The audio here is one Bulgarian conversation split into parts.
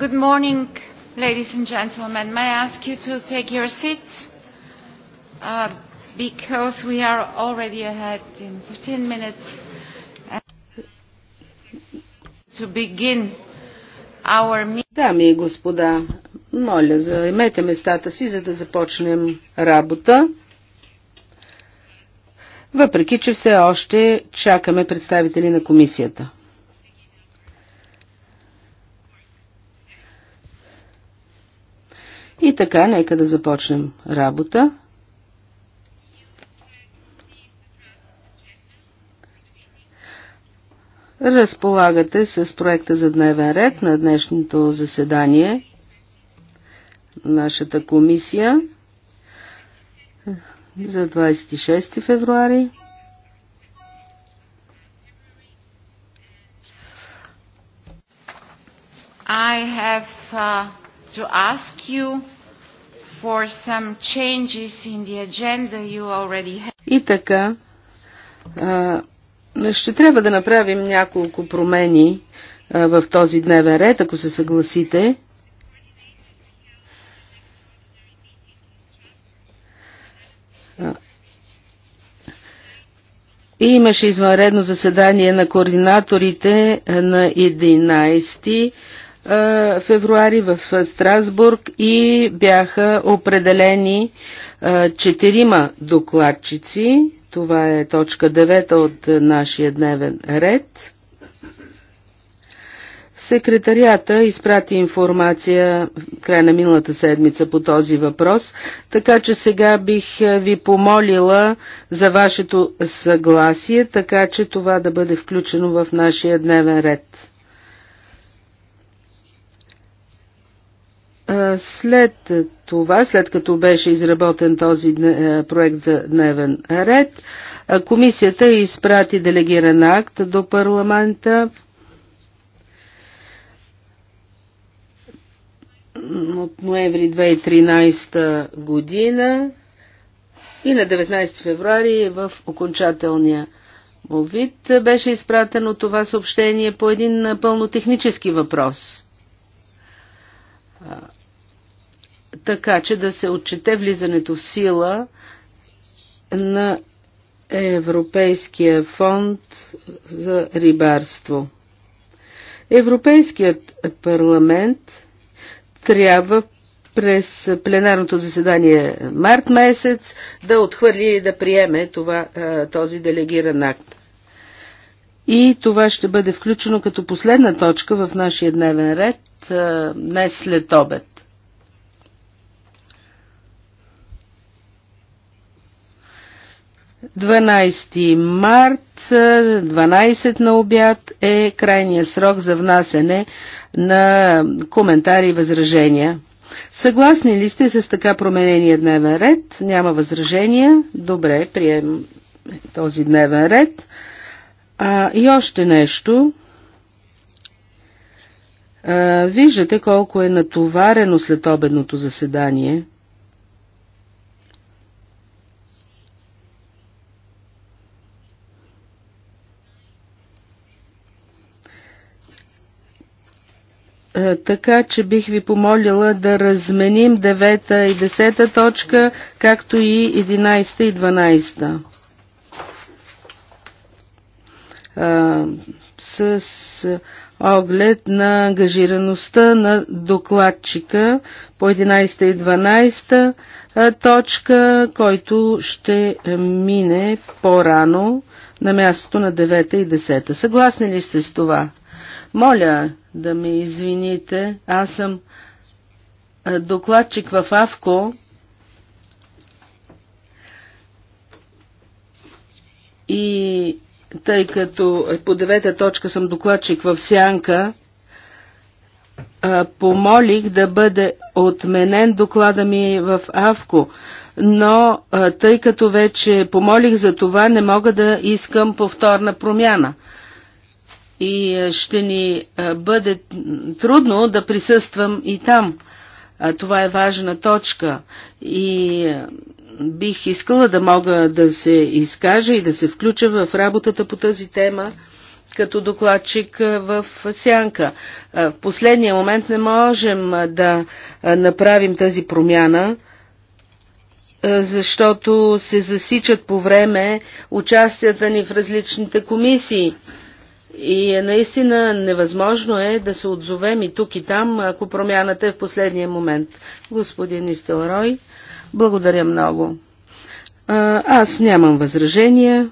Good morning, ladies and gentlemen. May I ask you to take your seats? Uh, because we are already ahead in 15 minutes. To begin our meeting. Дами и господа, моля, заемете местата си, за да започнем работа. Въпреки, че все още чакаме представители на комисията. И така, нека да започнем работа. Разполагате с проекта за дневен ред на днешното заседание нашата комисия за 26 февруари. I have uh, to ask you for some changes in the agenda you already have. И така, а, ще трябва да направим няколко промени а, в този дневен ред, ако се съгласите. и имаше извънредно заседание на координаторите на 11 е, февруари в Страсбург и бяха определени е, четирима докладчици. Това е точка 9 от нашия дневен ред. Секретарията изпрати информация в края на миналата седмица по този въпрос, така че сега бих е, ви помолила за вашето съгласие, така че това да бъде включено в нашия дневен ред. След това, след като беше изработен този проект за дневен ред, комисията изпрати делегиран акт до парламента от ноември 2013 година и на 19 февруари в окончателния му вид беше изпратено това съобщение по един напълно технически въпрос – така че да се отчете влизането в сила на Европейския фонд за рибарство. Европейският парламент трябва през пленарното заседание март месец да отхвърли и да приеме това, този делегиран акт. И това ще бъде включено като последна точка в нашия дневен ред днес след обед. 12 март, 12 на обяд е крайният срок за внасене на коментари и възражения. Съгласни ли сте с така променения дневен ред? Няма възражения. Добре, прием този дневен ред. А, и още нещо. А, виждате колко е натоварено след обедното заседание – Е, така че бих ви помолила да разменим 9 и 10 точка, както и 11 и 12. А, е, с оглед на ангажираността на докладчика по 11 и 12 е, точка, който ще мине по-рано на мястото на 9 и 10. Съгласни ли сте с това? Моля да ме извините, аз съм докладчик в АВКО и тъй като по девета точка съм докладчик в Сянка, помолих да бъде отменен доклада ми в АВКО, но тъй като вече помолих за това, не мога да искам повторна промяна и е, ще ни е, бъде трудно да присъствам и там. Това е важна точка и е, бих искала да мога да се изкажа и да се включа в работата по тази тема като докладчик в сянка. В последния момент не можем да направим тази промяна, защото се засичат по време участията ни в различните комисии. И е наистина невъзможно е да се отзовем и тук и там, ако промяната е в последния момент. Господин Истелрой, благодаря много. А, аз нямам възражения.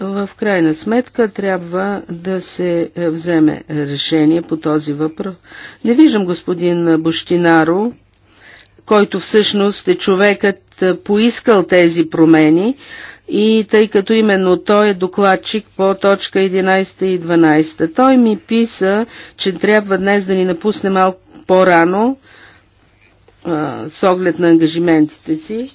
в крайна сметка трябва да се вземе решение по този въпрос. Не виждам господин Бощинаро който всъщност е човекът е, поискал тези промени и тъй като именно той е докладчик по точка 11 и 12. Той ми писа, че трябва днес да ни напусне малко по-рано е, с оглед на ангажиментите си.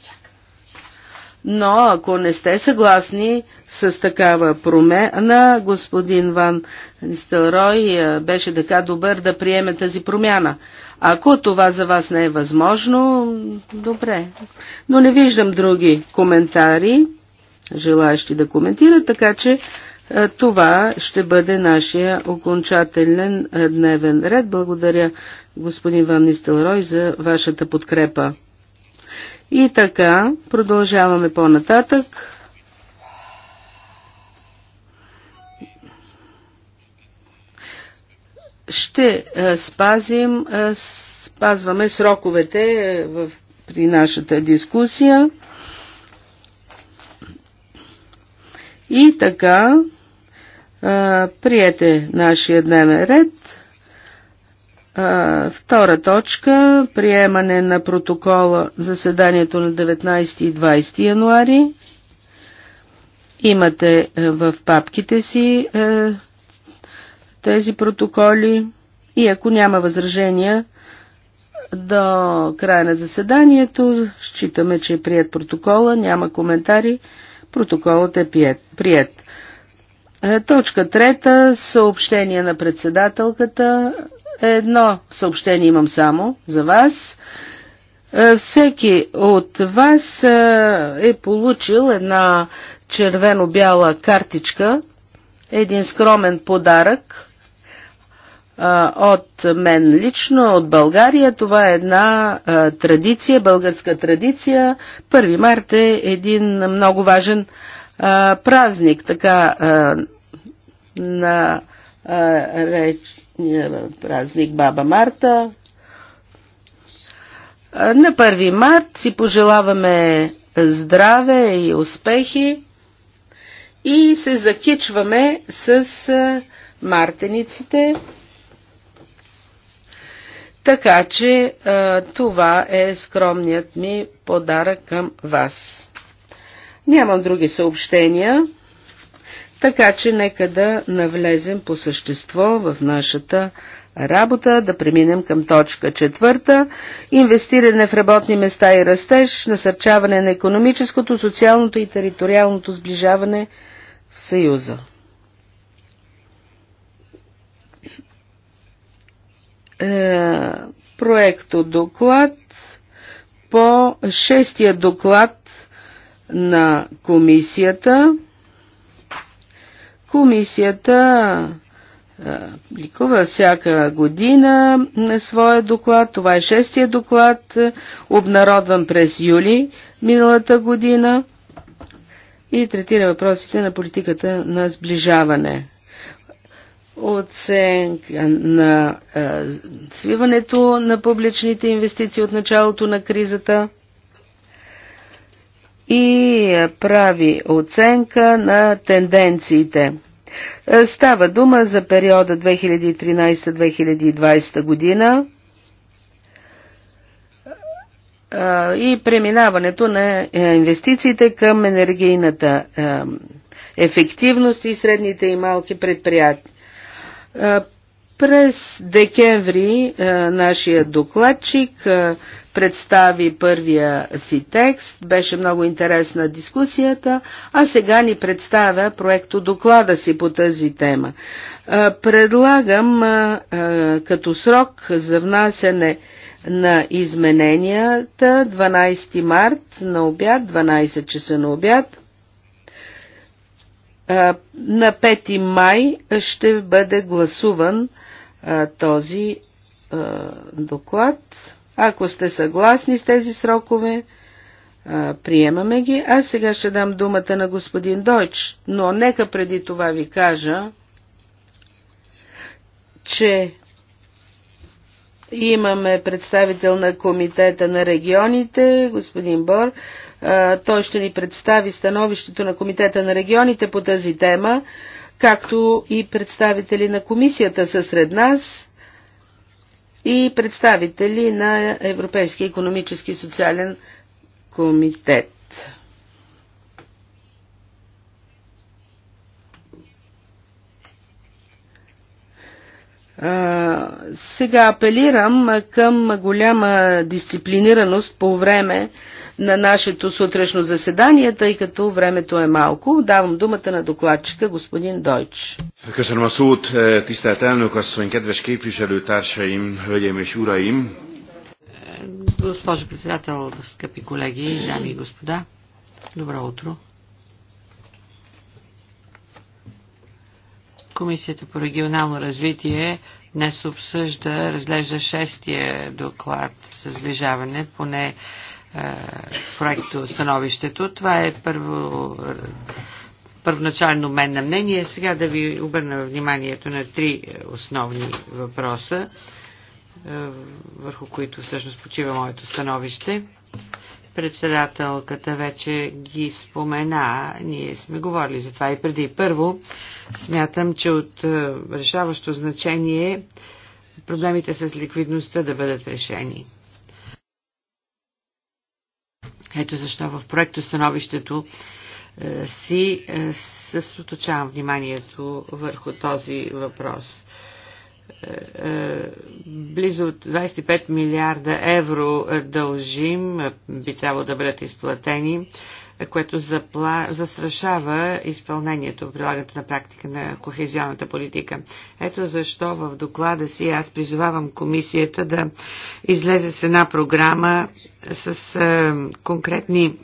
Но ако не сте съгласни с такава промяна, господин Ван Нистелрой е, беше така добър да приеме тази промяна. Ако това за вас не е възможно, добре. Но не виждам други коментари, желаящи да коментират, така че е, това ще бъде нашия окончателен е, дневен ред. Благодаря господин Ван Нистелрой за вашата подкрепа. И така, продължаваме по-нататък. ще е, спазим, е, спазваме сроковете е, в, при нашата дискусия. И така, приете нашия дневен ред. Втора точка приемане на протокола заседанието на 19 и 20 януари. Имате в папките си тези протоколи и ако няма възражения до края на заседанието, считаме, че е прият протокола, няма коментари, протоколът е прият. Е, точка трета, съобщение на председателката. Едно съобщение имам само за вас. Е, всеки от вас е, е получил една червено-бяла картичка, един скромен подарък – от мен лично, от България. Това е една традиция, българска традиция. 1 март е един много важен празник, така на реч, празник Баба Марта. На 1 март си пожелаваме здраве и успехи и се закичваме с мартениците. Така че това е скромният ми подарък към вас. Нямам други съобщения, така че нека да навлезем по същество в нашата работа, да преминем към точка четвърта. Инвестиране в работни места и растеж, насърчаване на економическото, социалното и териториалното сближаване в Съюза. Е, проекто доклад по шестия доклад на комисията. Комисията публикува е, всяка година своя доклад. Това е шестия доклад, обнародван през юли миналата година и третира въпросите на политиката на сближаване оценка на а, е, свиването на публичните инвестиции от началото на кризата и е, прави оценка на тенденциите. Е, става дума за периода 2013-2020 година и преминаването на инвестициите към енергийната ефективност и средните и малки предприятия. Е, през декември е, нашия докладчик е, представи първия си текст, беше много интересна дискусията, а сега ни представя проекто доклада си по тази тема. Предлагам като срок за внасяне на измененията 12 март на обяд, 12 часа на обяд, е, на 5 май ще бъде гласуван е, този е, доклад. Ако сте съгласни с тези срокове, приемаме ги. А сега ще дам думата на господин Дойч, но нека преди това ви кажа, че имаме представител на Комитета на регионите, господин Бор, е, той ще ни представи становището на Комитета на регионите по тази тема, както и представители на комисията са сред нас и представители на Европейския економически и социален комитет. Е, сега апелирам към голяма дисциплинираност по време на нашето сутрешно заседание, тъй като времето е малко. Давам думата на докладчика господин Дойч. Köszönöm a szót, е, tisztelt elnök asszony, kedves képviselőtársaim, hölgyeim és uraim. Госпожо председател, скъпи колеги, дами и господа, добро утро. Комисията по регионално развитие днес обсъжда, разглежда шестия доклад за сближаване, поне проекто становището. Това е първо първоначално мен на мнение. Сега да ви обърна вниманието на три основни въпроса, върху които всъщност почива моето становище. Председателката вече ги спомена, ние сме говорили за това и преди. Първо, смятам, че от решаващо значение е проблемите с ликвидността да бъдат решени ето защо в проекто становището е, си е, съсоточавам вниманието върху този въпрос е, близо от 25 милиарда евро дължим, би трябвало да бъдат изплатени което запла... застрашава изпълнението, в прилагането на практика на кохезионната политика. Ето защо в доклада си аз призовавам комисията да излезе с една програма с е, конкретни,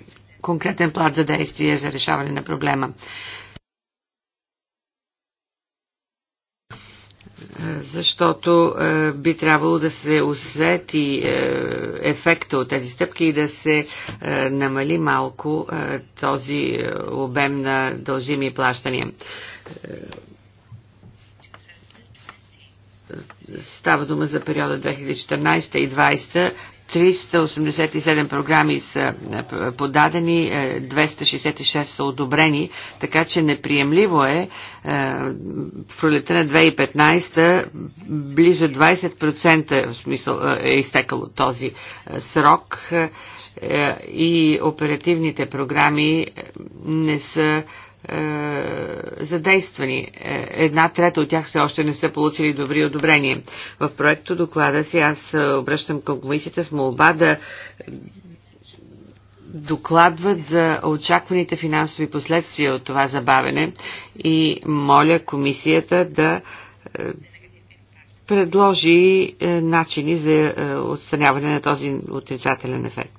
конкретен план за действие за решаване на проблема. защото е, би трябвало да се усети е, ефекта от тези стъпки и да се е, намали малко е, този е, обем на дължими плащания. Е, става дума за периода 2014 и 2020 387 програми са е, подадени, 266 е, са одобрени, така че неприемливо е, е в пролета на 2015 близо 20% в смисъл, е изтекал този срок и оперативните програми не са е, задействани. Е, една трета от тях все още не са получили добри одобрения. В проекто доклада си аз е, обръщам към комисията с молба да докладват за очакваните финансови последствия от това забавене и моля комисията да предложи начини за отстраняване на този отрицателен ефект.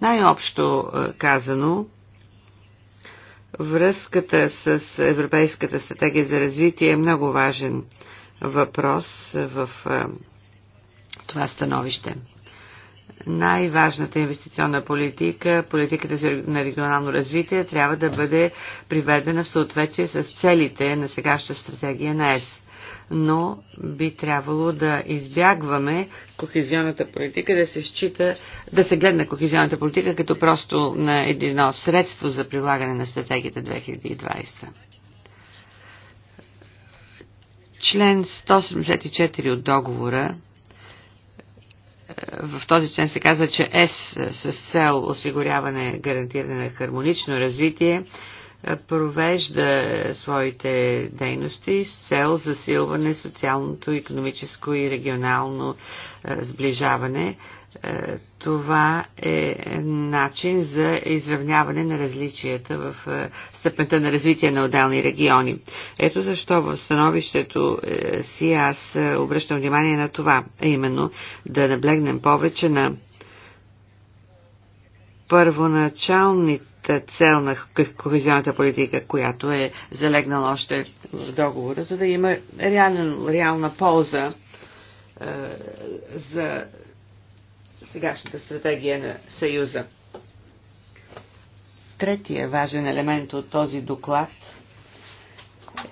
Най-общо казано, Връзката с Европейската стратегия за развитие е много важен въпрос в това становище. Най-важната инвестиционна политика, политиката на регионално развитие, трябва да бъде приведена в съответствие с целите на сегащата стратегия на ЕС но би трябвало да избягваме кохезионната политика, да се счита, да се гледна кохезионната политика като просто на едно средство за прилагане на стратегията 2020. Член 174 от договора е, в този член се казва, че ЕС с цел осигуряване гарантиране на хармонично развитие провежда своите дейности с цел засилване социалното, економическо и регионално сближаване. Това е начин за изравняване на различията в степента на развитие на отделни региони. Ето защо в становището е, си аз е, обръщам внимание на това, а именно да наблегнем повече на първоначалните цел на кохезионната политика, която е залегнала още в договора, за да има реален, реална полза е, за сегашната стратегия на Съюза. Третия важен елемент от този доклад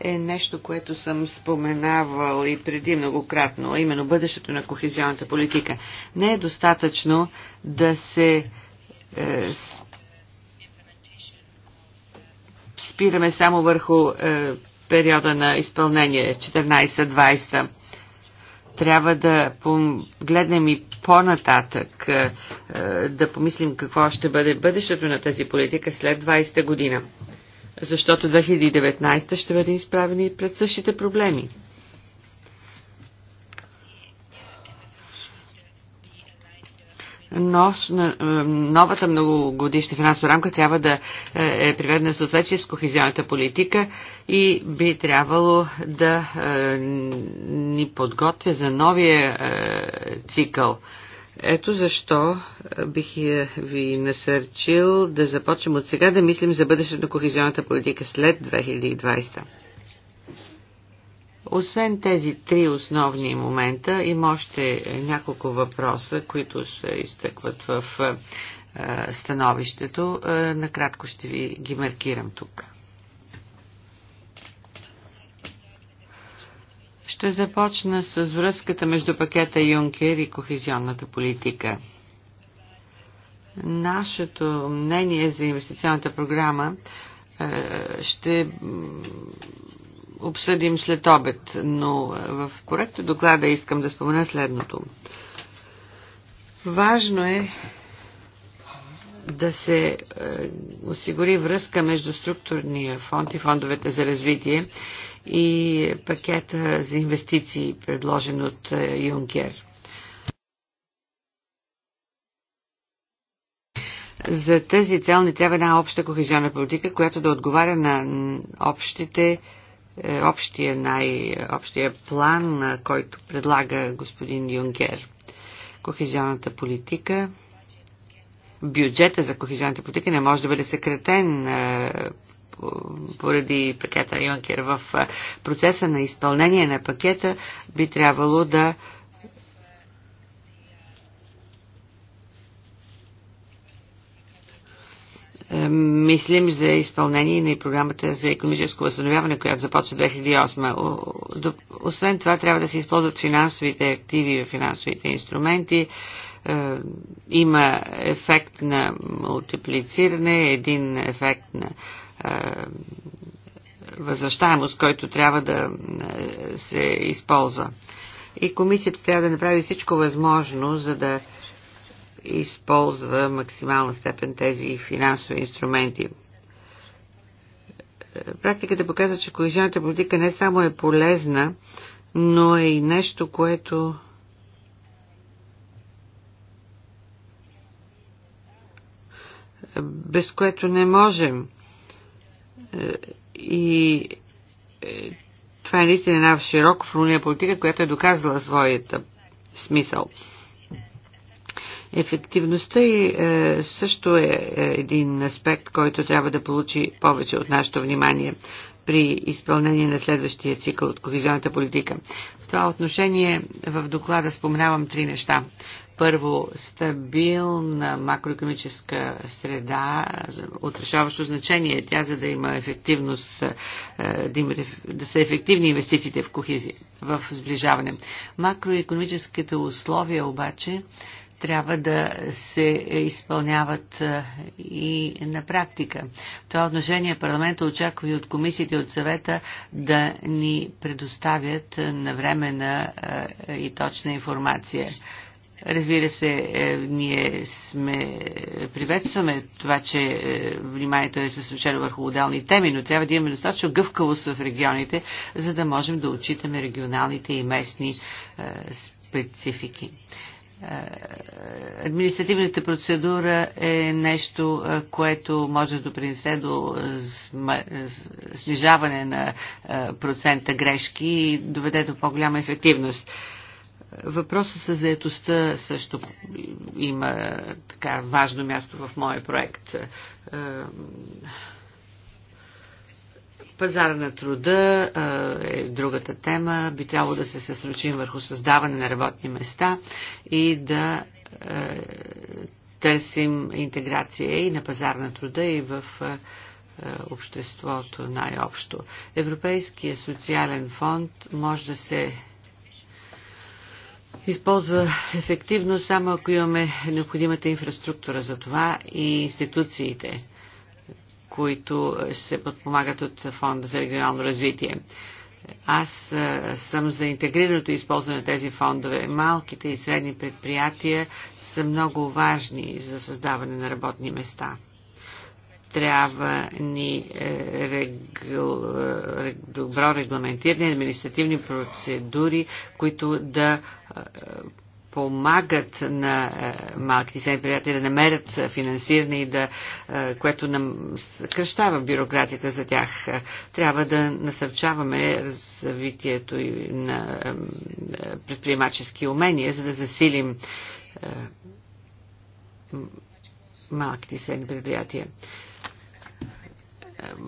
е нещо, което съм споменавал и преди многократно, а именно бъдещето на кохезионната политика. Не е достатъчно да се е, спираме само върху е, периода на изпълнение 14-20. Трябва да гледнем и по-нататък, е, е, да помислим какво ще бъде бъдещето на тази политика след 20-та година. Защото 2019 ще бъде изправени пред същите проблеми. но е, новата многогодишна финансова рамка трябва да е, е приведена в съответствие с кохезионната политика и би трябвало да е, ни подготвя за новия цикъл. Ето защо бих ви насърчил да започнем от сега да мислим за бъдещето на кохезионната политика след 2020. Освен тези три основни момента, има още няколко въпроса, които се изтъкват в становището. Накратко ще ви ги маркирам тук. Ще започна с връзката между пакета Юнкер и кохезионната политика. Нашето мнение за инвестиционната програма ще обсъдим след обед, но в проекта доклада искам да спомена следното. Важно е да се е, осигури връзка между структурния фонд и фондовете за развитие и пакета за инвестиции, предложен от е, Юнкер. За тези цел не трябва една обща кохезионна политика, която да отговаря на общите е общия, най, общия план, който предлага господин Юнкер. Кохезионната политика, бюджета за кохезионната политика не може да бъде съкретен е, поради пакета Юнкер. В е, процеса на изпълнение на пакета би трябвало да Е, мислим за изпълнение на програмата за економическо възстановяване, която започва 2008. Освен това, трябва да се използват финансовите активи, финансовите инструменти. Е, има ефект на мултиплициране, един ефект на е, възвръщаемост, който трябва да се използва. И комисията трябва да направи всичко възможно, за да използва максимална степен тези финансови инструменти. Практиката показва, че коалиционната политика не само е полезна, но е и нещо, което без което не можем. И е, това е наистина една широко формулирана политика, която е доказала своята смисъл. Ефективността и е, също е, е един аспект, който трябва да получи повече от нашето внимание при изпълнение на следващия цикъл от кохезионната политика. В това отношение в доклада споменавам три неща. Първо, стабилна макроекономическа среда от решаващо значение. Е тя, за да има ефективност, е, да, има, да са ефективни инвестициите в кохизия, в сближаване. Макроекономическите условия обаче трябва да се изпълняват и на практика. В това отношение парламента очаква и от комисиите от съвета да ни предоставят навремена и точна информация. Разбира се, е, ние сме, приветстваме това, че е, вниманието е съсочено върху отделни теми, но трябва да имаме достатъчно гъвкавост в регионите, за да можем да отчитаме регионалните и местни е, специфики административната процедура е нещо, което може да допринесе до снижаване на процента грешки и доведе до по-голяма ефективност. Въпросът с заетостта също има така важно място в моя проект. Пазара на труда е другата тема. Би трябвало да се съсрочим върху създаване на работни места и да търсим интеграция и на пазар на труда, и в обществото най-общо. Европейския социален фонд може да се използва ефективно само ако имаме необходимата инфраструктура за това и институциите които е, се подпомагат от Фонда за регионално развитие. Аз е, съм за интегрираното използване на тези фондове. Малките и средни предприятия са много важни за създаване на работни места трябва ни е, регл... добро регламентирани административни процедури, които да помагат на е, малките и предприятия да намерят е, финансиране и да, е, което нам съкръщава бюрокрацията за тях. Трябва да насърчаваме развитието на предприемачески умения, за да засилим малките и предприятия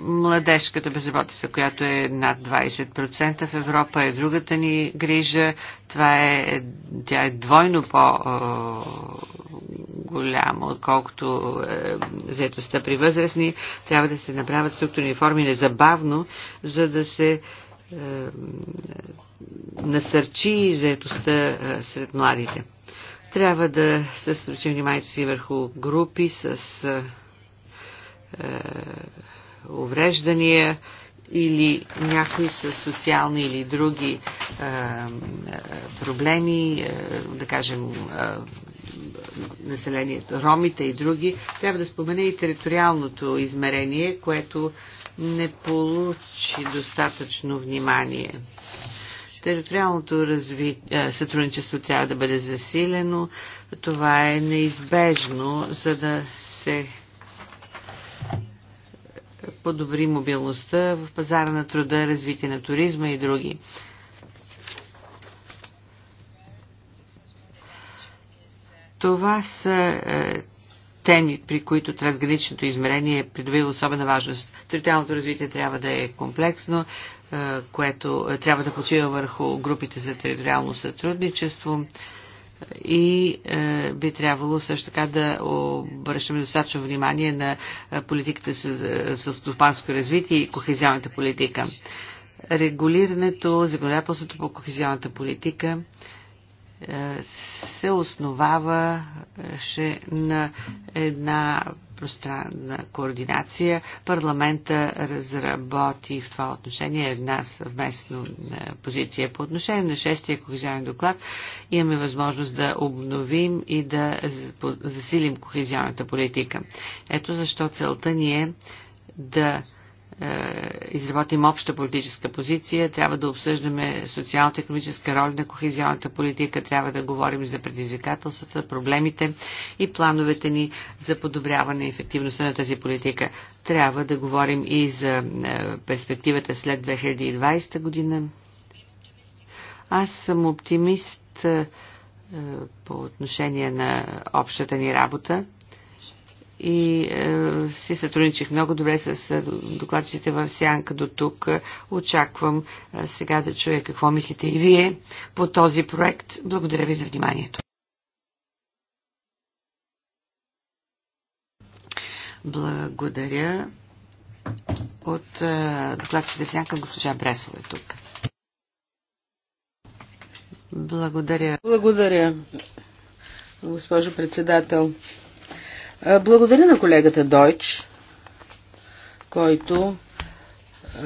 младежката безработица, която е над 20% в Европа, е другата ни грижа. Това е, тя е двойно по-голяма, отколкото е, заетостта при възрастни. Трябва да се направят структурни форми незабавно, за да се е, насърчи заетостта е, сред младите. Трябва да случи вниманието си върху групи с. Е, е увреждания или някои с социални или други е, е, проблеми, е, да кажем е, населението, ромите и други, трябва да спомене и териториалното измерение, което не получи достатъчно внимание. Териториалното разви... Е, сътрудничество трябва да бъде засилено. Това е неизбежно, за да се подобри мобилността в пазара на труда, развитие на туризма и други. Това са е, теми, при които трансграничното измерение е придобило особена важност. Териториалното развитие трябва да е комплексно, е, което е, трябва да почива върху групите за териториално сътрудничество. Е, и е, би трябвало също така да обръщаме достатъчно внимание на е, политиката е, с стопанско развитие и кохезионната политика. Регулирането, законодателството по кохезионната политика е, се основаваше на една пространна координация. Парламента разработи в това отношение една съвместна е, позиция. По отношение на шестия кохезионен доклад имаме възможност да обновим и да засилим кохезионната политика. Ето защо целта ни е да е, изработим обща политическа позиция, трябва да обсъждаме социално-економическа роля на кохезионната политика, трябва да говорим за предизвикателствата, проблемите и плановете ни за подобряване и ефективността на тази политика. Трябва да говорим и за е, перспективата след 2020 година. Аз съм оптимист е, по отношение на общата ни работа и е, си сътрудничих много добре с е, докладчите в Сянка до тук. Очаквам е, сега да чуя какво мислите и вие по този проект. Благодаря ви за вниманието. Благодаря от е, докладчите в Сянка госпожа Бресова е тук. Благодаря. Благодаря, госпожо председател. Е, благодаря на колегата Дойч, който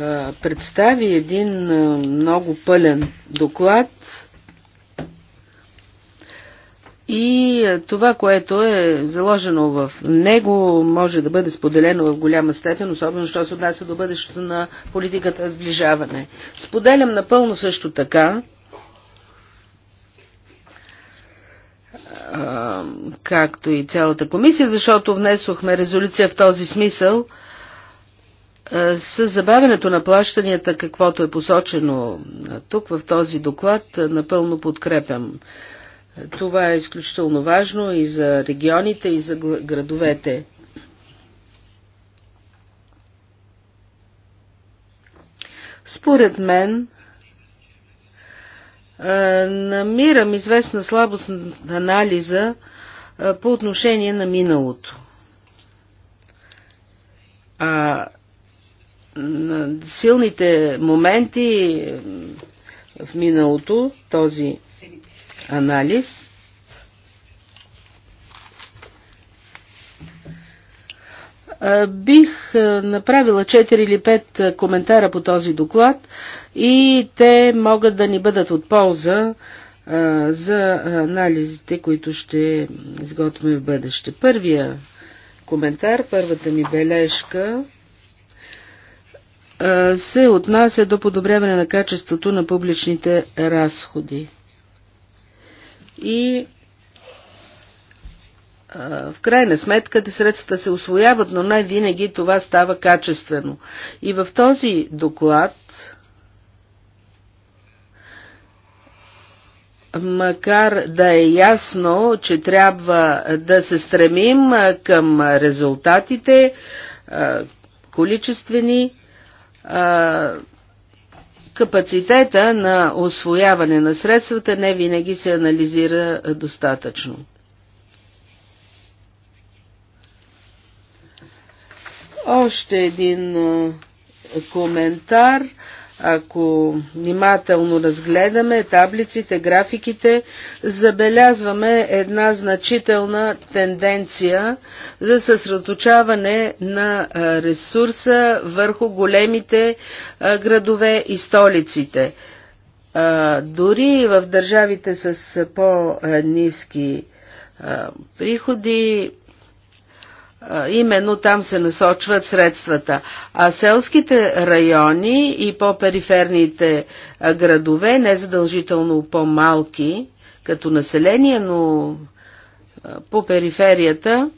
е, представи един е, много пълен доклад и това, което е заложено в него, може да бъде споделено в голяма степен, особено що се отнася до бъдещето на политиката сближаване. Споделям напълно също така, както и цялата комисия, защото внесохме резолюция в този смисъл. С забавянето на плащанията, каквото е посочено тук в този доклад, напълно подкрепям. Това е изключително важно и за регионите, и за градовете. Според мен, е, намирам известна слабост на анализа е, по отношение на миналото. А силните моменти в миналото, този анализ, Е, бих е, направила 4 или 5 е, коментара по този доклад и те могат да ни бъдат от полза за анализите, които ще изготвим в бъдеще. Първия коментар, първата ми бележка се отнася до подобряване на качеството на публичните разходи. И в крайна сметка средствата се освояват, но най-винаги това става качествено. И в този доклад, макар да е ясно, че трябва да се стремим към резултатите, количествени, капацитета на освояване на средствата не винаги се анализира достатъчно. Още един коментар. Ако внимателно разгледаме таблиците, графиките, забелязваме една значителна тенденция за съсредоточаване на ресурса върху големите градове и столиците. Дори в държавите с по-низки приходи именно там се насочват средствата. А селските райони и по-периферните градове, не задължително по-малки като население, но по периферията,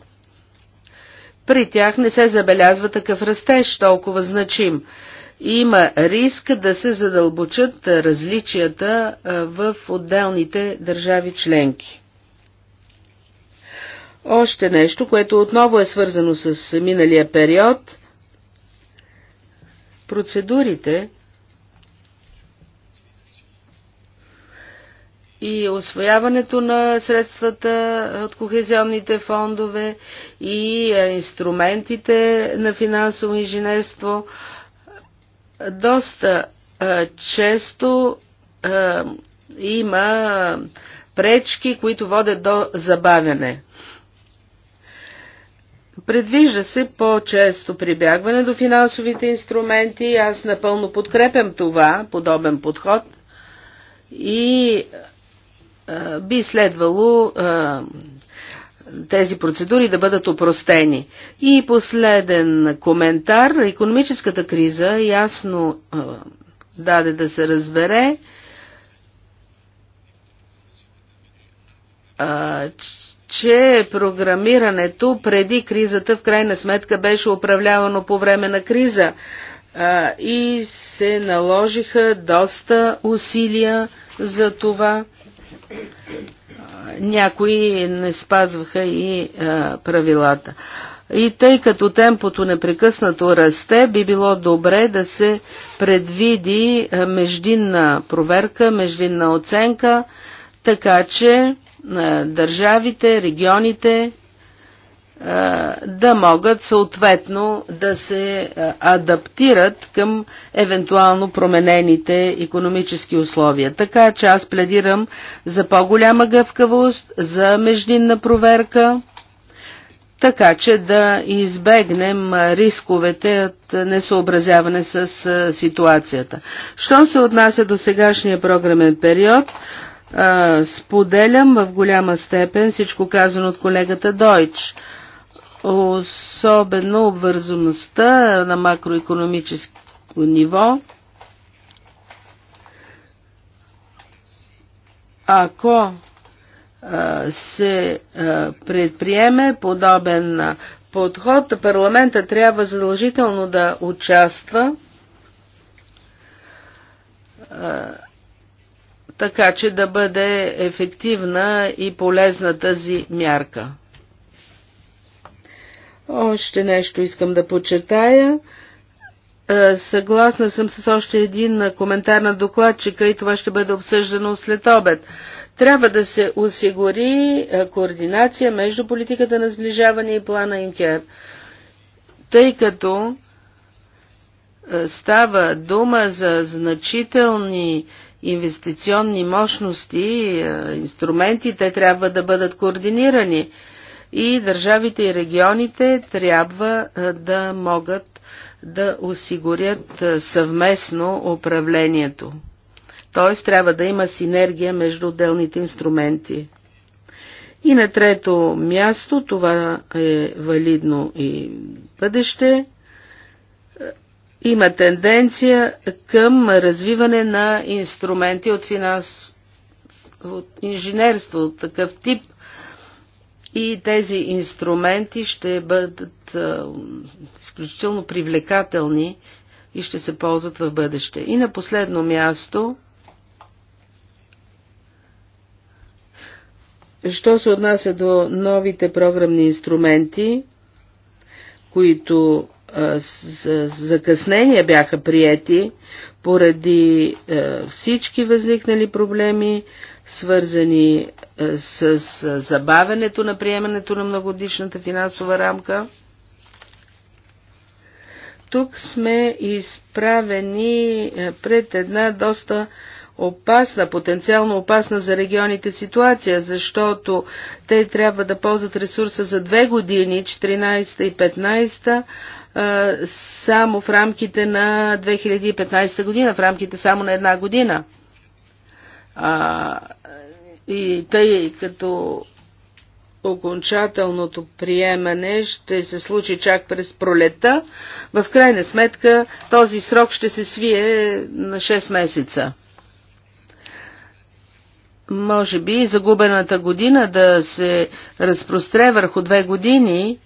при тях не се забелязва такъв растеж, толкова значим. Има риск да се задълбочат различията в отделните държави членки. Още нещо, което отново е свързано с миналия период. Процедурите и освояването на средствата от кохезионните фондове и е, инструментите на финансово инженерство доста а, е, често а, е, има пречки, които водят до забавяне. Предвижда се по-често прибягване до финансовите инструменти. Аз напълно подкрепям това, подобен подход. И а, би следвало а, тези процедури да бъдат опростени. И последен коментар. Економическата криза ясно а, даде да се разбере, а, че програмирането преди кризата в крайна сметка беше управлявано по време на криза а, и се наложиха доста усилия за това. Някои не спазваха и а, правилата. И тъй като темпото непрекъснато расте, би било добре да се предвиди междинна проверка, междинна оценка, така че на държавите, регионите да могат съответно да се адаптират към евентуално променените економически условия. Така че аз пледирам за по-голяма гъвкавост, за междинна проверка, така че да избегнем рисковете от несъобразяване с ситуацията. Що се отнася до сегашния програмен период, Споделям в голяма степен всичко казано от колегата Дойч. Особено обвързаността на макроекономическо ниво. Ако се предприеме подобен подход, парламента трябва задължително да участва така че да бъде ефективна и полезна тази мярка. Още нещо искам да почетая. Е, съгласна съм с още един коментар на докладчика и това ще бъде обсъждано след обед. Трябва да се осигури е, координация между политиката на сближаване и плана Инкер, тъй като е, става дума за значителни инвестиционни мощности, е, инструменти, те трябва да бъдат координирани и държавите и регионите трябва е, да могат да осигурят е, съвместно управлението. Т.е. трябва да има синергия между отделните инструменти. И на трето място, това е валидно и бъдеще, има тенденция към развиване на инструменти от финансово от инженерство от такъв тип и тези инструменти ще бъдат а, изключително привлекателни и ще се ползват в бъдеще. И на последно място, що се отнася до новите програмни инструменти, които закъснения бяха приети поради всички възникнали проблеми, свързани с забавянето на приемането на многодишната финансова рамка. Тук сме изправени пред една доста опасна, потенциално опасна за регионите ситуация, защото те трябва да ползват ресурса за две години, 14 и 15, само в рамките на 2015 година, в рамките само на една година. А, и тъй като окончателното приемане ще се случи чак през пролета, в крайна сметка този срок ще се свие на 6 месеца може би загубената година да се разпростре върху две години,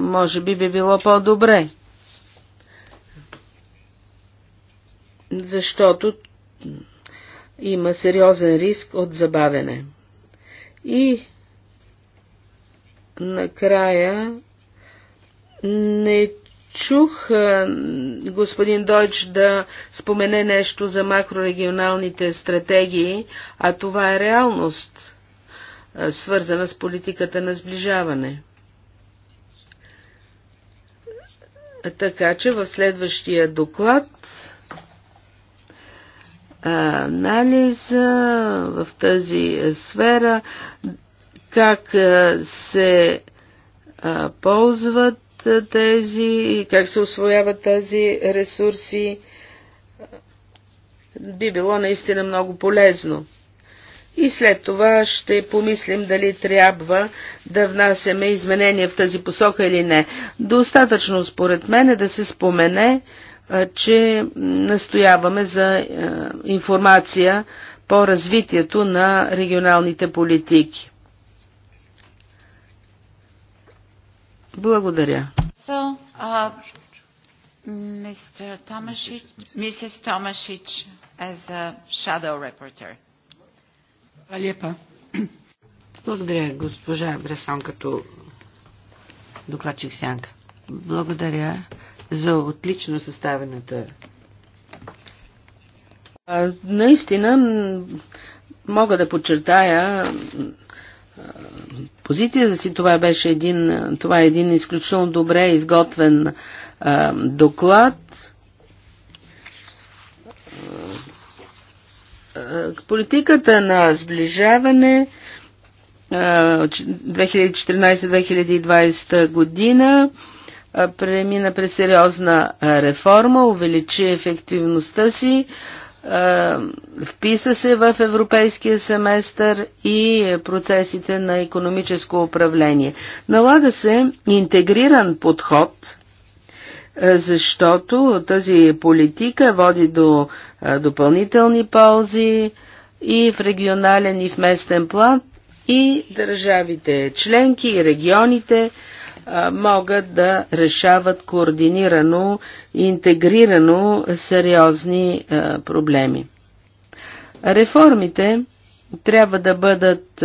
може би би било по-добре. Защото има сериозен риск от забавене. И накрая не чух е, господин Дойч да спомене нещо за макрорегионалните стратегии, а това е реалност, е, свързана с политиката на сближаване. Така че в следващия доклад е, анализа в тази сфера, как се ползват тези и как се освояват тези ресурси, би било наистина много полезно. И след това ще помислим дали трябва да внасяме изменения в тази посока или не. Достатъчно според мен е да се спомене, че настояваме за информация по развитието на регионалните политики. Благодаря. So, uh, Mr. Tomasic, Mrs. Tomasic as a shadow reporter. Лепа. Благодаря, госпожа Бресон, като докладчик Сянка. Благодаря за отлично съставената. А, наистина, мога да подчертая позицията си. Това, беше един, това е един изключително добре изготвен а, доклад. Политиката на сближаване 2014-2020 година премина през сериозна реформа, увеличи ефективността си, е, вписа се в европейския семестър и процесите на економическо управление. Налага се интегриран подход, е, защото тази политика води до е, допълнителни ползи и в регионален и в местен план и държавите членки и регионите могат да решават координирано и интегрирано сериозни проблеми. Реформите трябва да бъдат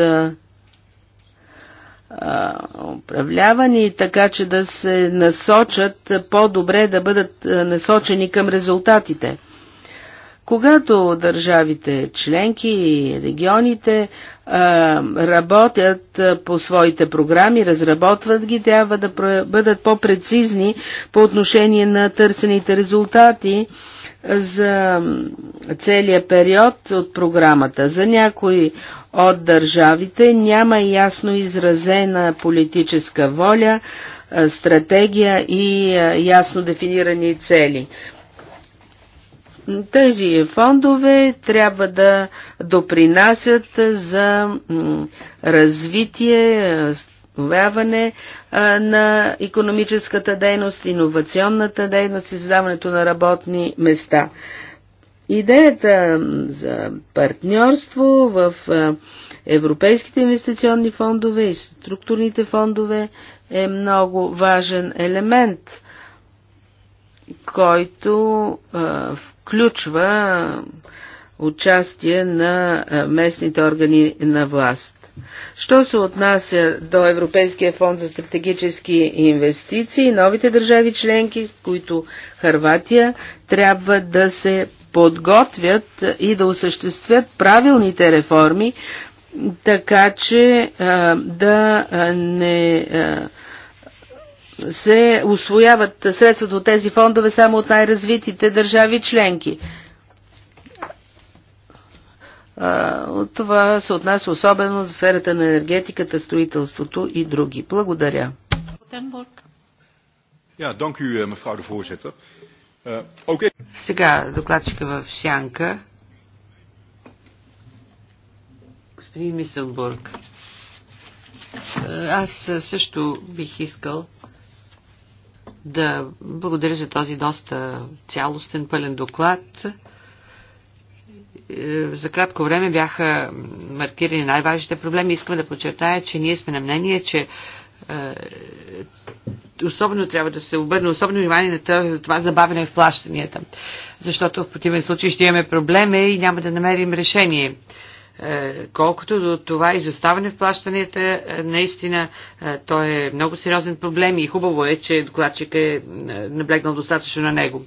управлявани, така че да се насочат по-добре, да бъдат насочени към резултатите – когато държавите членки и регионите работят по своите програми, разработват ги, трябва да бъдат по-прецизни по отношение на търсените резултати за целия период от програмата. За някои от държавите няма ясно изразена политическа воля, стратегия и ясно дефинирани цели. Тези фондове трябва да допринасят за развитие, възстановяване на економическата дейност, иновационната дейност и създаването на работни места. Идеята за партньорство в европейските инвестиционни фондове и структурните фондове е много важен елемент, който в включва участие на местните органи на власт. Що се отнася до Европейския фонд за стратегически инвестиции, новите държави членки, с които Харватия, трябва да се подготвят и да осъществят правилните реформи, така че да не а, се освояват средствата от тези фондове само от най-развитите държави членки. От това се отнася особено за сферата на енергетиката, строителството и други. Благодаря. Eh, eh, Сега докладчика в Сянка. Господин Мисълбург, аз също бих искал да благодаря за този доста цялостен, пълен доклад. Е, за кратко време бяха маркирани най-важните проблеми. Искам да подчертая, че ние сме на мнение, че е, особено трябва да се обърне особено внимание на това, това забавене в плащанията, защото в противен случай ще имаме проблеми и няма да намерим решение. Е, колкото до това изоставане в плащанията, е, наистина е, то е много сериозен проблем и хубаво е, че докладчик е наблегнал достатъчно на него.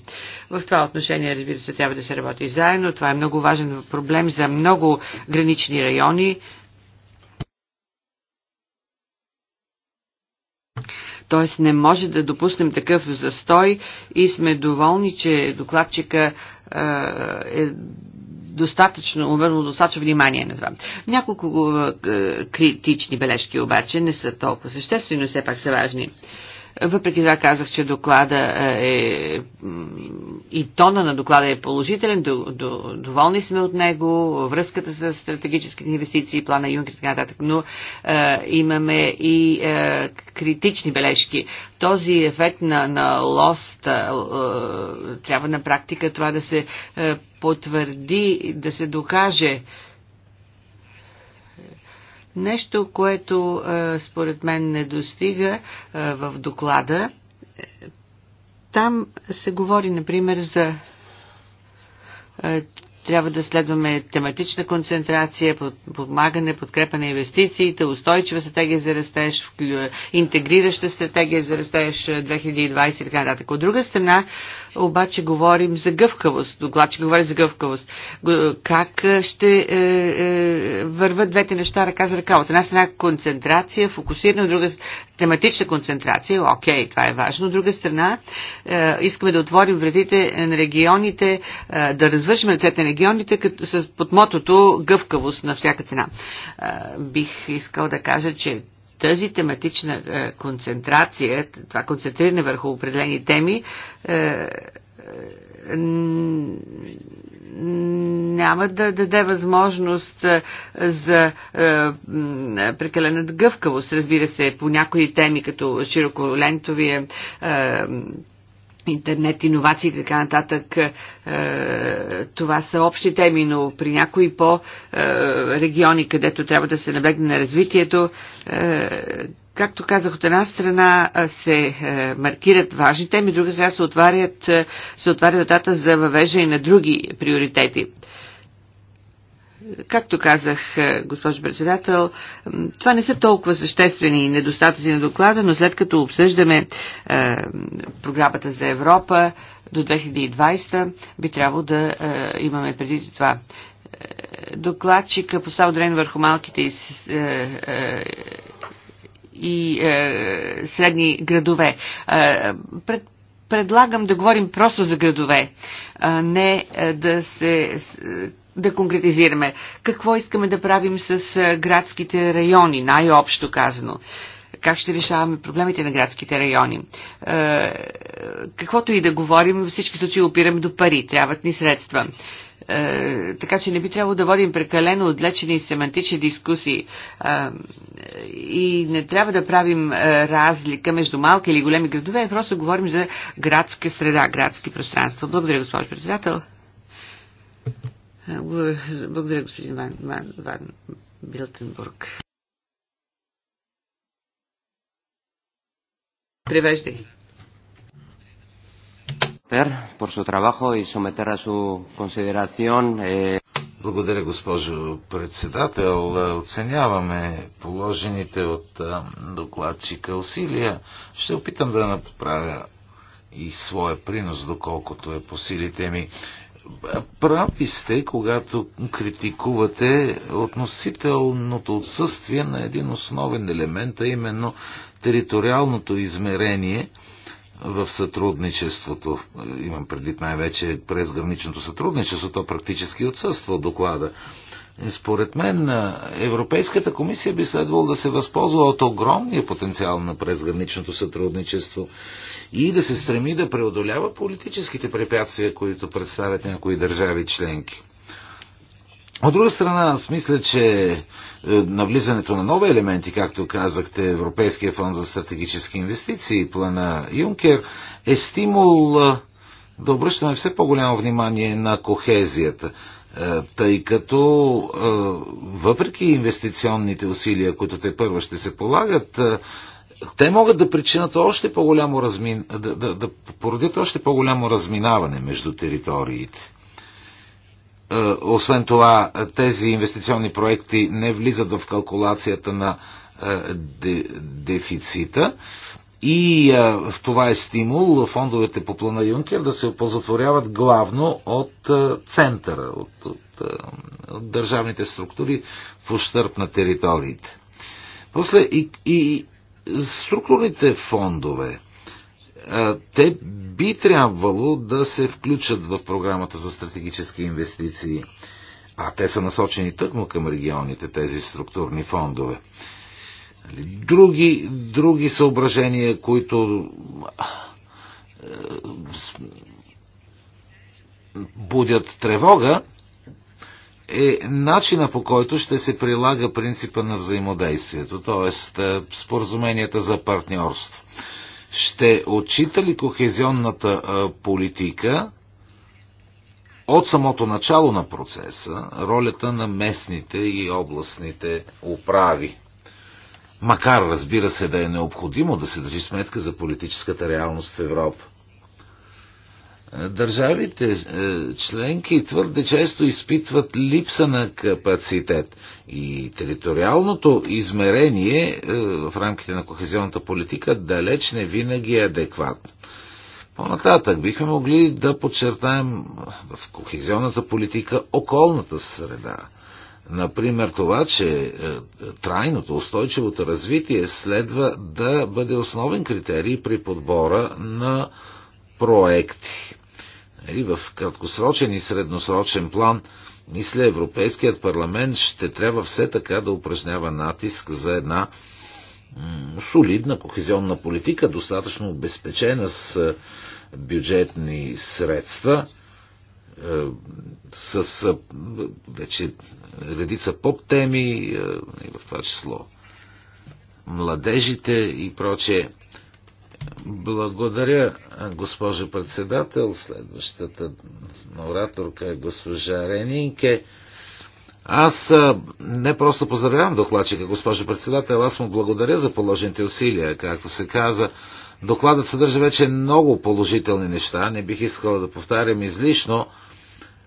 В това отношение, разбира се, трябва да се работи заедно. Това е много важен проблем за много гранични райони. Т.е. не може да допуснем такъв застой и сме доволни, че докладчика е достатъчно, умерно достатъчно внимание на това. Няколко е, критични бележки обаче не са толкова съществени, но все пак са важни. Въпреки това казах, че доклада е, е и тона на доклада е положителен, до, до, доволни сме от него, връзката с стратегическите инвестиции, плана Юнкер и така нататък, но е, имаме и е, критични бележки. Този ефект на, на лост е, е трябва на практика това да се е, потвърди, да се докаже. Нещо, което е, според мен не достига е, в доклада, е, там се говори, например, за трябва да следваме тематична концентрация, подмагане, подкрепа на инвестициите, устойчива стратегия за растеж, интегрираща стратегия за растеж 2020 и така нататък. От друга страна, обаче говорим за гъвкавост. Докладчик говори за гъвкавост. Как е, ще е, е, върват двете неща ръка за ръка? От една страна концентрация, фокусирана, от друга тематична концентрация, окей, това е важно. От друга страна, е, искаме да отворим вредите на регионите, е, да развършим ръцете на регионите като, с, под мотото гъвкавост на всяка цена. Е, бих искал да кажа, че тази тематична е, концентрация, това концентриране върху определени теми, е, е, няма да даде възможност за прекалена гъвкавост. Разбира се, по някои теми, като широколентовия интернет, иновации и така нататък, е, това са общи теми, но при някои по-региони, където трябва да се наблегне на развитието, е, както казах, от една страна се е, маркират важни теми, друга страна се отварят, се отварят за въвеждане на други приоритети. Както казах, е, госпожо председател, това не са толкова съществени недостатъци на доклада, но след като обсъждаме е, програмата за Европа до 2020, би трябвало да е, имаме преди това. Е, докладчика поставя дрен върху малките и е, е, и е, средни градове. Е, пред, предлагам да говорим просто за градове, а не е, да се да конкретизираме. Какво искаме да правим с градските райони, най-общо казано? Как ще решаваме проблемите на градските райони? Е, каквото и да говорим, във всички случаи опираме до пари, трябват ни средства е, така че не би трябвало да водим прекалено отлечени и семантични дискусии е, и не трябва да правим разлика между малки или големи градове, просто говорим за градска среда, градски пространства. Благодаря, госпожо председател. Благодаря, господин Ван, Ван, Ван Билтенбург. Привеждай. Por su trabajo y someter a su consideración. Eh, благодаря, госпожо председател. Оценяваме положените от докладчика усилия. Ще опитам да направя и своя принос, доколкото е по силите ми прави сте, когато критикувате относителното отсъствие на един основен елемент, а именно териториалното измерение в сътрудничеството. Имам предвид най-вече през граничното сътрудничество, то практически отсъства от доклада. Според мен Европейската комисия би следвало да се възползва от огромния потенциал на презграничното сътрудничество и да се стреми да преодолява политическите препятствия, които представят някои държави членки. От друга страна, аз мисля, че е, навлизането на нови елементи, както казахте, Европейския фонд за стратегически инвестиции и плана Юнкер, е стимул е, да обръщаме все по-голямо внимание на кохезията. Е, тъй като е, въпреки инвестиционните усилия, които те първо ще се полагат, е, те могат да причинат още по-голямо размин... да, да, да породят още по-голямо разминаване между териториите. Освен това, тези инвестиционни проекти не влизат в калкулацията на дефицита и а, в това е стимул фондовете по плана Юнкер да се опозатворяват главно от а, центъра, от, от, а, от държавните структури в ущърп на териториите. После и, и структурните фондове, а, те би трябвало да се включат в програмата за стратегически инвестиции, а те са насочени тъкмо към регионите, тези структурни фондове. Нали? Други, други съображения, които е, будят тревога, е начина по който ще се прилага принципа на взаимодействието, т.е. споразуменията за партньорство. Ще отчита ли кохезионната е, политика от самото начало на процеса ролята на местните и областните управи? макар, разбира се, да е необходимо да се държи сметка за политическата реалност в Европа. Е, държавите е, членки твърде често изпитват липса на капацитет и териториалното измерение е, в рамките на кохезионната политика далеч не винаги е адекватно. По-нататък бихме могли да подчертаем в кохезионната политика околната среда, Например, това, че е, трайното, устойчивото развитие следва да бъде основен критерий при подбора на проекти. И нали, в краткосрочен и средносрочен план, мисля, Европейският парламент ще трябва все така да упражнява натиск за една солидна кохезионна политика, достатъчно обезпечена с е, бюджетни средства – е, с е, вече редица подтеми, е, и в това число младежите и прочее. Благодаря, госпожо председател. Следващата ораторка е госпожа Ренинке. Аз не просто поздравявам докладчика, госпожо председател, аз му благодаря за положените усилия, както се каза. Докладът съдържа вече много положителни неща, не бих искала да повтарям излишно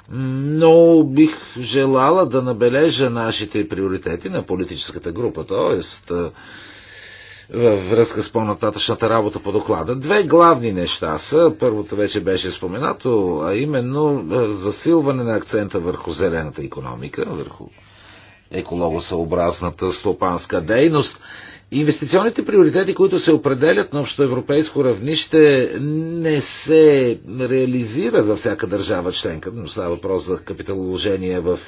но бих желала да набележа нашите приоритети на политическата група, т.е. във връзка с по-нататъчната работа по доклада. Две главни неща са, първото вече беше споменато, а именно е, засилване на акцента върху зелената економика, върху екологосъобразната стопанска дейност Инвестиционните приоритети, които се определят на общоевропейско равнище, не се реализират във всяка държава членка, но става въпрос за капиталоложение в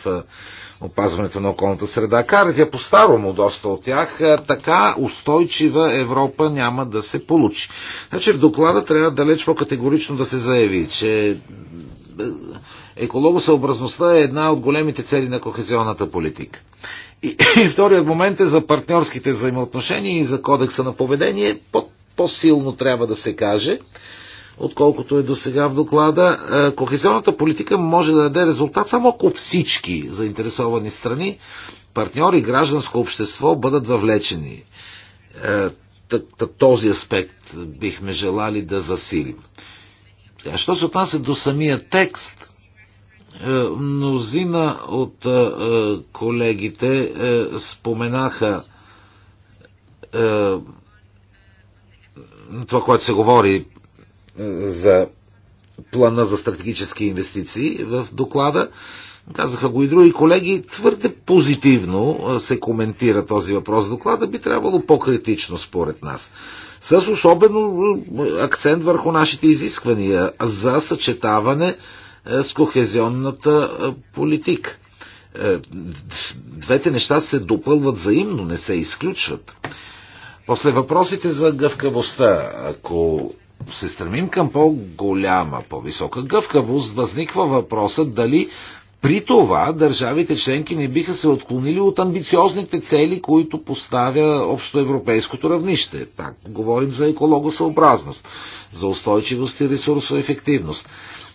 опазването на околната среда. Карат я по-старому доста от тях, така устойчива Европа няма да се получи. Значи в доклада трябва далеч по-категорично да се заяви, че екологосъобразността е една от големите цели на кохезионната политика. И, и вторият момент е за партньорските взаимоотношения и за кодекса на поведение. По-силно -по трябва да се каже, отколкото е до сега в доклада. Е, кохезионната политика може да даде резултат само ако всички заинтересовани страни, партньори, гражданско общество бъдат въвлечени. Е, този аспект бихме желали да засилим. А що се отнася до самия текст, е, мнозина от е, е, колегите споменаха това, което се говори за плана за стратегически инвестиции в доклада. Казаха го и други колеги, твърде позитивно се коментира този въпрос в доклада, би трябвало по-критично според нас. С особено акцент върху нашите изисквания за съчетаване е, с кохезионната е, политика. Е, двете неща се допълват взаимно, не се изключват. После въпросите за гъвкавостта. Ако се стремим към по-голяма, по-висока гъвкавост, възниква въпросът дали при това държавите членки не биха се отклонили от амбициозните цели, които поставя общоевропейското равнище. Пак говорим за екологосъобразност, за устойчивост и ресурсоефективност.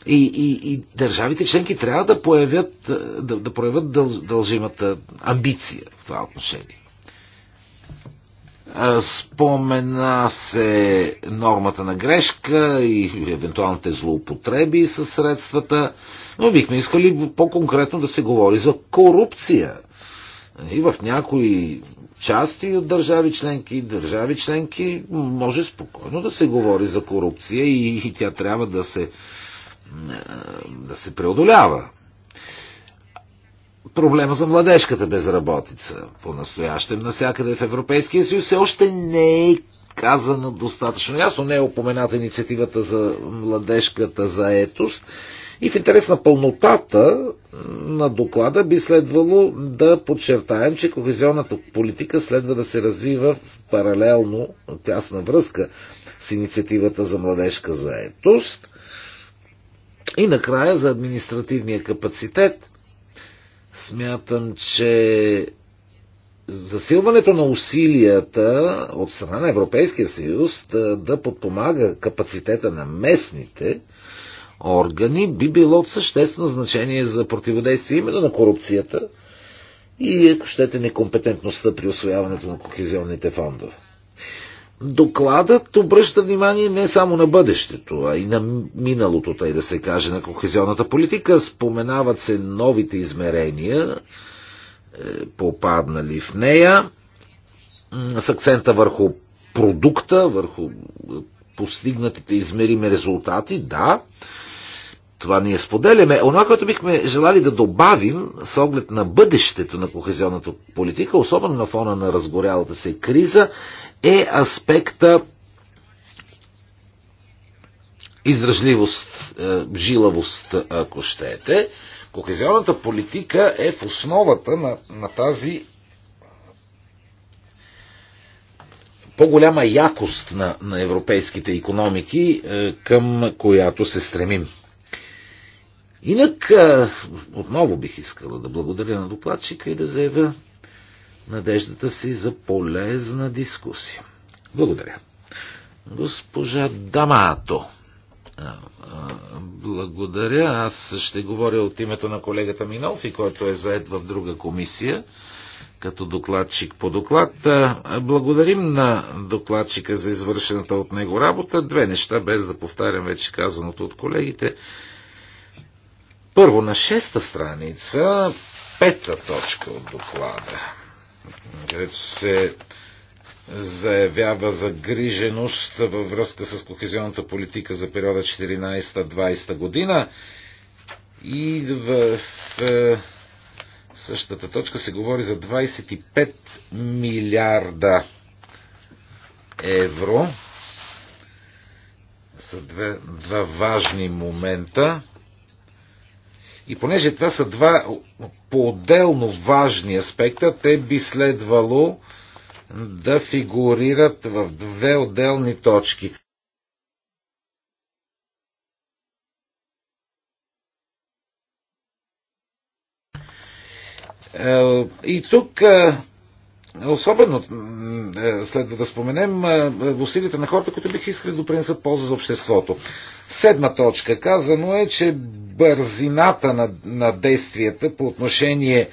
И, и, и държавите членки трябва да, появят, е, да, да проявят дъл, дължимата амбиция в това отношение. Е, спомена се нормата на грешка и евентуалните злоупотреби с средствата, но бихме искали по-конкретно да се говори за корупция. И в някои части от държави членки, държави членки може спокойно да се говори за корупция и, и тя трябва да се да се преодолява. Проблема за младежката безработица по-настоящем навсякъде в Европейския съюз все още не е казано достатъчно ясно, не е упомената инициативата за младежката заетост. И в интерес на пълнотата на доклада би следвало да подчертаем, че кохезионната политика следва да се развива в паралелно тясна връзка с инициативата за младежка заетост и накрая за административния капацитет. Смятам, че засилването на усилията от страна на Европейския съюз да, да подпомага капацитета на местните органи би било от съществено значение за противодействие именно на корупцията и, ако щете, некомпетентността при освояването на кохезионните фондове. Докладът обръща внимание не само на бъдещето, а и на миналото, тъй да се каже, на кохезионната политика. Споменават се новите измерения, е, попаднали в нея, с акцента върху продукта, върху е, постигнатите измерими резултати, да, това ние споделяме. Онова, което бихме желали да добавим с оглед на бъдещето на кохезионната политика, особено на фона на разгорялата се криза, е аспекта издръжливост, е, жилавост, ако щете. Кохезионната политика е в основата на, на тази по-голяма якост на, на европейските економики, е, към която се стремим. Инак, отново бих искала да благодаря на докладчика и да заявя надеждата си за полезна дискусия. Благодаря. Госпожа Дамато. Благодаря. Аз ще говоря от името на колегата Минолфи, който е заед в друга комисия като докладчик по доклад. Благодарим на докладчика за извършената от него работа. Две неща, без да повтарям вече казаното от колегите. Първо, на шеста страница, пета точка от доклада, където се заявява загриженост във връзка с кохезионната политика за периода 14-20 година и в, в е, същата точка се говори за 25 милиарда евро са две, два важни момента. И понеже това са два по-отделно важни аспекта, те би следвало да фигурират в две отделни точки. Е, и тук е, Особено е, следва да споменем е, усилите на хората, които бих искали да принесат полза за обществото. Седма точка. Казано е, че бързината на, на действията по отношение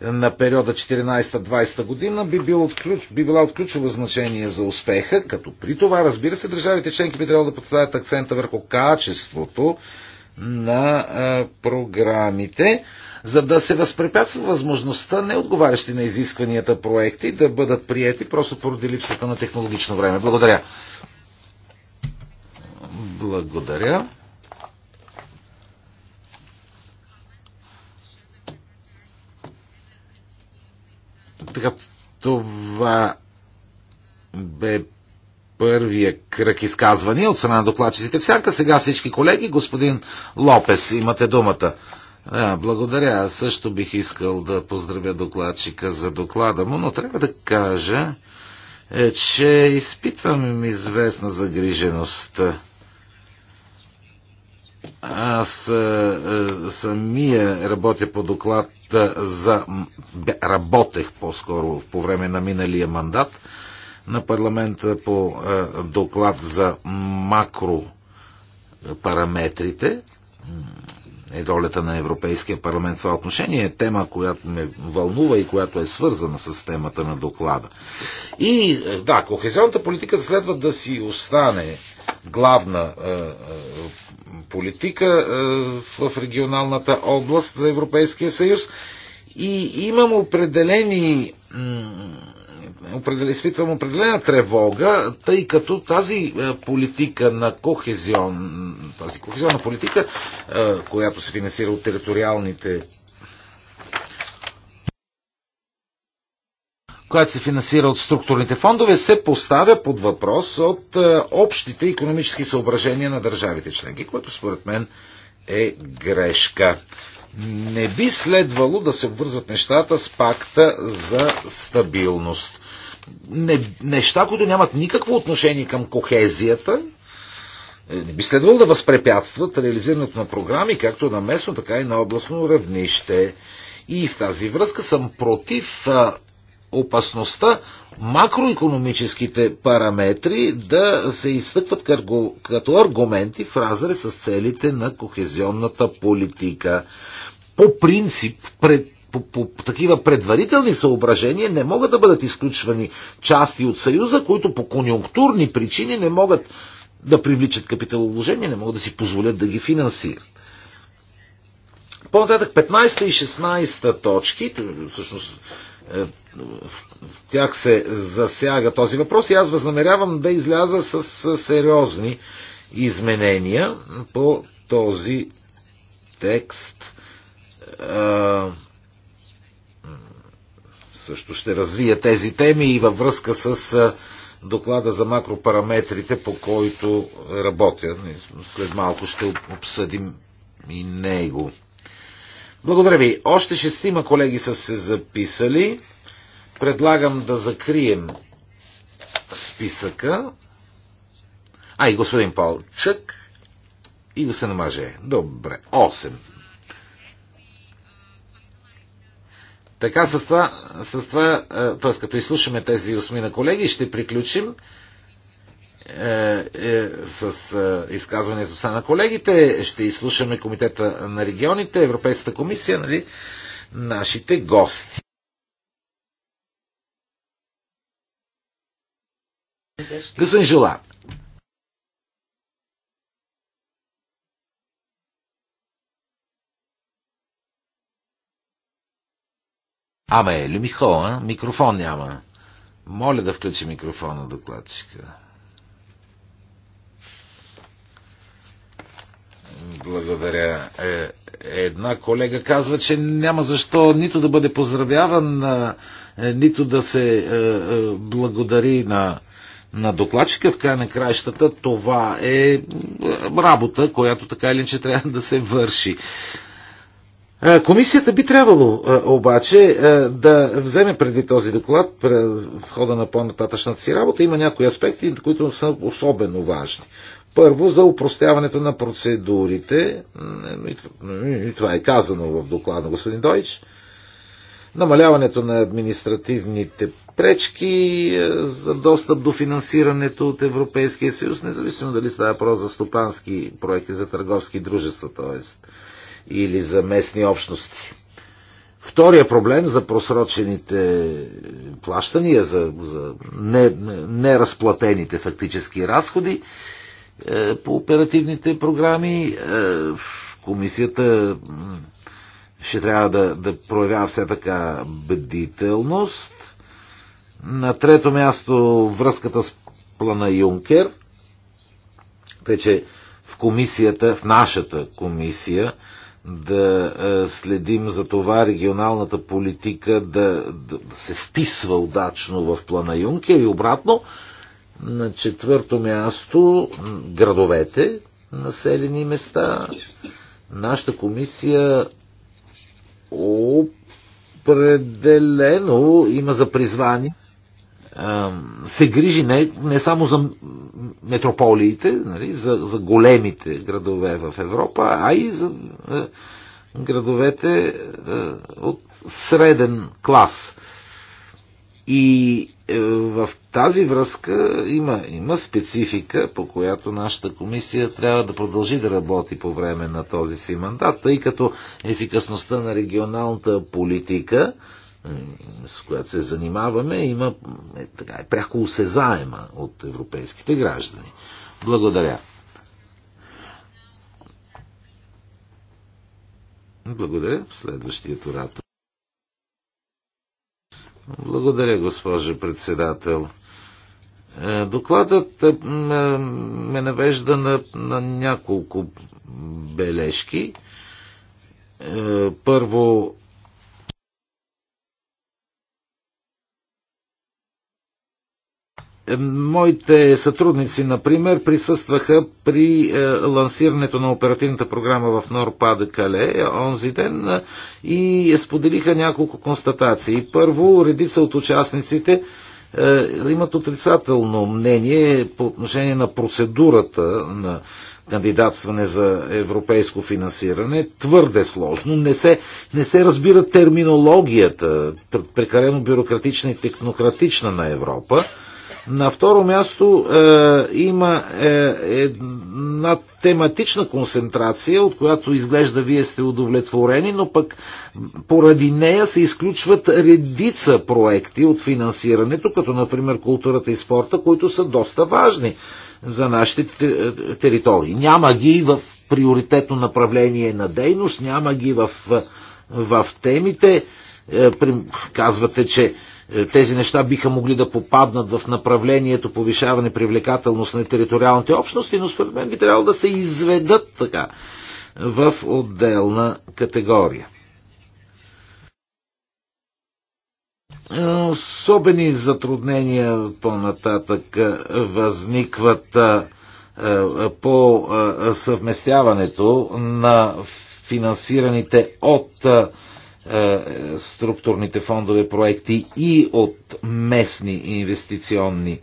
на периода 14-20 година би, бил отключ, би била от ключово значение за успеха, като при това, разбира се, държавите членки би трябвало да подставят акцента върху качеството на програмите, за да се възпрепятства възможността не отговарящи на изискванията проекти да бъдат приети просто поради липсата на технологично време. Благодаря. Благодаря. Така, това бе първия кръг изказвания от страна на докладчиците. Всяка сега всички колеги, господин Лопес, имате думата. А, е, благодаря. Аз също бих искал да поздравя докладчика за доклада му, но трябва да кажа, е, че изпитвам им известна загриженост. Аз е, е самия работя по доклад е, за... работех по-скоро по време на миналия мандат на парламента по е, доклад за макропараметрите е ролята на Европейския парламент в това отношение. Е тема, която ме вълнува и която е свързана с темата на доклада. И е, да, кохезионната политика следва да си остане главна е, е, политика е, в регионалната област за Европейския съюз. И имам определени изпитвам определена тревога, тъй като тази е, политика на кохезион, тази кохезионна политика, е, която се финансира от териториалните която се финансира от структурните фондове, се поставя под въпрос от е, общите економически съображения на държавите членки, което според мен е грешка. Не би следвало да се обвързват нещата с пакта за стабилност не, неща, които нямат никакво отношение към кохезията, е, не би следвало да възпрепятстват реализирането на програми, както на местно, така и на областно равнище. И в тази връзка съм против опасността макроекономическите параметри да се изтъкват като аргументи в разрез с целите на кохезионната политика. По принцип, пред, по, по такива предварителни съображения не могат да бъдат изключвани части от Съюза, които по конюнктурни причини не могат да привличат капиталовложения, не могат да си позволят да ги финансират. По-нататък 15 и 16 точки, всъщност е, в тях се засяга този въпрос и аз възнамерявам да изляза с сериозни изменения по този текст. Е, също ще развия тези теми и във връзка с доклада за макропараметрите, по който работя. След малко ще обсъдим и него. Благодаря ви. Още шестима колеги са се записали. Предлагам да закрием списъка. А, и господин Павчък. И да се намаже. Добре. 8. Така с това, с това е, т.е. като изслушаме тези осмина колеги, ще приключим е, е, с е, изказването са на колегите. Ще изслушаме Комитета на регионите, Европейската комисия, нали, нашите гости. Господин Жила, Абе, Люмихо, а? Микрофон няма. Моля да включи микрофона на докладчика. Благодаря. Е, една колега казва, че няма защо нито да бъде поздравяван, е, нито да се е, е, благодари на, на докладчика. В край на краищата това е работа, която така или иначе трябва да се върши. Комисията би трябвало обаче да вземе преди този доклад в хода на по-нататъчната си работа. Има някои аспекти, които са особено важни. Първо, за упростяването на процедурите, и това е казано в доклада на господин Дойч, намаляването на административните пречки е, за достъп до финансирането от Европейския съюз, независимо дали става про за стопански проекти, за търговски дружества, т.е или за местни общности. Втория проблем за просрочените плащания, за, за неразплатените не, не фактически разходи е, по оперативните програми, е, комисията ще трябва да, да проявява все така бдителност. На трето място връзката с плана Юнкер. Тъй, че в комисията, в нашата комисия, да е, следим за това регионалната политика да, да се вписва удачно в плана Юнкер и обратно. На четвърто място градовете, населени места. Нашата комисия определено има за призвание се грижи не, не само за метрополиите, нали, за, за големите градове в Европа, а и за е, градовете е, от среден клас. И е, в тази връзка има, има специфика, по която нашата комисия трябва да продължи да работи по време на този си мандат, тъй като ефикасността на регионалната политика е, с която се занимаваме, има е, така, е пряко усезаема от европейските граждани. Благодаря. Благодаря. Следващият оратор. Благодаря, госпожо председател. Е, докладът е, е, ме навежда на, на няколко бележки. Първо, Моите сътрудници, например, присъстваха при е, лансирането на оперативната програма в Норпа Кале онзи ден е, и споделиха няколко констатации. Първо, редица от участниците е, имат отрицателно мнение по отношение на процедурата на кандидатстване за европейско финансиране. Твърде сложно. Не се, не се разбира терминологията, прекалено бюрократична и технократична на Европа на второ място е, има е, една тематична концентрация, от която изглежда вие сте удовлетворени, но пък поради нея се изключват редица проекти от финансирането, като например културата и спорта, които са доста важни за нашите територии. Няма ги в приоритетно направление на дейност, няма ги в, в темите. Е, казвате, че е, тези неща биха могли да попаднат в направлението повишаване привлекателност на териториалните общности, но според мен би трябвало да се изведат така в отделна категория. Е, особени затруднения по-нататък възникват е, по съвместяването на финансираните от е, структурните фондове проекти и от местни инвестиционни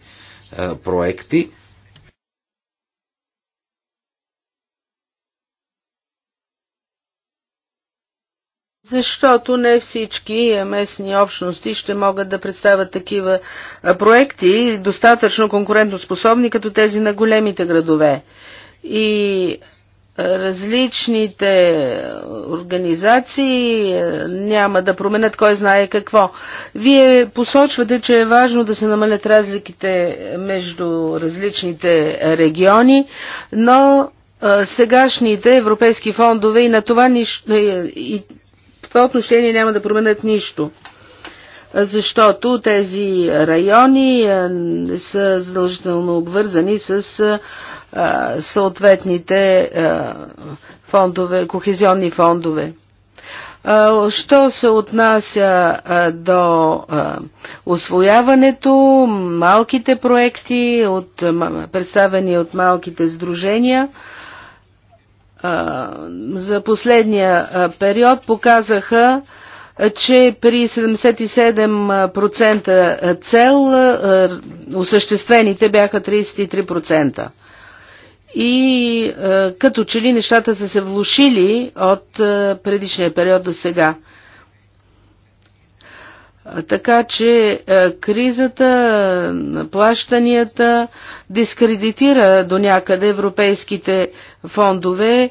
е, проекти. защото не всички местни общности ще могат да представят такива е, проекти достатъчно конкурентоспособни, като тези на големите градове. И различните организации е, няма да променят кой знае какво. Вие посочвате, че е важно да се намалят разликите между различните региони, но е, сегашните европейски фондове и на това, нищо, е, и това отношение няма да променят нищо защото тези райони са задължително обвързани с съответните фондове, кохезионни фондове. Що се отнася до освояването, малките проекти, от, представени от малките сдружения, за последния период показаха, че при 77% цел осъществените бяха 33% и е, като че ли нещата са се влушили от е, предишния период до сега. Така че е, кризата плащанията дискредитира до някъде европейските фондове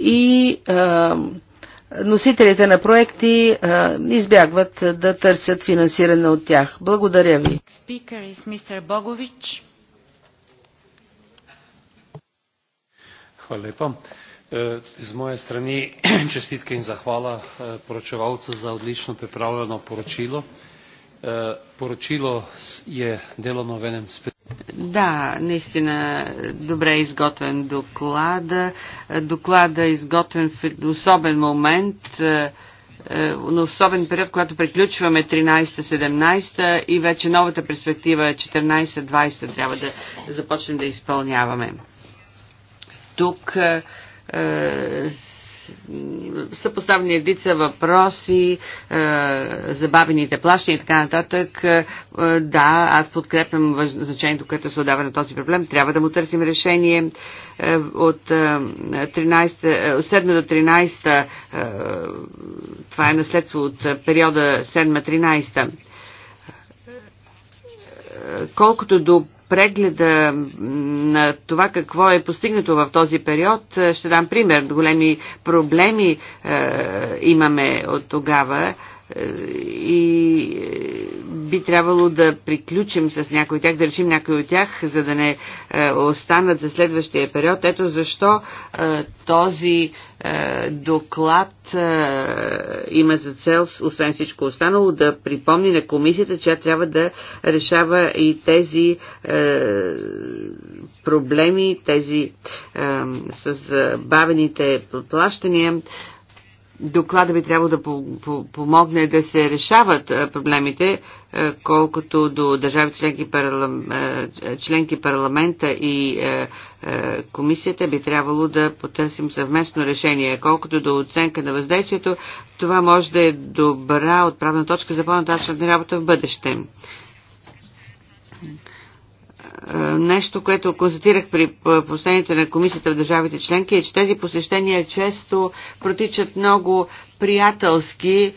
и е, носителите на проекти е, избягват да търсят финансиране от тях. Благодаря ви. Hvala lepa. E, z moje strani čestitke in zahvala e, poročevalcu za odlično pripravljeno poročilo. E, poročilo je делано v enem да, наистина добре е изготвен доклад. Доклада е изготвен в особен момент, на особен период, когато приключваме 13-17 и вече новата перспектива 14-20 трябва да започнем да изпълняваме. Тук е, е са поставени редица въпроси, е, забавените плащания и така нататък. Е, е да, аз подкрепям значението, което се отдава на този проблем. Трябва да му търсим решение. Е, от е, 13, 7 е, до 13, е, това е наследство от периода 7-13. Колкото до прегледа на това какво е постигнато в този период, е, ще дам пример. Големи проблеми е, имаме от тогава. Е, и е, би трябвало да приключим с някои от тях, да решим някои от тях, за да не е, останат за следващия период. Ето защо този доклад има за цел, освен всичко останало, да припомни на комисията, че трябва да решава и тези проблеми, тези с забавените плащания доклада би трябвало да помогне да се решават е, проблемите, е, колкото до държави членки, парлам... Е, членки парламента и комисията би трябвало да потърсим съвместно решение. Колкото до оценка на въздействието, това може да е добра отправна точка за по-нататъчна работа в бъдеще. Е, нещо, което констатирах при е, посещението на комисията в държавите членки е, че тези посещения често протичат много приятелски е,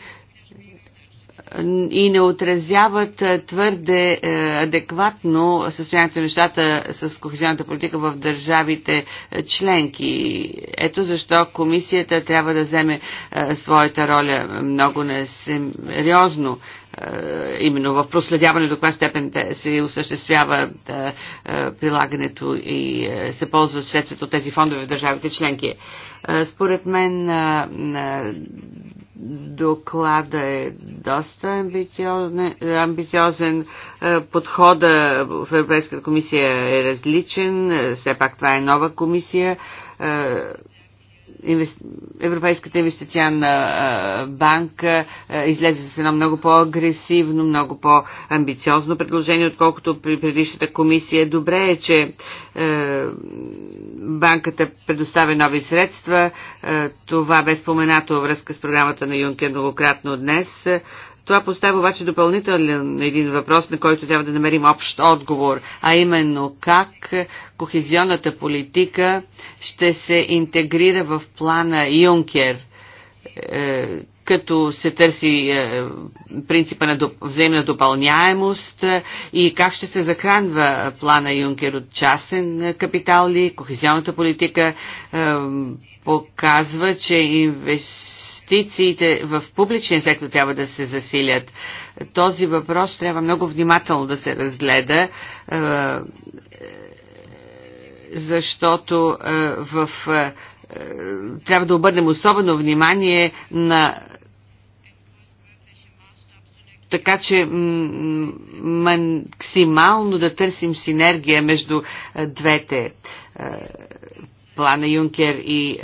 и не отразяват твърде адекватно състоянието на нещата с кохезионната политика в държавите членки. Ето защо комисията трябва да вземе своята роля много сериозно е, именно в проследяване до каква степен се осъществява е, е, прилагането и се ползват средствата от тези фондове в държавите членки. Според мен доклада е доста амбициозен, амбициозен. подхода в Европейската комисия е различен, все пак това е нова комисия Европейската инвестиционна банка излезе с едно много по-агресивно, много по-амбициозно предложение, отколкото при предишната комисия. Добре е, че банката предоставя нови средства. Това бе споменато във връзка с програмата на Юнкер многократно днес. Това поставя обаче допълнителен един въпрос, на който трябва да намерим общ отговор, а именно как кохезионната политика ще се интегрира в плана Юнкер е, – като се търси е, принципа на взаимна допълняемост е, и как ще се захранва плана Юнкер от частен капитал ли, кохезионната политика показва, че инвестиционната инвестициите в публичен сектор трябва да се засилят. Този въпрос трябва много внимателно да се разгледа е, защото е, в, е, трябва да обърнем особено внимание на така че максимално да търсим синергия между двете плана Юнкер и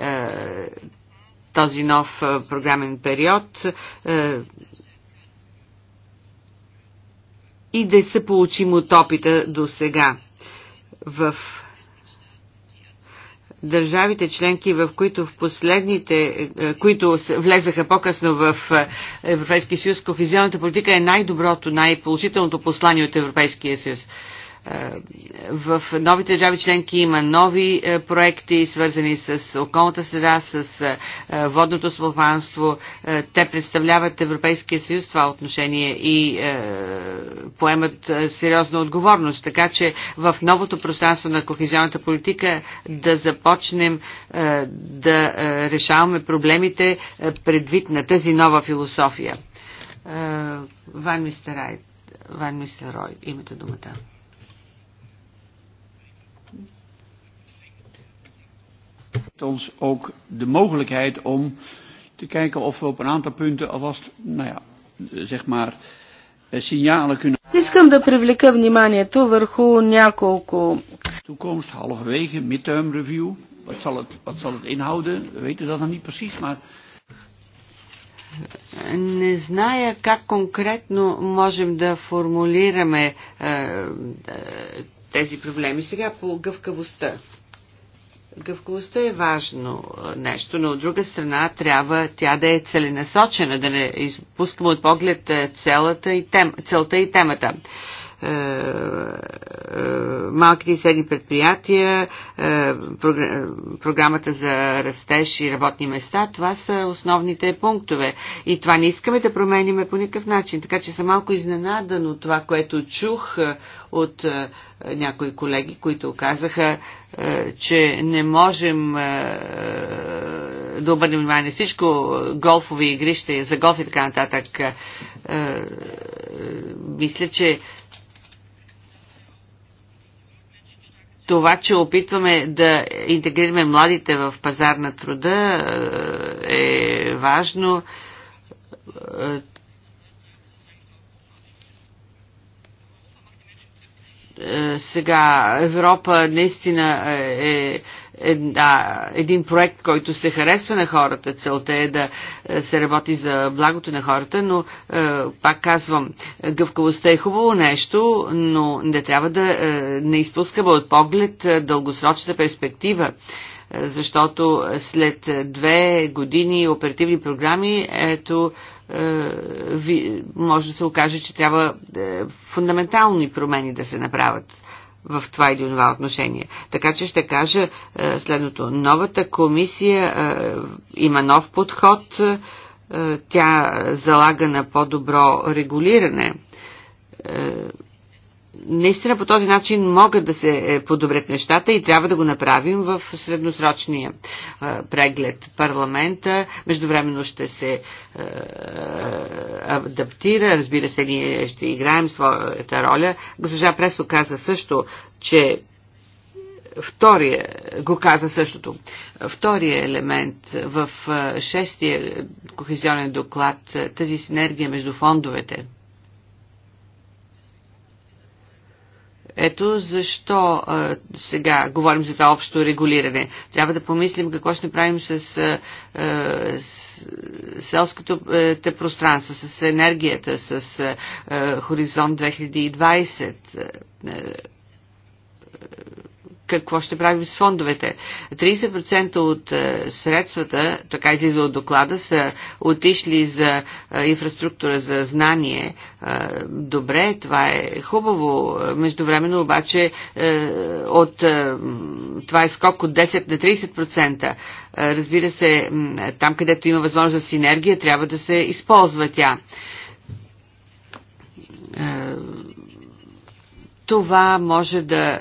този нов е, програмен период е, и да се получим от опита до сега в държавите членки, в които в последните, е, които влезаха по-късно в Европейския съюз, кохезионната политика е най-доброто, най-положителното послание от Европейския съюз. В новите държави членки има нови е, проекти, свързани с околната среда, с е, е, водното стопанство. Те представляват Европейския съюз в това отношение и поемат сериозна отговорност. Така че в новото пространство на кохезионната политика да започнем да решаваме проблемите предвид на тази нова философия. Ван Мистерой, имате думата. ons ook de mogelijkheid om te kijken of we op een aantal punten alvast, nou ja, zeg maar, signalen kunnen. Искам да привлека вниманието върху няколко. Toekomst, halverwege, midterm review. Wat zal het, wat zal het inhouden? We weten dat nog niet precies, maar не зная как конкретно можем да формулираме е, тези проблеми. Сега по гъвкавостта. Гъвкавостта е важно нещо, но от друга страна трябва тя да е целенасочена, да не изпускаме от поглед целата и тем, целта и темата е, е, малките и средни предприятия, е, програмата за растеж и работни места, това са основните пунктове. И това не искаме да промениме по никакъв начин. Така че съм малко изненадан от това, което чух от някои колеги, които казаха. Е, че не можем е, да обърнем внимание всичко, голфови игрища, за голф и така нататък. Е, мисля, че това, че опитваме да интегрираме младите в пазар на труда е важно. Е, сега Европа наистина е една, е, един проект, който се харесва на хората. Целта е да е, се работи за благото на хората, но пак казвам, гъвкавостта е хубаво нещо, но не трябва да не изпускаме от поглед дългосрочна перспектива защото след две години оперативни програми, ето, е, ви, може да се окаже, че трябва е, фундаментални промени да се направят в това или това отношение. Така че ще кажа е, следното. Новата комисия има нов подход, тя залага на по-добро регулиране наистина по този начин могат да се е, подобрят нещата и трябва да го направим в средносрочния е, преглед парламента. Междувременно ще се е, адаптира. Разбира се, ние ще играем своята роля. Госпожа Пресо каза също, че втория, го каза същото. Втория елемент в шестия кохезионен доклад, тази синергия между фондовете – Ето защо а, сега говорим за това общо регулиране. Трябва да помислим какво ще направим с, а, с селското а, пространство, с енергията, с а, Хоризонт 2020. А, какво ще правим с фондовете. 30% от е, средствата, така излиза от доклада, са отишли за е, инфраструктура за знание. Е, добре, това е хубаво. Междувременно обаче от, това е скок от 10 на 30%. Разбира се, там където има възможност за синергия, трябва да се използва тя това може да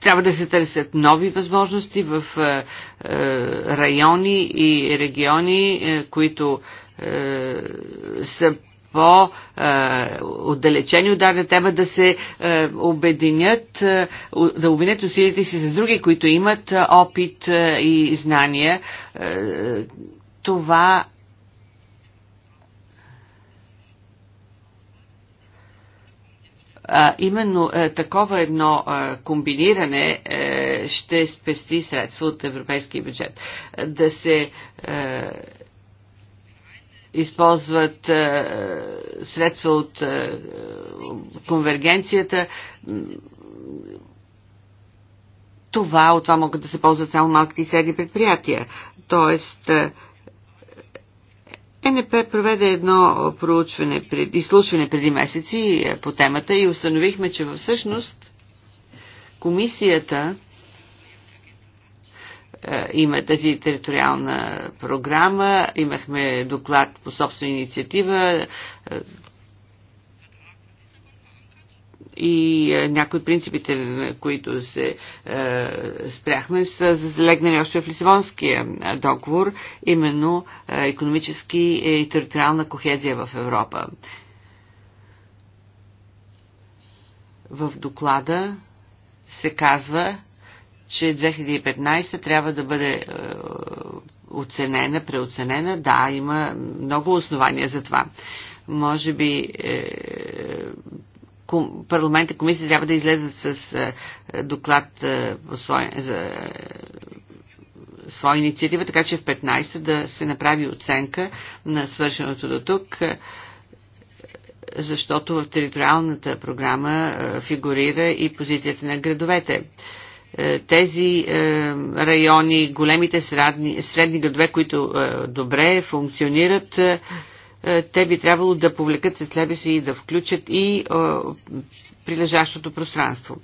трябва да се търсят нови възможности в е, е, райони и региони, е, които са по-отдалечени от дадена тема да се обединят, да обединят усилите си с други, които имат опит и знания. Това А, именно е, такова едно е, комбиниране е, ще спести средства от европейския бюджет. Да се е, използват е, средства от е, конвергенцията. Това, от това могат да се ползват само малките и средни предприятия. Тоест, е, НП проведе едно проучване, изслушване преди месеци е, по темата и установихме, че всъщност комисията е, има тази териториална програма, имахме доклад по собствена инициатива, е, и е, някои от принципите, на които се е, спряхме, са залегнали още в Лисабонския е, договор, именно е, економически и териториална кохезия в Европа. В доклада се казва, че 2015 трябва да бъде е, оценена, преоценена. Да, има много основания за това. Може би е, парламента, комисията трябва да излезат с е, доклад е, своя, за своя инициатива, така че в 15 та да се направи оценка на свършеното до тук е, защото в териториалната програма фигурира и позицията на градовете. Тези райони, големите средни, средни градове, които добре функционират, е, те би трябвало да повлекат след себе си и да включат и е, прилежащото пространство.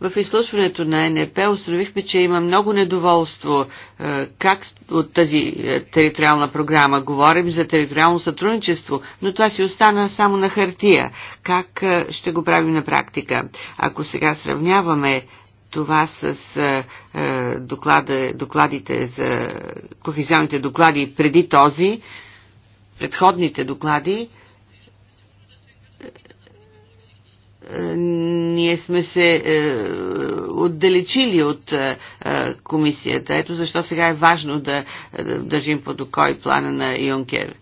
В изслушването на НЕП установихме, че има много недоволство е, как от тази териториална програма. Говорим за териториално сътрудничество, но това си остана само на хартия. Как ще го правим на практика? Ако сега сравняваме това с е, е, доклада, докладите за кохезионните доклади преди този, предходните доклади, е, ние сме се е, отдалечили от е, комисията. Ето защо сега е важно да, да държим под око и плана на Юнкер.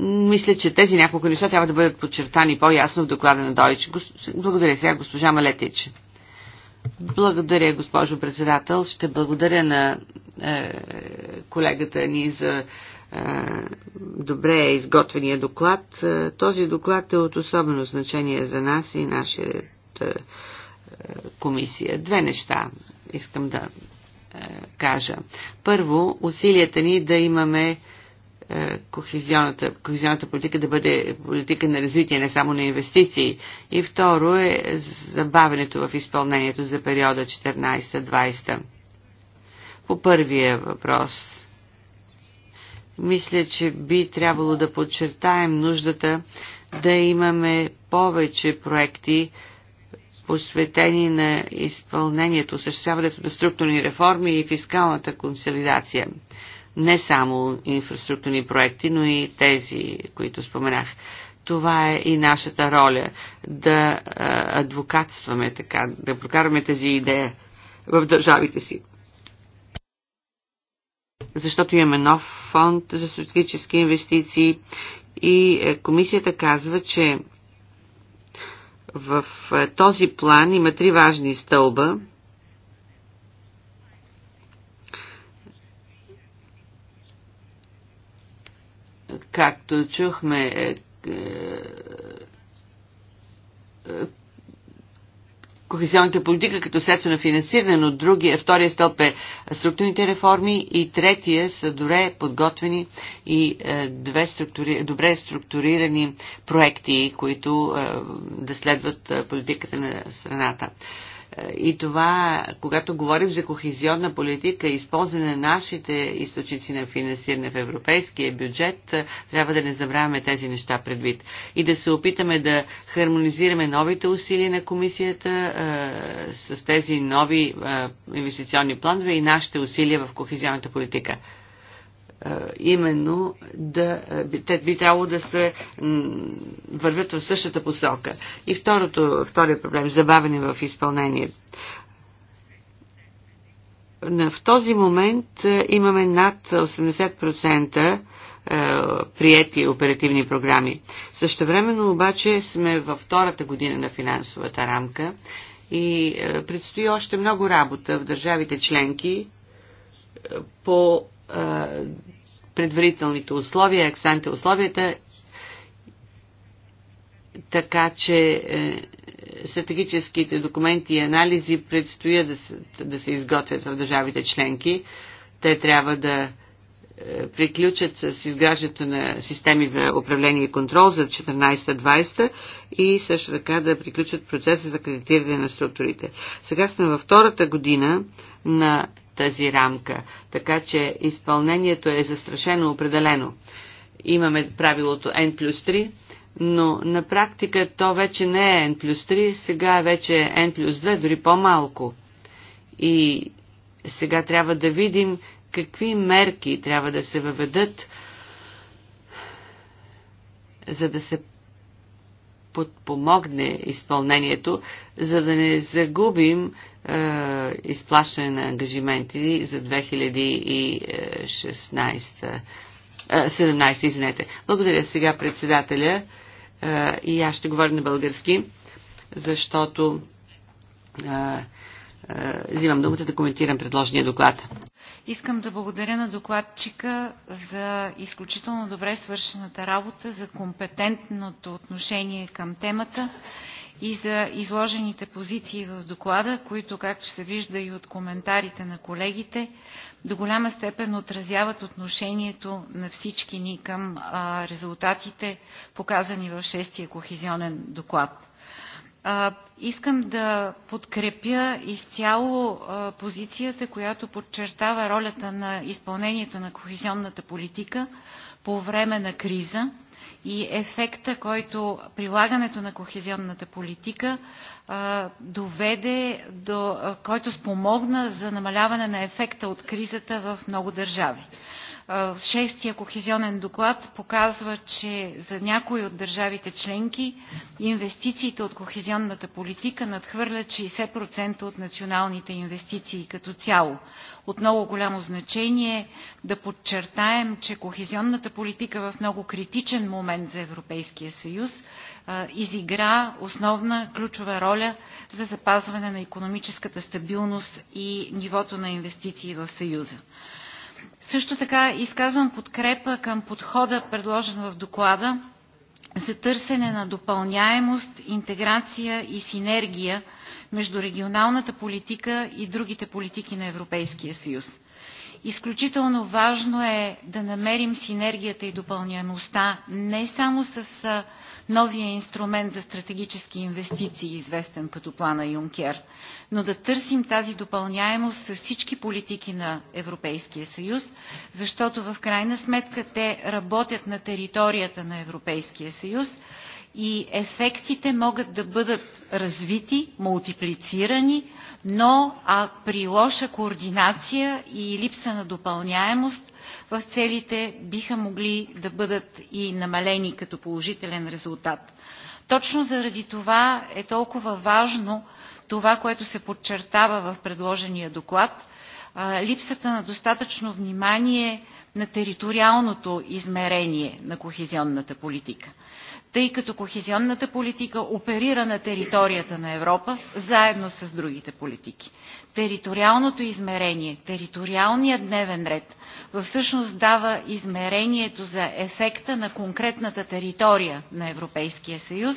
Мисля, че тези няколко неща трябва да бъдат подчертани по-ясно в доклада на Дойч. Благодаря сега, госпожа Малетич. Благодаря, госпожо председател. Ще благодаря на е, колегата ни за е, добре изготвения доклад. Е, този доклад е от особено значение за нас и нашата е, комисия. Две неща искам да е, кажа. Първо, усилията ни да имаме е, кохезионната, кохезионната политика да бъде политика на развитие, не само на инвестиции. И второ е забавенето в изпълнението за периода 14-20. По първия въпрос, мисля, че би трябвало да подчертаем нуждата да имаме повече проекти, посветени на изпълнението, осъществяването на структурни реформи и фискалната консолидация – не само инфраструктурни проекти, но и тези, които споменах. Това е и нашата роля да е, адвокатстваме така, да прокарваме тази идея в държавите си. Защото имаме нов фонд за стратегически инвестиции и е, комисията казва, че в е, този план има три важни стълба – Както чухме, е, е, кохезионната политика като средство на финансиране, но другия, втория стълб е структурните реформи и третия са добре подготвени и е, две структури, добре структурирани проекти, които да следват политиката на страната. И това, когато говорим за кохезионна политика, използване на нашите източници на финансиране в европейския бюджет, е, трябва да не забравяме тези неща предвид. И да се опитаме да хармонизираме новите усилия на комисията е, с тези нови е, инвестиционни планове и нашите усилия в кохезионната политика именно да, те би трябвало да се вървят в същата посока. И второто, втория проблем, забавене в изпълнение. В този момент имаме над 80% приети оперативни програми. Същевременно обаче сме във втората година на финансовата рамка и предстои още много работа в държавите членки по предварителните условия, ексанте условията, така че е, стратегическите документи и анализи предстоят да се, да се изготвят в държавите членки. Те трябва да приключат с изграждането на системи за управление и контрол за 14-20 и също така да приключат процеса за кредитиране на структурите. Сега сме във втората година на тази рамка, така че изпълнението е застрашено определено. Имаме правилото N плюс 3, но на практика то вече не е N плюс 3, сега е вече N плюс 2, дори по-малко. И сега трябва да видим какви мерки трябва да се въведат, за да се подпомогне изпълнението, за да не загубим е, изплащане на ангажименти за 2016. Е, 17, извинете. Благодаря сега председателя е, и аз ще говоря на български, защото е, е, взимам думата да коментирам предложения доклад. Искам да благодаря на докладчика за изключително добре свършената работа, за компетентното отношение към темата и за изложените позиции в доклада, които, както се вижда и от коментарите на колегите, до голяма степен отразяват отношението на всички ни към резултатите, показани в шестия кохезионен доклад искам да подкрепя изцяло позицията, която подчертава ролята на изпълнението на кохезионната политика по време на криза и ефекта, който прилагането на кохезионната политика доведе до, който спомогна за намаляване на ефекта от кризата в много държави. Шестия кохезионен доклад показва, че за някои от държавите членки инвестициите от кохезионната политика надхвърлят 60% от националните инвестиции като цяло. От много голямо значение е да подчертаем, че кохезионната политика в много критичен момент за Европейския съюз изигра основна ключова роля за запазване на економическата стабилност и нивото на инвестиции в Съюза. Също така изказвам подкрепа към подхода, предложен в доклада, за търсене на допълняемост, интеграция и синергия между регионалната политика и другите политики на Европейския съюз. Изключително важно е да намерим синергията и допълняемостта не само с новия инструмент за стратегически инвестиции, известен като плана Юнкер. Но да търсим тази допълняемост с всички политики на Европейския съюз, защото в крайна сметка те работят на територията на Европейския съюз и ефектите могат да бъдат развити, мултиплицирани, но а при лоша координация и липса на допълняемост в целите биха могли да бъдат и намалени като положителен резултат. Точно заради това е толкова важно това, което се подчертава в предложения доклад, липсата на достатъчно внимание на териториалното измерение на кохезионната политика тъй като кохезионната политика оперира на територията на Европа, заедно с другите политики. Териториалното измерение, териториалният дневен ред, всъщност дава измерението за ефекта на конкретната територия на Европейския съюз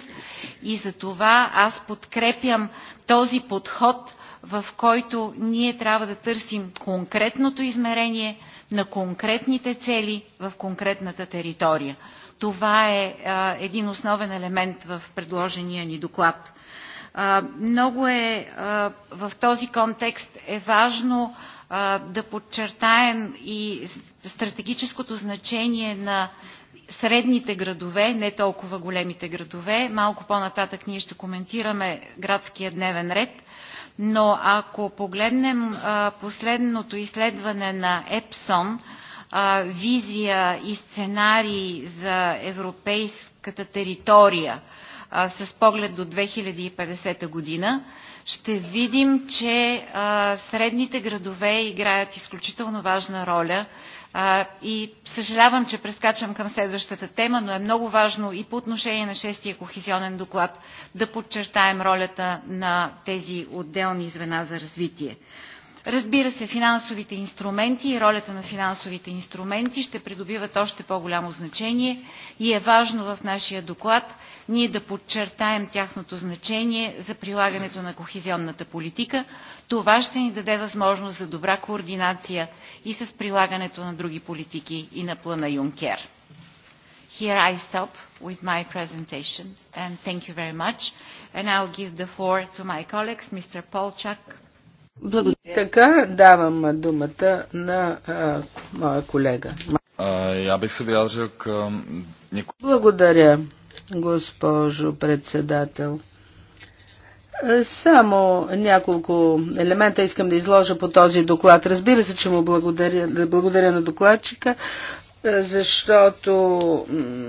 и за това аз подкрепям този подход, в който ние трябва да търсим конкретното измерение на конкретните цели в конкретната територия. Това е а, един основен елемент в предложения ни доклад. А, много е а, в този контекст е важно а, да подчертаем и стратегическото значение на средните градове, не толкова големите градове. Малко по-нататък ние ще коментираме градския дневен ред. Но ако погледнем а, последното изследване на Епсон, а, визия и сценарии за европейската територия а, с поглед до 2050 година, ще видим, че а, средните градове играят изключително важна роля а, и съжалявам, че прескачам към следващата тема, но е много важно и по отношение на шестия кохезионен доклад да подчертаем ролята на тези отделни звена за развитие. Разбира се, финансовите инструменти и ролята на финансовите инструменти ще придобиват още по-голямо значение и е важно в нашия доклад ние да подчертаем тяхното значение за прилагането на кохезионната политика. Това ще ни даде възможност за добра координация и с прилагането на други политики и на плана Юнкер. Here I stop with my presentation and thank you very much. And I'll give the floor to my colleagues, Mr. Paul Chuck, благодаря. Така давам думата на а, моя колега. Я бих се вяжал към... Благодаря, госпожо председател. Само няколко елемента искам да изложа по този доклад. Разбира се, че му благодаря, благодаря на докладчика, защото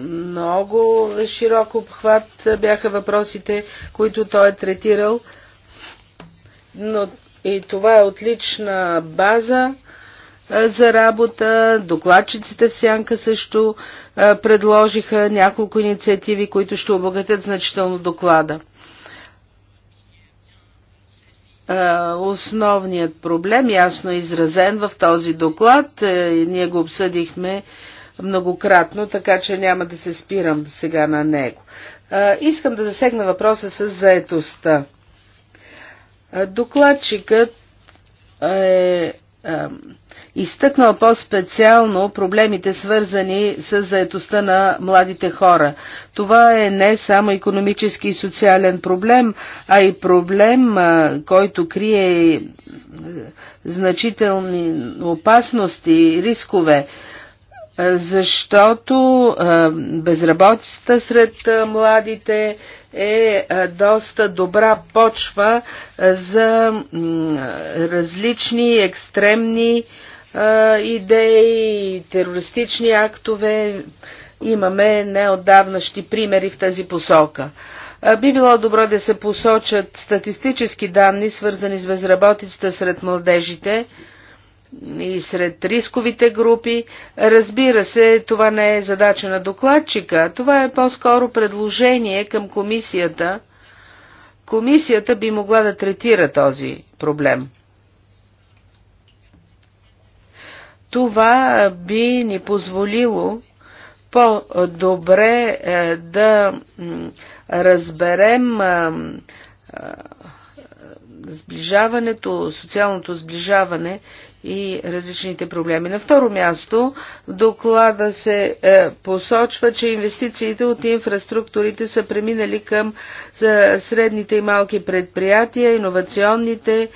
много широк обхват бяха въпросите, които той е третирал. Но и това е отлична база за работа. Докладчиците в Сянка също предложиха няколко инициативи, които ще обогатят значително доклада. Основният проблем, ясно изразен в този доклад, е, ние го обсъдихме многократно, така че няма да се спирам сега на него. Искам да засегна въпроса с заетостта. Докладчикът е изтъкнал по-специално проблемите свързани с заетостта на младите хора. Това е не само економически и социален проблем, а и проблем, който крие значителни опасности, и рискове защото безработицата сред младите е доста добра почва за различни екстремни идеи, терористични актове. Имаме неотдавнащи примери в тази посока. Би било добро да се посочат статистически данни, свързани с безработицата сред младежите, и сред рисковите групи. Разбира се, това не е задача на докладчика, това е по-скоро предложение към комисията. Комисията би могла да третира този проблем. Това би ни позволило по-добре е, да разберем е, е, сближаването, социалното сближаване и различните проблеми. На второ място, доклада се е, посочва, че инвестициите от инфраструктурите са преминали към е, средните и малки предприятия, иновационните е,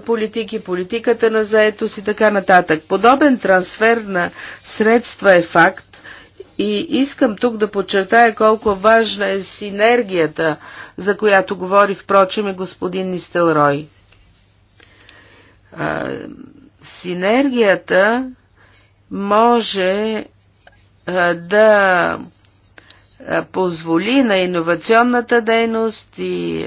политики, политиката на заетост и така нататък. Подобен трансфер на средства е факт, и искам тук да подчертая колко важна е синергията, за която говори впрочем и господин Нистелрой. Синергията може да позволи на иновационната дейност и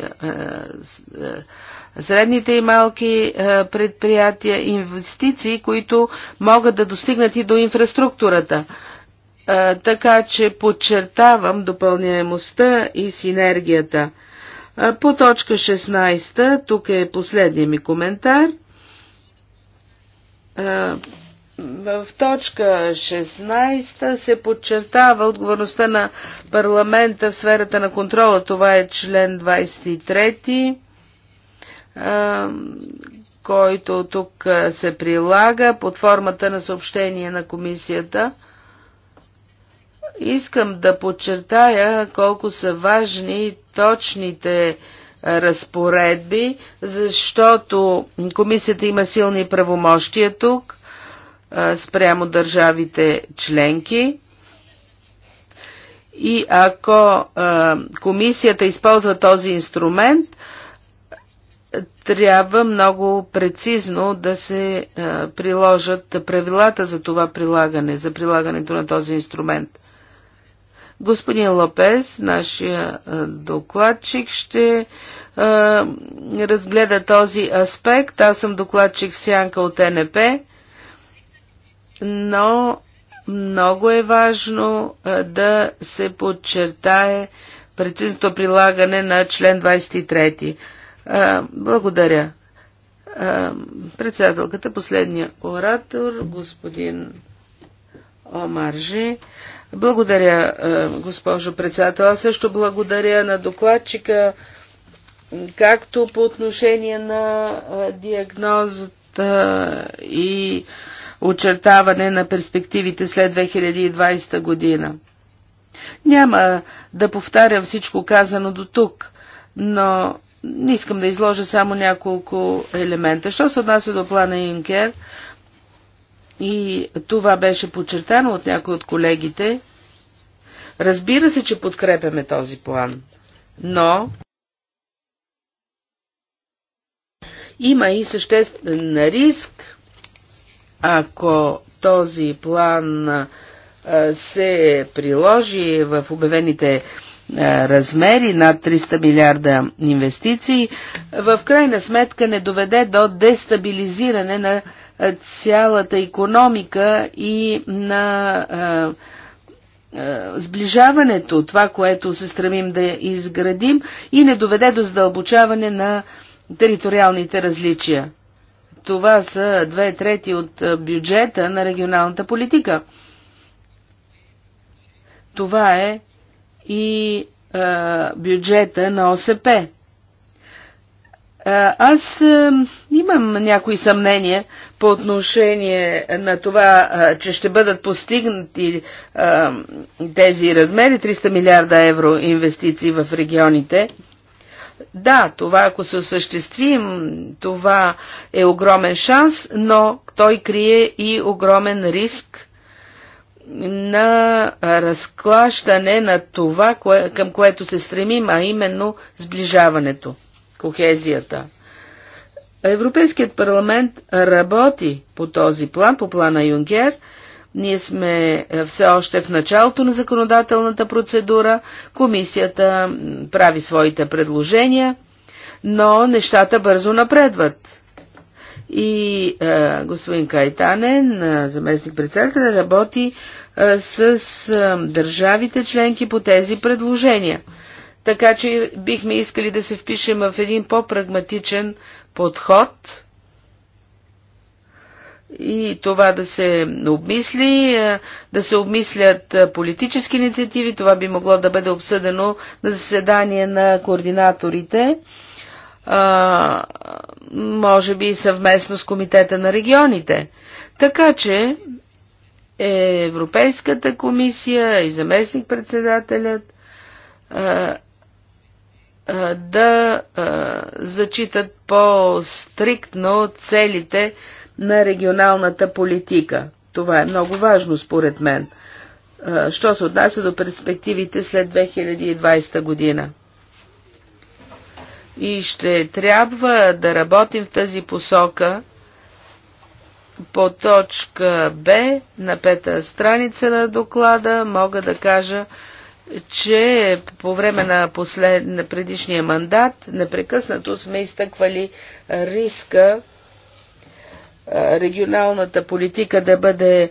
средните и малки предприятия, инвестиции, които могат да достигнат и до инфраструктурата така че подчертавам допълняемостта и синергията. По точка 16, тук е последния ми коментар. В точка 16 се подчертава отговорността на парламента в сферата на контрола. Това е член 23, който тук се прилага под формата на съобщение на комисията – Искам да подчертая колко са важни точните е, разпоредби, защото комисията има силни правомощия тук е, спрямо държавите членки. И ако е, комисията използва този инструмент, трябва много прецизно да се приложат правилата за това прилагане, за прилагането на този инструмент. Господин Лопес, нашия докладчик, ще а, разгледа този аспект. Аз съм докладчик Сянка от НП, но много е важно а, да се подчертае прецизното прилагане на член 23. А, благодаря. Председателката, последния оратор, господин Омаржи. Благодаря, е, госпожо председател. Аз също благодаря на докладчика, както по отношение на е, диагнозата и очертаване на перспективите след 2020 година. Няма да повтарям всичко казано до тук, но не искам да изложа само няколко елемента. Що се отнася до плана Юнкер, и това беше подчертано от някои от колегите. Разбира се, че подкрепяме този план, но има и съществен риск, ако този план се приложи в обявените размери над 300 милиарда инвестиции, в крайна сметка не доведе до дестабилизиране на цялата економика и на сближаването, това, което се стремим да изградим и не доведе до задълбочаване на териториалните различия. Това са две трети от бюджета на регионалната политика. Това е и а, бюджета на ОСП. Аз имам някои съмнения по отношение на това, че ще бъдат постигнати тези размери 300 милиарда евро инвестиции в регионите. Да, това ако се осъществим, това е огромен шанс, но той крие и огромен риск на разклащане на това, към което се стремим, а именно сближаването кохезията. Европейският парламент работи по този план, по плана Юнгер. Ние сме е, все още в началото на законодателната процедура. Комисията прави своите предложения, но нещата бързо напредват. И е, господин Кайтанен, е, заместник председател, работи е, с е, държавите членки по тези предложения така че бихме искали да се впишем в един по-прагматичен подход и това да се обмисли, е, да се обмислят е, политически инициативи, това би могло да бъде обсъдено на заседание на координаторите, а, е, може би съвместно с Комитета на регионите. Така че Европейската комисия и заместник-председателят е, да е, зачитат по-стриктно целите на регионалната политика. Това е много важно според мен. Е, що се отнася до перспективите след 2020 година? И ще трябва да работим в тази посока по точка Б на пета страница на доклада. Мога да кажа, че по време на, послед... на предишния мандат непрекъснато сме изтъквали риска регионалната политика да бъде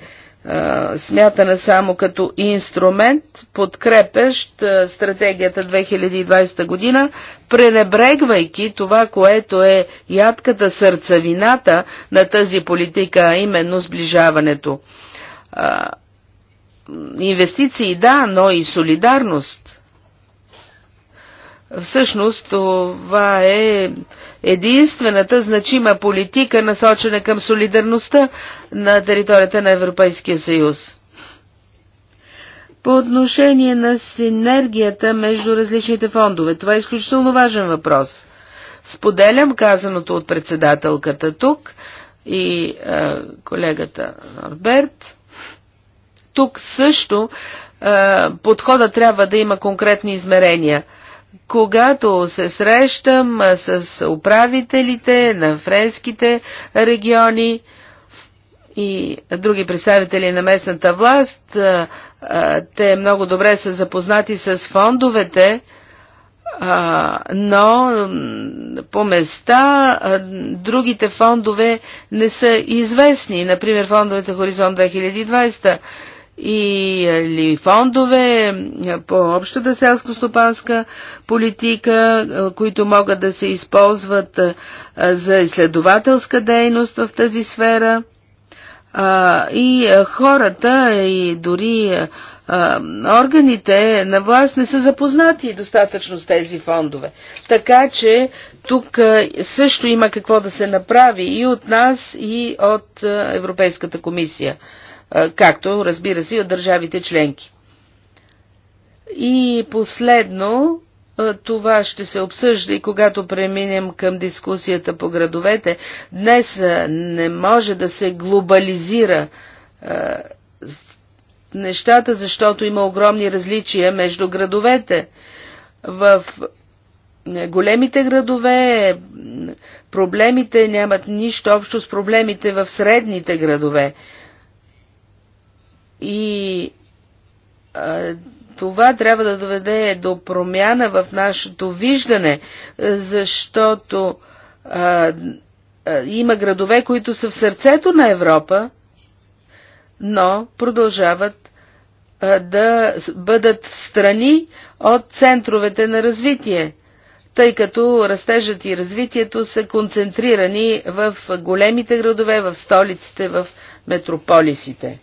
смятана само като инструмент, подкрепещ стратегията 2020 година, пренебрегвайки това, което е ядката сърцевината на тази политика, а именно сближаването. Инвестиции да, но и солидарност. Всъщност това е единствената значима политика, насочена към солидарността на територията на Европейския съюз. По отношение на синергията между различните фондове, това е изключително важен въпрос. Споделям казаното от председателката тук и е, колегата Норберт тук също е, подхода трябва да има конкретни измерения. Когато се срещам е, с управителите на френските региони и други представители на местната власт, е, те много добре са запознати с фондовете, но по места другите фондове не са известни. Например, фондовете Хоризонт 2020 или е, фондове е, по общата селско-стопанска политика, е, които могат да се използват за изследователска дейност в тази сфера. И хората, и дори органите на власт не са запознати достатъчно с тези фондове. Така че тук също има какво да се направи и от нас, и от Европейската комисия както разбира се и от държавите членки. И последно, това ще се обсъжда и когато преминем към дискусията по градовете. Днес не може да се глобализира нещата, защото има огромни различия между градовете. В големите градове проблемите нямат нищо общо с проблемите в средните градове. И а, това трябва да доведе до промяна в нашето виждане, защото а, а, има градове, които са в сърцето на Европа, но продължават да бъдат в страни от центровете на развитие, тъй като растежът и развитието са концентрирани в големите градове, в столиците, в метрополисите.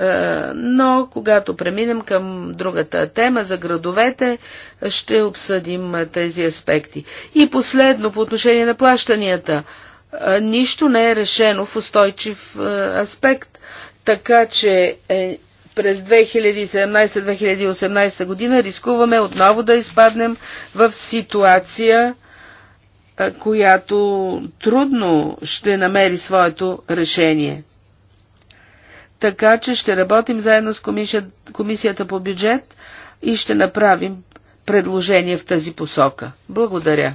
Е, но когато преминем към другата тема за градовете, ще обсъдим тези аспекти. И последно, по отношение на плащанията, е, нищо не е решено в устойчив е, аспект, така че през 2017-2018 година рискуваме отново да изпаднем в ситуация, която трудно ще намери своето решение така че ще работим заедно с комисията, комисията по бюджет и ще направим предложение в тази посока. Благодаря.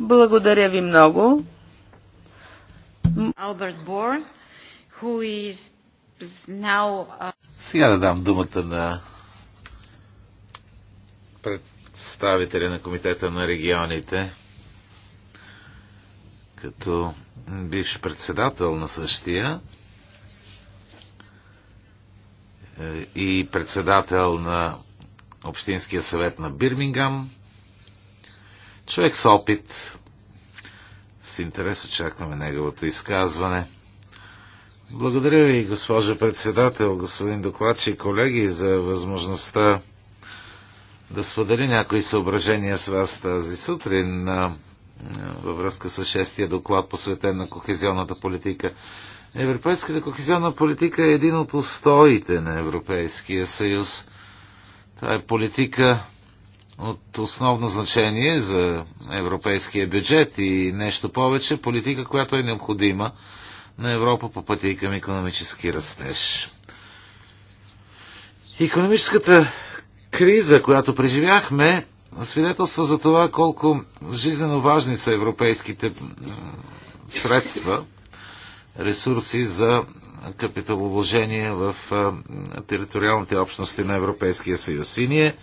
Благодаря ви много. Алберт Бор, who is now... Сега да дам думата на представителя на Комитета на регионите, като бивш председател на същия. Е, и председател на Общинския съвет на Бирмингам. Човек с опит. С интерес очакваме неговото изказване. Благодаря ви, госпожо председател, господин докладчи и колеги, за възможността да споделя някои съображения с вас тази сутрин във връзка с шестия доклад, посветен на кохезионната политика. Европейската кохезионна политика е един от устоите на Европейския съюз. Това е политика от основно значение за европейския бюджет и нещо повече, политика, която е необходима на Европа по пътя към економически растеж. Економическата криза, която преживяхме, свидетелства за това колко жизненно важни са европейските средства – ресурси за капиталовложение в териториалните общности на Европейския съюз. И ние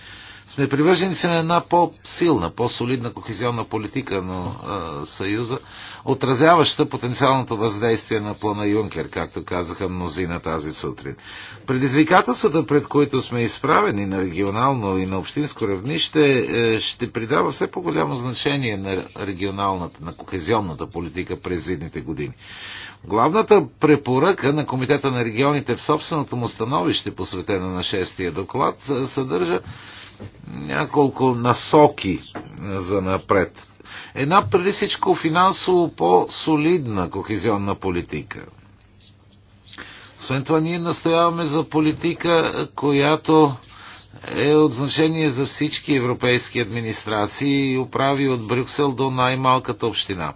сме привърженици на една по-силна, по-солидна кохезионна политика на а, Съюза, отразяваща потенциалното въздействие на плана Юнкер, както казаха мнозина тази сутрин. Предизвикателствата, пред които сме изправени на регионално и на общинско равнище, е, ще придава все по-голямо значение на регионалната, на кохезионната политика през едните години. Главната препоръка на Комитета на регионите в собственото му становище, посветено на шестия доклад, е, съдържа няколко насоки е, за напред. Една преди всичко финансово по-солидна кохезионна политика. Освен това ние настояваме за политика, която е от значение за всички европейски администрации и управи от Брюксел до най-малката община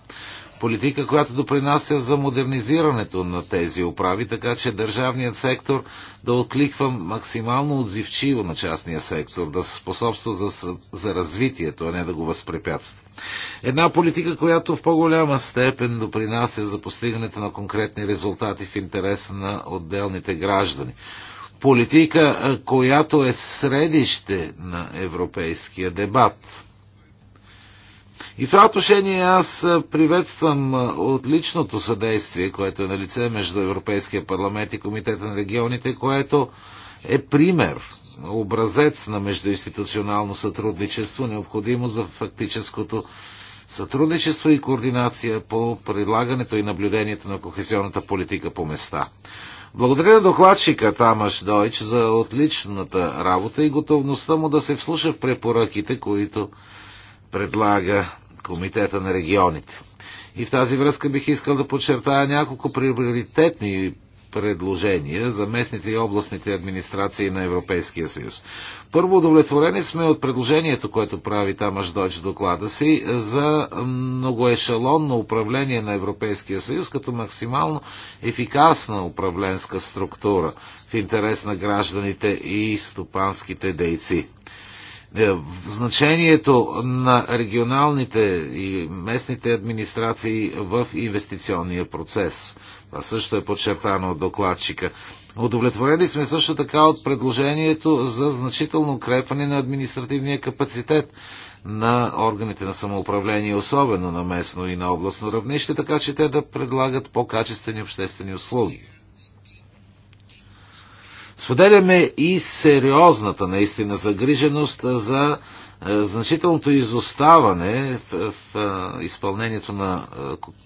политика, която допринася за модернизирането на тези управи, така че държавният сектор да откликва максимално отзивчиво на частния сектор, да се способства за, за развитието, а не да го възпрепятства. Една политика, която в по-голяма степен допринася за постигането на конкретни резултати в интерес на отделните граждани политика, която е средище на европейския дебат. И в това отношение аз приветствам отличното съдействие, което е на лице между Европейския парламент и Комитета на регионите, което е пример, образец на междуинституционално сътрудничество, необходимо за фактическото сътрудничество и координация по предлагането и наблюдението на кохезионната политика по места. Благодаря на докладчика Тамаш Дойч за отличната работа и готовността му да се вслуша в препоръките, които предлага Комитета на регионите. И в тази връзка бих искал да подчертая няколко приоритетни предложения за местните и областните администрации на Европейския съюз. Първо, удовлетворени сме от предложението, което прави Тамаш Дойч в доклада си за многоешелонно управление на Европейския съюз като максимално ефикасна управленска структура в интерес на гражданите и стопанските дейци. Е, значението на регионалните и местните администрации в инвестиционния процес. Това също е подчертано от докладчика. Удовлетворени сме също така от предложението за значително укрепване на административния капацитет на органите на самоуправление, особено на местно и на областно равнище, така че те да предлагат по-качествени обществени услуги. Споделяме и сериозната наистина загриженост за е, значителното изоставане в, в е, изпълнението на е,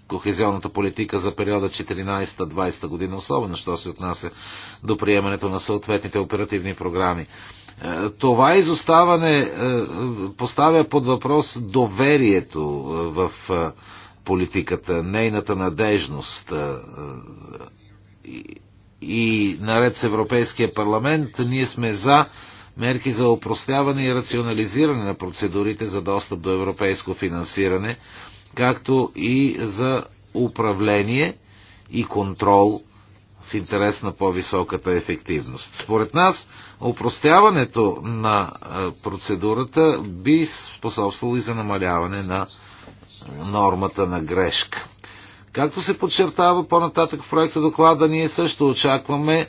кохезионната политика за периода 14-20 година, особено що се отнася до приемането на съответните оперативни програми. Това изоставане поставя под въпрос доверието в политиката, нейната надежност и, и наред с Европейския парламент ние сме за мерки за опростяване и рационализиране на процедурите за достъп до европейско финансиране, както и за управление и контрол в интерес на по-високата ефективност. Според нас, опростяването на процедурата би способствало и за намаляване на нормата на грешка. Както се подчертава по-нататък в проекта доклада, ние също очакваме е,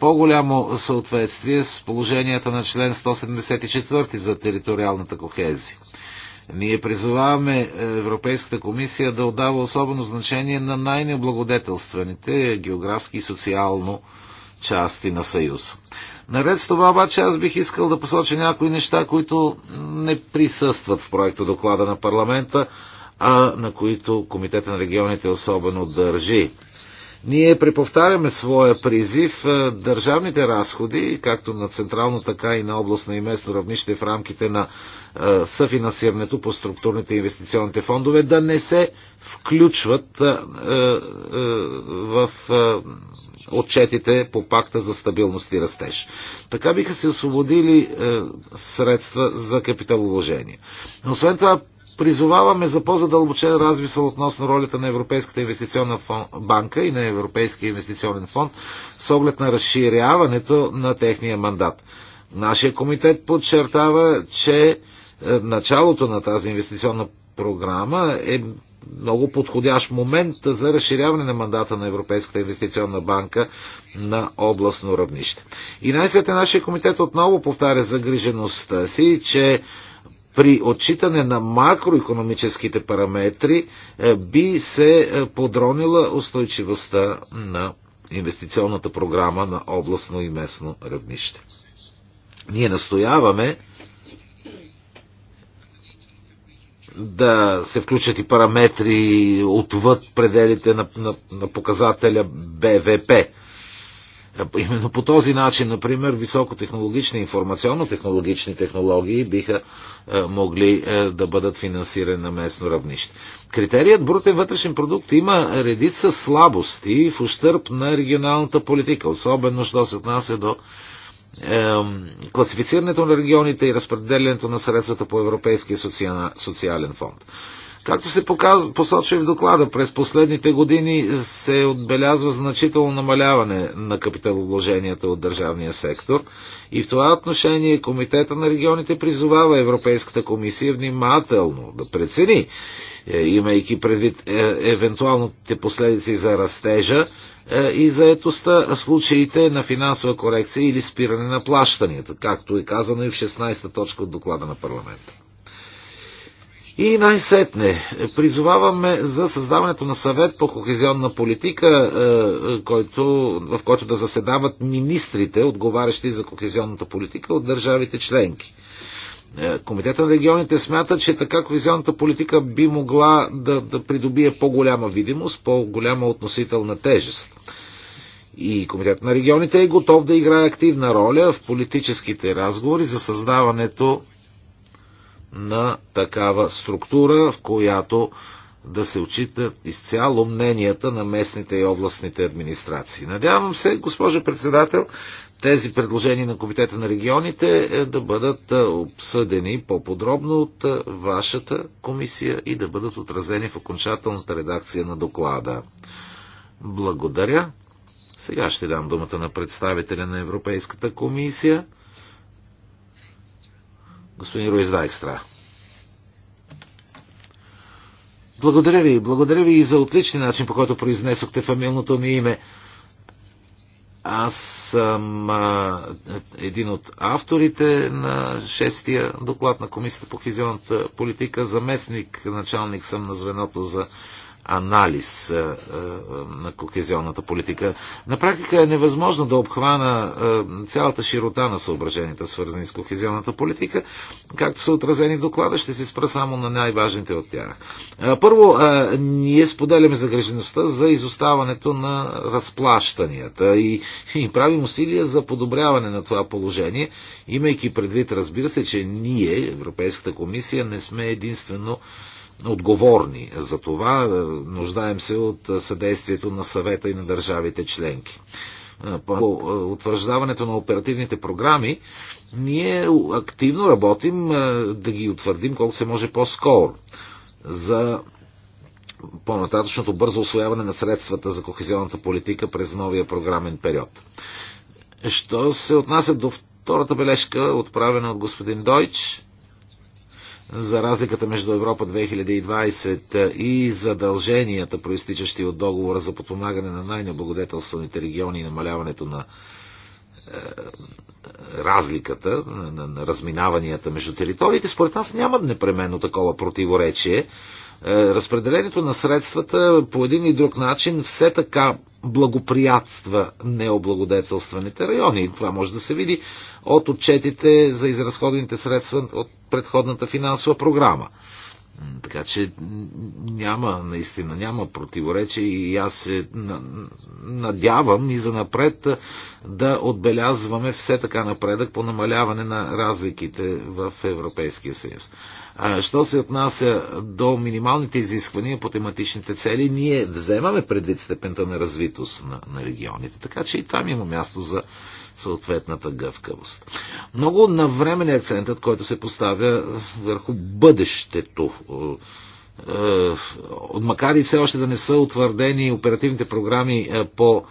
по-голямо съответствие с положенията на член 174 за териториалната кохезия. Ние призоваваме е, Европейската комисия да отдава особено значение на най-необлагодетелстваните географски и социално части на Съюз. Наред с това обаче аз бих искал да посоча някои неща, които не присъстват в проекта доклада на парламента, а на които Комитета на регионите особено държи. Ние преповтаряме своя призив е, държавните разходи, както на централно, така и на областно и местно равнище в рамките на е, съфинансирането по структурните и инвестиционните фондове, да не се включват е, в отчетите по пакта за стабилност и растеж. Така биха се освободили средства за капиталовложение. Освен това, Призоваваме за по-задълбочен размисъл относно ролята на Европейската инвестиционна фон, банка и на Европейския инвестиционен фонд с оглед на разширяването на техния мандат. Нашия комитет подчертава, че е, началото на тази инвестиционна програма е много подходящ момент за разширяване на мандата на Европейската инвестиционна банка на областно равнище. И най-сетне нашия комитет отново повтаря загрижеността си, че при отчитане на макроекономическите параметри е, би се е, подронила устойчивостта на инвестиционната програма на областно и местно равнище. Ние настояваме да се включат и параметри отвъд пределите на, на, на показателя БВП Именно по този начин, например, високотехнологични информационно-технологични технологии биха е, могли е, да бъдат финансирани на местно равнище. Критерият брутен вътрешен продукт има редица слабости в ущърп на регионалната политика, особено що се отнася до е, класифицирането на регионите и разпределянето на средствата по Европейския социален фонд. Както се показва, посочва и в доклада, през последните години се отбелязва значително намаляване на капиталовложенията от държавния сектор и в това отношение Комитета на регионите призовава Европейската комисия внимателно да прецени, е, имайки предвид е, евентуалните последици за растежа е, и заетостта, случаите на финансова корекция или спиране на плащанията, както е казано и в 16-та точка от доклада на парламента. И най-сетне, призоваваме за създаването на съвет по кохезионна политика, е, е, който, в който да заседават министрите, отговарящи за кохезионната политика от държавите членки. Е, Комитета на регионите смята, че така кохезионната политика би могла да, да придобие по-голяма видимост, по-голяма относителна тежест. И Комитет на регионите е готов да играе активна роля в политическите разговори за създаването на такава структура, в която да се отчитат изцяло мненията на местните и областните администрации. Надявам се, госпожо председател, тези предложения на Комитета на регионите е да бъдат е, обсъдени по-подробно от е, вашата комисия и да бъдат отразени в окончателната редакция на доклада. Благодаря. Сега ще дам думата на представителя на Европейската комисия. Господин Руиз Дайкстра. Благодаря ви, благодаря ви и за отличния начин, по който произнесохте фамилното ми име. Аз съм а, един от авторите на шестия доклад на Комисията по хизионната политика. Заместник началник съм на звеното за анализ е, е, на кохезионната политика. На практика е невъзможно да обхвана е, цялата широта на съображенията, свързани с кохезионната политика, както са отразени в доклада, ще се спра само на най-важните от тях. Първо, ние споделяме загрежеността за изоставането на разплащанията и, и правим усилия за подобряване на това положение, имайки предвид, разбира се, че ние, Европейската комисия, не сме единствено отговорни за това. Нуждаем се от съдействието на съвета и на държавите членки. По утвърждаването на оперативните програми, ние активно работим да ги утвърдим колко се може по-скоро за по-нататъчното бързо освояване на средствата за кохезионната политика през новия програмен период. Що се отнася до втората бележка, отправена от господин Дойч, за разликата между Европа 2020 и задълженията, проистичащи от договора за подпомагане на най-неблагодетелстваните региони и намаляването на е, разликата, на, разминаванията между териториите, според нас няма непременно такова противоречие. Е, разпределението на средствата по един и друг начин все така благоприятства необлагодетелстваните райони. Това може да се види от отчетите за изразходените средства от предходната финансова програма. Така че няма, наистина, няма противоречие и аз се надявам и за напред да отбелязваме все така напредък по намаляване на разликите в Европейския съюз. Що се отнася до минималните изисквания по тематичните цели, ние вземаме предвид степента на развитост на, на регионите, така че и там има място за съответната гъвкавост. Много навремен е акцентът, който се поставя върху бъдещето е, е, макар и все още да не са утвърдени оперативните програми е, по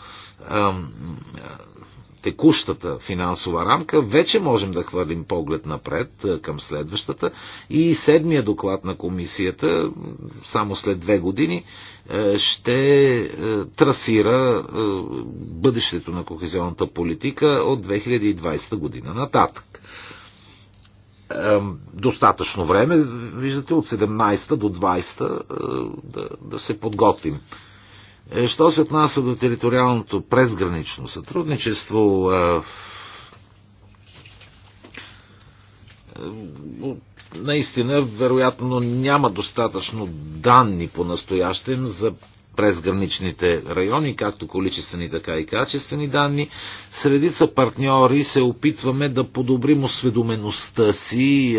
текущата финансова рамка, вече можем да хвърлим поглед напред към следващата. И седмия доклад на комисията, само след две години, ще трасира бъдещето на кохезионната политика от 2020 година нататък. Достатъчно време, виждате, от 17 до 20 да, да се подготвим. Е, що се отнася до териториалното презгранично сътрудничество, е, е, наистина, вероятно, няма достатъчно данни по настоящем за презграничните райони, както количествени, така и качествени данни. Средица партньори се опитваме да подобрим осведомеността си,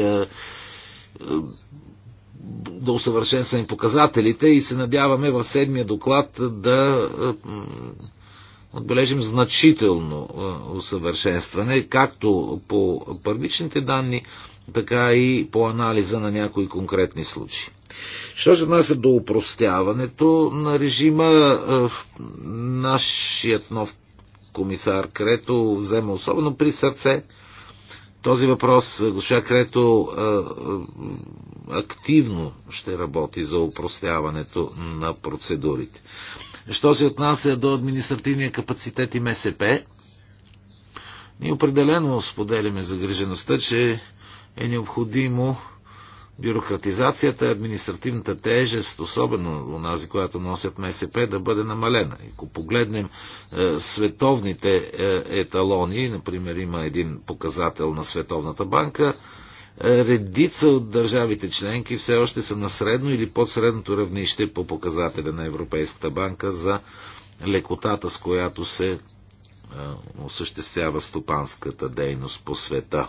да усъвършенстваме показателите и се надяваме в седмия доклад да отбележим значително усъвършенстване, както по първичните данни, така и по анализа на някои конкретни случаи. Що се отнася до упростяването на режима, нашият нов комисар Крето взема особено при сърце този въпрос е, госпожа Крето е, е, активно ще работи за упростяването на процедурите. Що се отнася до административния капацитет и МСП, ние определено споделяме загрижеността, че е необходимо бюрократизацията, административната тежест, особено онази, която носят МСП, да бъде намалена. Ако погледнем е, световните е, еталони, например има един показател на Световната банка, е, редица от държавите членки все още са на средно или под средното равнище по показателя на Европейската банка за лекотата, с която се е, осъществява стопанската дейност по света.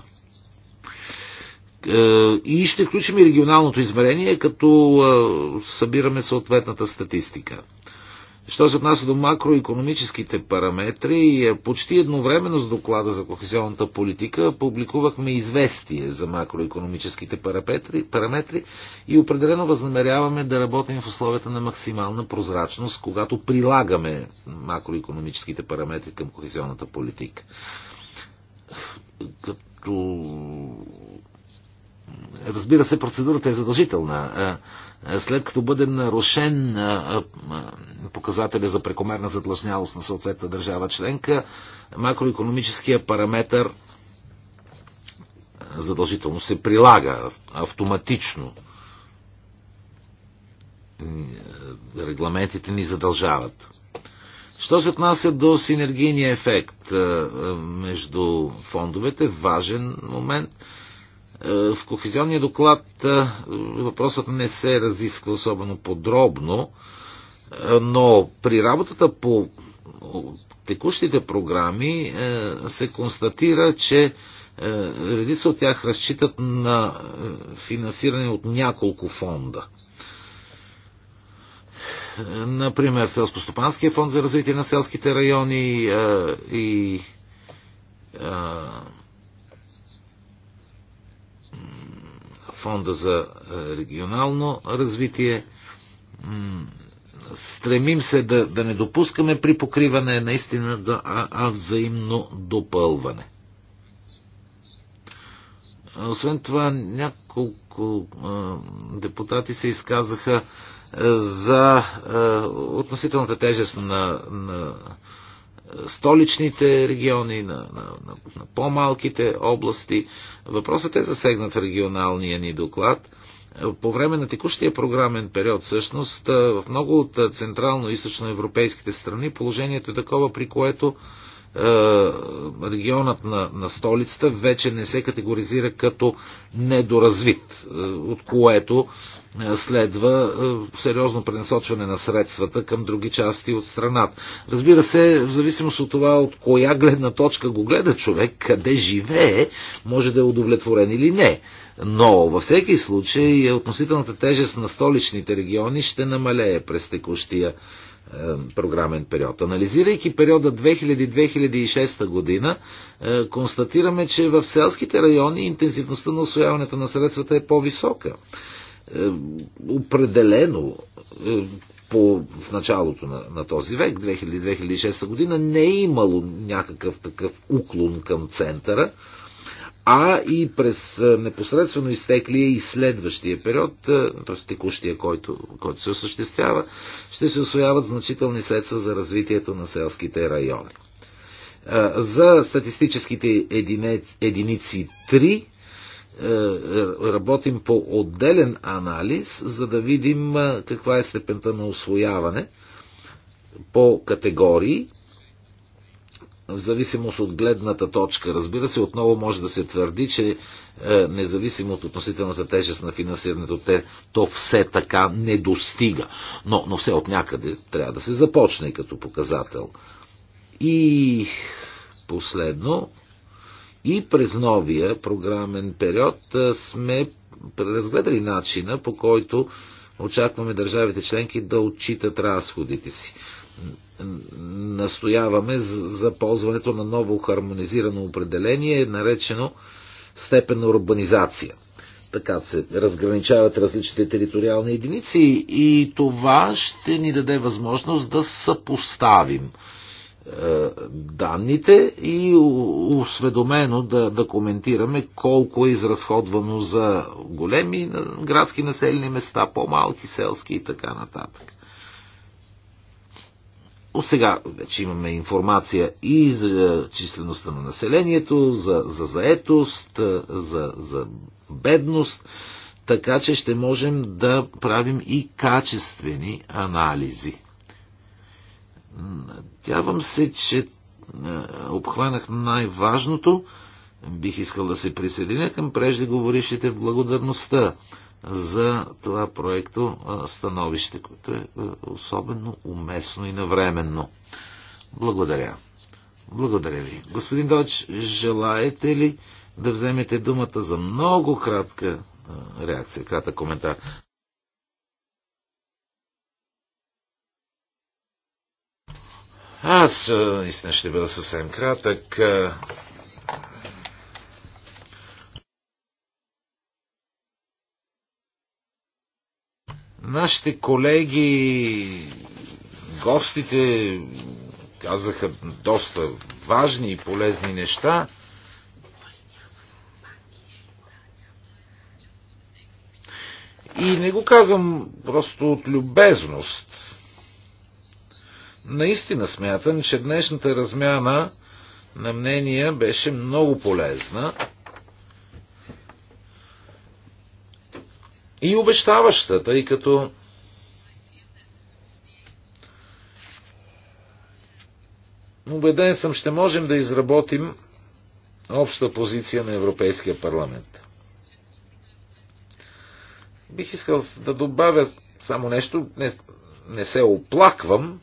Е, и ще включим и регионалното измерение, като е, събираме съответната статистика. Що се отнася до макроекономическите параметри, е, почти едновременно с доклада за кохезионната политика публикувахме известие за макроекономическите параметри, параметри и определено възнамеряваме да работим в условията на максимална прозрачност, когато прилагаме макроекономическите параметри към кохезионната политика. Като Разбира се, процедурата е задължителна. Е, е, след като бъде нарушен е, показателя за прекомерна задлъжнялост на съответната държава членка, макроекономическия параметр задължително се прилага автоматично. Регламентите ни задължават. Що се отнася до синергийния ефект между фондовете, важен момент – е, в кохезионния доклад е, въпросът не се разисква особено подробно, е, но при работата по текущите програми се констатира, че редица от тях разчитат на финансиране от няколко фонда. Например, Селско-стопанския фонд за развитие на селските райони и Фонда за е, регионално развитие. Стремим се да, да не допускаме при покриване, наистина да, а, а взаимно допълване. Освен това, няколко а, депутати се изказаха е, за а, е, относителната тежест на, на столичните региони, на, на, на, на по-малките области. Въпросът е засегнат в регионалния ни доклад. По време на текущия програмен период, всъщност, в много от централно-источно европейските страни положението е такова, при което е, регионът на, на столицата вече не се категоризира като недоразвит, е, от което е, следва сериозно пренасочване на средствата към други части от страната. Разбира се, в зависимост от това от коя гледна точка го гледа човек, къде живее, може да е удовлетворен или не. Но във всеки случай относителната тежест на столичните региони ще намалее през текущия е, програмен период. Анализирайки периода 2000-2006 година, е, констатираме, че в селските райони интензивността на освояването на средствата е по-висока. Е, определено по, в началото на, на този век, 2000-2006 година, не е имало някакъв такъв уклон към центъра, а и през е, непосредствено изтеклия и следващия период, е, т.е. текущия, който, който се осъществява, ще се освояват значителни средства за развитието на селските райони. Е, за статистическите единици, 3 работим по отделен анализ, за да видим каква е степента на освояване по категории в зависимост от гледната точка. Разбира се, отново може да се твърди, че е, независимо от относителната тежест на финансирането, те, то все така не достига. Но, но все от някъде трябва да се започне като показател. И последно, и през новия програмен период е, сме разгледали начина по който очакваме държавите членки да отчитат разходите си настояваме за ползването на ново хармонизирано определение, наречено степен на урбанизация. Така се разграничават различните териториални единици и това ще ни даде възможност да съпоставим е, данните и осведомено да, да коментираме колко е изразходвано за големи градски населени места, по-малки селски и така нататък сега вече имаме информация и за числеността на населението, за, за заетост, за, за бедност, така че ще можем да правим и качествени анализи. Надявам се, че е, обхванах най-важното. Бих искал да се присъединя към преждеговорившите в благодарността за това проекто становище, което е, е особено уместно и навременно. Благодаря. Благодаря ви. Господин Доч, желаете ли да вземете думата за много кратка реакция, кратък коментар? Аз наистина ще бъда съвсем кратък. Нашите колеги, гостите казаха доста важни и полезни неща. И не го казвам просто от любезност. Наистина смятам, че днешната размяна на мнения беше много полезна и обещаваща, тъй като убеден съм, ще можем да изработим обща позиция на Европейския парламент. Бих искал да добавя само нещо, не, не се оплаквам,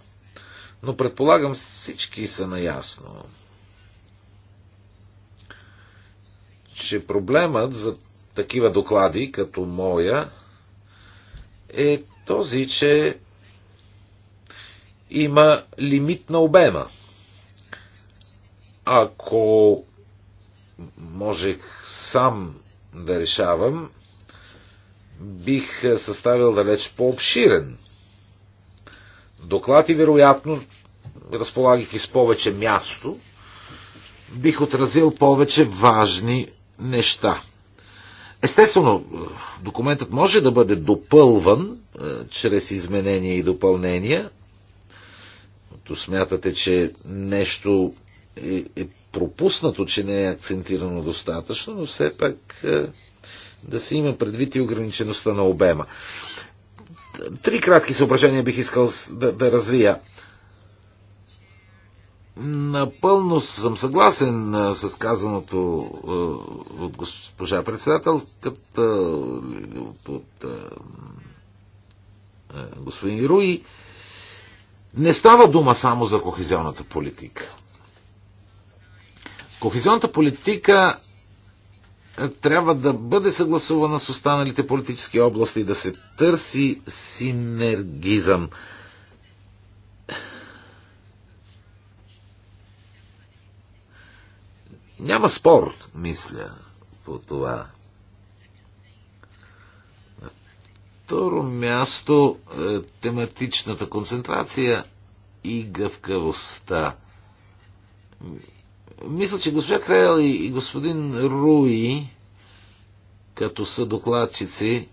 но предполагам всички са наясно, че проблемът за такива доклади, като моя, е този, че има лимит на обема. Ако можех сам да решавам, бих съставил далеч по-обширен доклад и вероятно, разполагайки с повече място, бих отразил повече важни неща. Естествено, документът може да бъде допълван е, чрез изменения и допълнения. То смятате, че нещо е, е, пропуснато, че не е акцентирано достатъчно, но все пак е, да се има предвид и ограничеността на обема. Три кратки съображения бих искал да, да развия. Напълно съм съгласен с казаното от госпожа председателката, от господин Руи. Не става дума само за кохезионната политика. Кохезионната политика трябва да бъде съгласувана с останалите политически области, да се търси синергизъм. Няма спор, мисля, по това. На второ място е, тематичната концентрация и гъвкавостта. Мисля, че госпожа Крел и господин Руи, като са докладчици,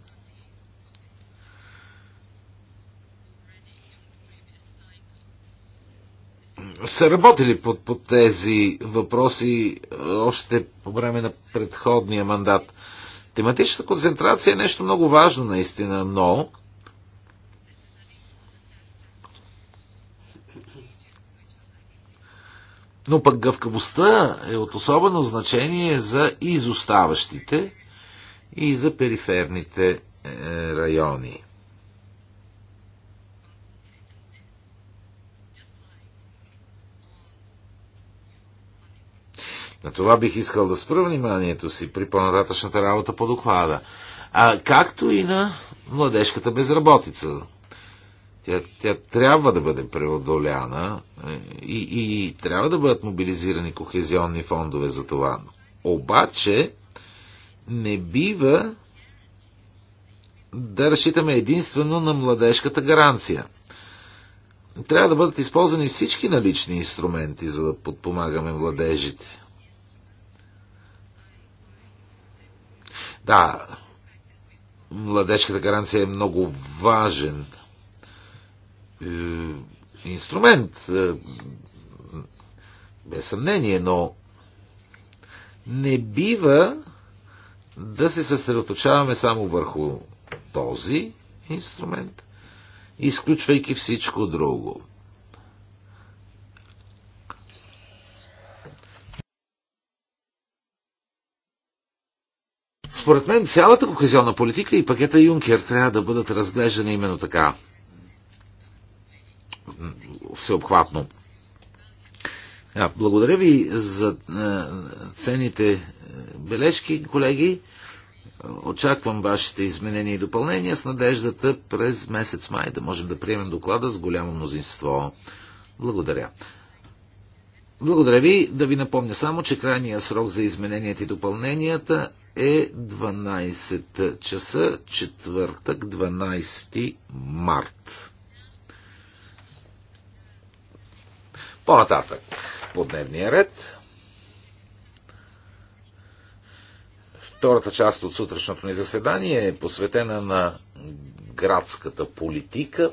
са работили по, по тези въпроси е, още по време на предходния мандат. Тематичната концентрация е нещо много важно наистина, но Но пък гъвкавостта е от особено значение за изоставащите и за периферните е, райони. На това бих искал да спра вниманието си при по-нататъчната работа по доклада. А както и на младежката безработица. Тя, тя трябва да бъде преодоляна е, и, и, трябва да бъдат мобилизирани кохезионни фондове за това. Обаче не бива да разчитаме единствено на младежката гаранция. Трябва да бъдат използвани всички налични инструменти, за да подпомагаме младежите. Да, младежката гаранция е много важен е, инструмент, е, без съмнение, но не бива да се съсредоточаваме само върху този инструмент, изключвайки всичко друго. Според мен цялата кохезионна политика и пакета Юнкер трябва да бъдат разглеждани именно така всеобхватно. благодаря ви за цените бележки, колеги. Очаквам вашите изменения и допълнения с надеждата през месец май да можем да приемем доклада с голямо мнозинство. Благодаря. Благодаря ви. Да ви напомня само, че крайният срок за измененията и допълненията е 12 часа, четвъртък, 12 март. По-нататък, по дневния ред. Втората част от сутрешното ни заседание е посветена на градската политика.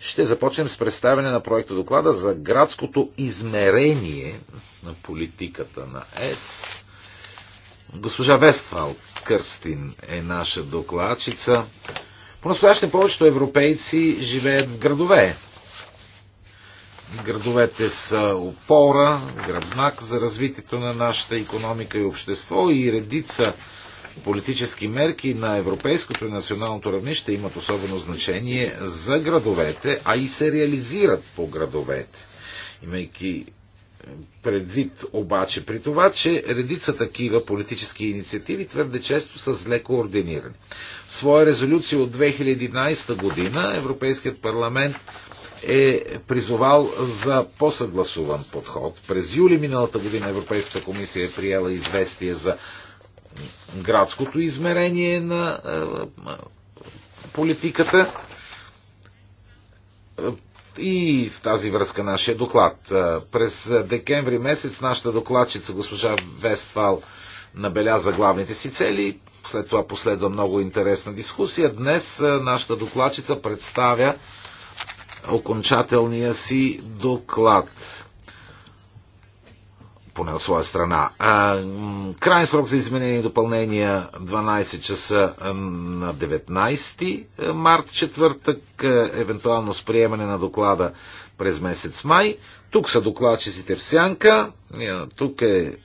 Ще започнем с представяне на проекта доклада за градското измерение на политиката на ЕС. Госпожа Вествал Кърстин е наша докладчица. По-настояще повечето европейци живеят в градове. Градовете са опора, гръбнак за развитието на нашата економика и общество и редица политически мерки на европейското и националното равнище имат особено значение за градовете, а и се реализират по градовете. Имайки предвид обаче при това, че редица такива политически инициативи твърде често са зле координирани. В своя резолюция от 2011 година Европейският парламент е призовал за по-съгласуван подход. През юли миналата година Европейската комисия е приела известие за градското измерение на е, политиката и в тази връзка нашия доклад. Е, през декември месец нашата докладчица госпожа Вествал набеляза главните си цели. След това последва много интересна дискусия. Днес е, нашата докладчица представя окончателния си доклад поне от своя страна. Крайен срок за изменение и допълнения 12 часа на 19 март четвъртък, евентуално с приемане на доклада през месец май. Тук са докладчиците в Сянка, е, тук е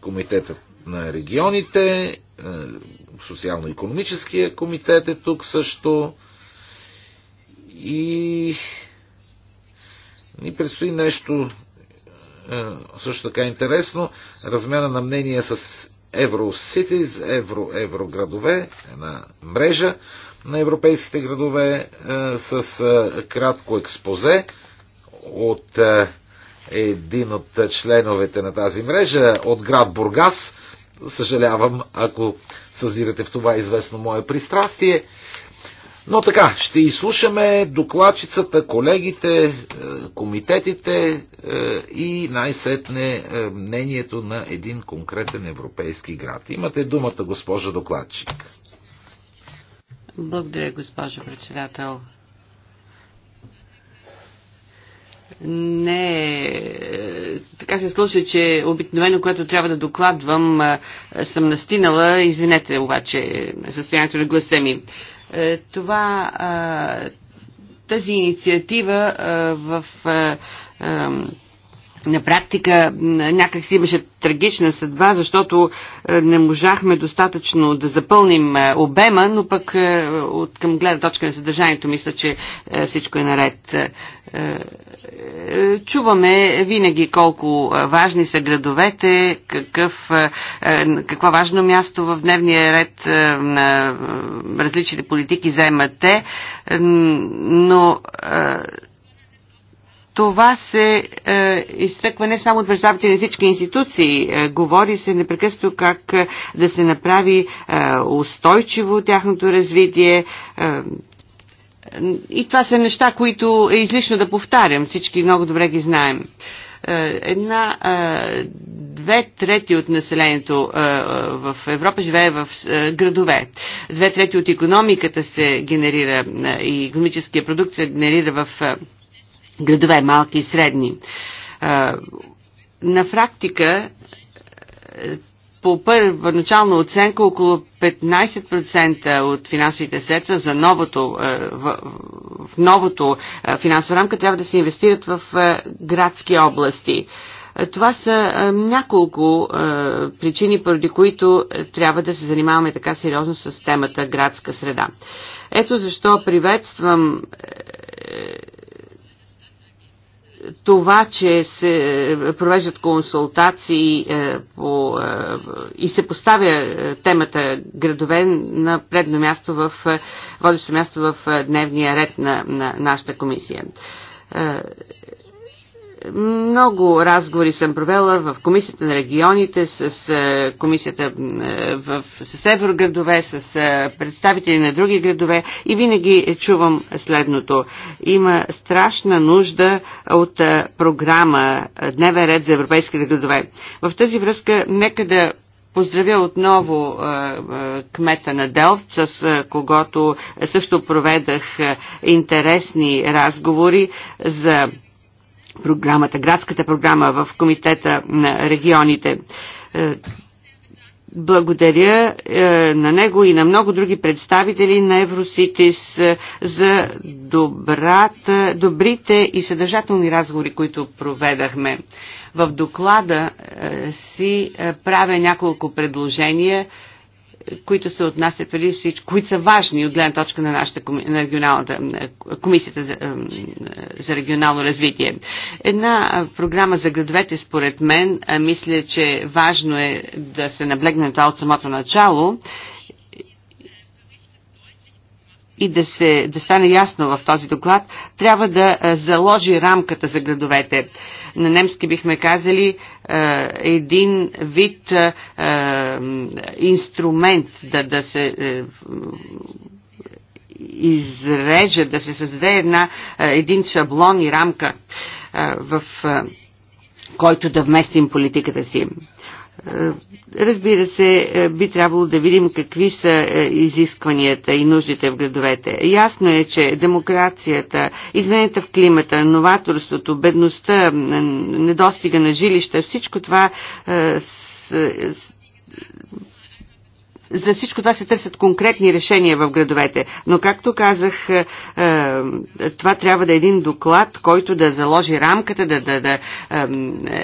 комитетът на регионите, социално-економическия комитет е тук също и ни предстои нещо е, също така е интересно, размяна на мнения с Евроситис, евро, евроградове, една мрежа на европейските градове е, с кратко експозе от един от членовете на тази мрежа от град Бургас. Съжалявам, ако съзирате в това известно мое пристрастие. Но така, ще изслушаме докладчицата, колегите, е, комитетите е, и най-сетне е, мнението на един конкретен европейски град. Имате думата, госпожа докладчик. Благодаря, госпожо председател. не така се случва, че обикновено, което трябва да докладвам, съм настинала. Извинете обаче състоянието на гласа ми. Е, това, тази инициатива в на практика някак си имаше трагична съдба, защото не можахме достатъчно да запълним обема, но пък от към гледна точка на съдържанието мисля, че всичко е наред. Е, е, чуваме винаги колко е, важни са градовете, какъв, е, какво важно място в дневния ред на различните политики заемат те, но това се изтъква не само от държавите на всички институции. говори се непрекъснато как да се направи устойчиво тяхното развитие. И това са неща, които е излишно да повтарям. Всички много добре ги знаем. Е, една, е, две трети от населението е, в Европа живее в градове. Две трети от економиката се генерира и економическия продукт се генерира в градове, малки и средни. На практика по първоначална оценка около 15% от финансовите средства за новото, е, в, новото е, финансово рамка трябва да се инвестират в е, градски области. Това са няколко причини, поради които трябва да се занимаваме така сериозно с темата градска среда. Ето защо приветствам това, че се провеждат консултации е, по, е, и се поставя е, темата градове на предно място в, е, водещо място в е, дневния ред на, на нашата комисия. Много разговори съм провела в Комисията на регионите, с е, Комисията е, в, с градове, с е, представители на други градове и винаги чувам следното. Има страшна нужда от програма Дневен ред за европейските градове. В тази връзка нека да Поздравя отново кмета на Делфт, с когото също проведах интересни разговори за програмата, градската програма в Комитета на регионите. Е, благодаря е, на него и на много други представители на Евроситис е, за добрата, добрите и съдържателни разговори, които проведахме. В доклада си правя няколко предложения които се отнасят преди всичко, които са важни от гледна точка на нашата на регионалната, е, комисията за, е, за регионално развитие. Една програма за градовете, според мен, мисля, че важно е да се наблегне това от самото начало и да, се, да стане ясно в този доклад, трябва да заложи рамката за градовете. На немски бихме казали е, един вид е, е, инструмент да, да се изреже, да се създаде една, един шаблон и рамка в който да вместим политиката си. Е, разбира се, е, би трябвало да видим какви са е, изискванията и нуждите в градовете. Ясно е, че демокрацията, изменята в климата, новаторството, бедността, недостига на жилища, всичко това за всичко това се търсят конкретни решения в градовете. Но, както казах, е, е, това трябва да е един доклад, който да заложи рамката, да, да, да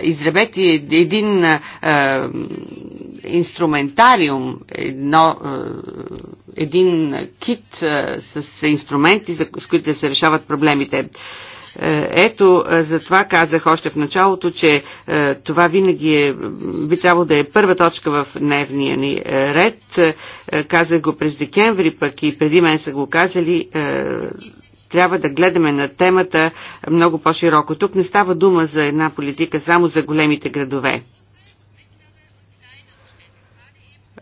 изработи един е, инструментариум, едно, един кит с инструменти, с които да се решават проблемите. Е, ето, е, затова казах още в началото, че е, това винаги е, би трябвало да е първа точка в дневния ни ред. Казах го през декември, пък и преди мен са го казали трябва да гледаме на темата много по-широко. Тук не става дума за една политика само за големите градове.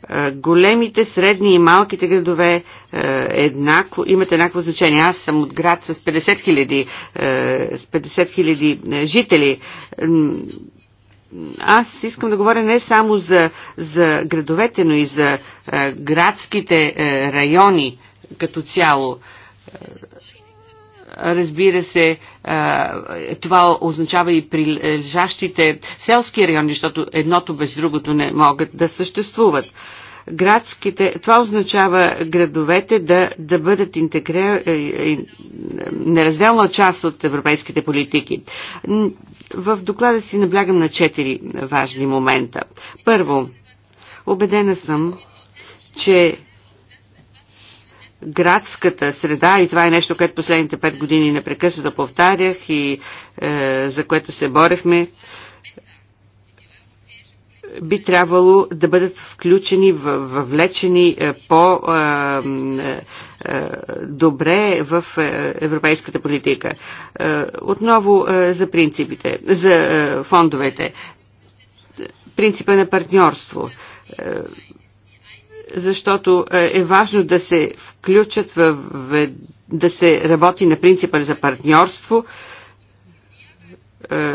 Е, големите, средни и малките градове е, еднакво, имат еднакво значение. Аз съм от град с 50 хиляди, е, е, жители. Аз искам да говоря не само за, за градовете, но и за е, градските райони като цяло Разбира се, това означава и прилежащите селски райони, защото едното без другото не могат да съществуват градските, това означава градовете да, да бъдат интегре, е, е, неразделна част от европейските политики. В доклада си наблягам на четири важни момента. Първо, убедена съм, че градската среда, и това е нещо, което последните пет години непрекъснато да повтарях и е, за което се борехме, би трябвало да бъдат включени, въвлечени е, по-добре е, е, в европейската политика. Отново за принципите, за фондовете. Принципа на партньорство защото е, е важно да се включат в, да се работи на принципа за партньорство. Е,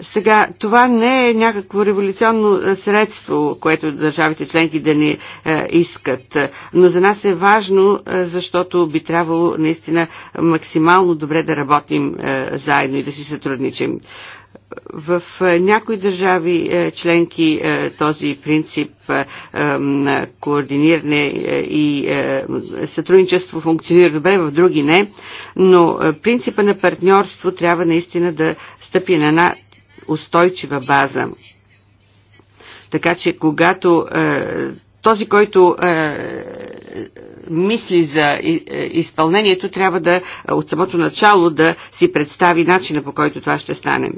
сега, това не е някакво революционно средство, което държавите членки да ни е, искат, но за нас е важно, е, защото би трябвало наистина максимално добре да работим е, заедно и да си сътрудничим в е, някои държави е, членки е, този принцип на координиране и сътрудничество функционира добре, в други не, но принципа на партньорство трябва наистина да стъпи на една устойчива база. Така че когато този, който е, мисли за е, изпълнението, трябва да от самото начало да си представи начина по който това ще стане.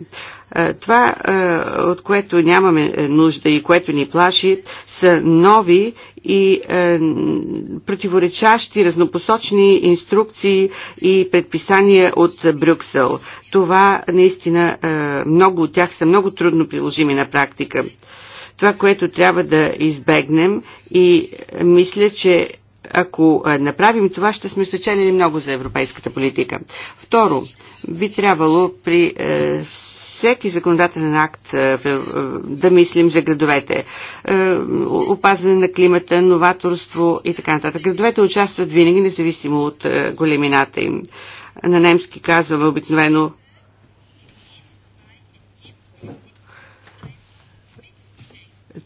Е, това, е, от което нямаме нужда и което ни плаши, са нови и противоречащи разнопосочни инструкции и предписания от Брюксел. Това наистина много от тях са много трудно приложими на практика това, което трябва да избегнем и мисля, че ако направим това, ще сме спечелили много за европейската политика. Второ, би трябвало при е, всеки законодателен акт е, е, да мислим за градовете. Опазване на климата, новаторство и така нататък. Градовете участват винаги, независимо от големината им. На немски казваме обикновено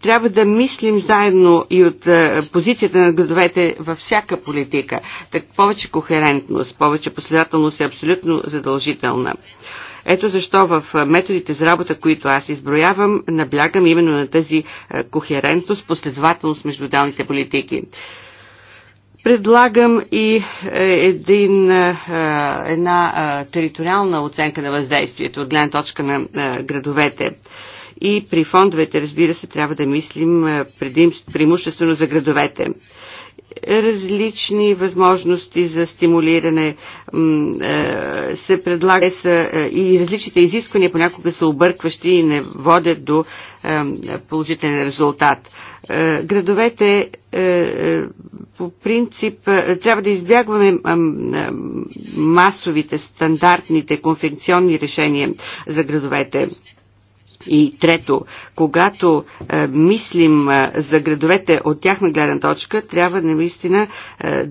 трябва да мислим заедно и от е, позицията на градовете във всяка политика. Так повече кохерентност, повече последователност е абсолютно задължителна. Ето защо в е, методите за работа, които аз изброявам, наблягам именно на тази е, кохерентност, последователност между отделните политики. Предлагам и един, една териториална оценка на въздействието от гледна точка на градовете и при фондовете, разбира се, трябва да мислим преимуществено за градовете различни възможности за стимулиране се предлага е, са, е, и различните изисквания понякога са объркващи и не водят до положителен резултат. Градовете е, по принцип трябва да избягваме масовите, стандартните, конфекционни решения за градовете. И трето, когато е, мислим е, за градовете от тяхна гледна точка, трябва наистина е,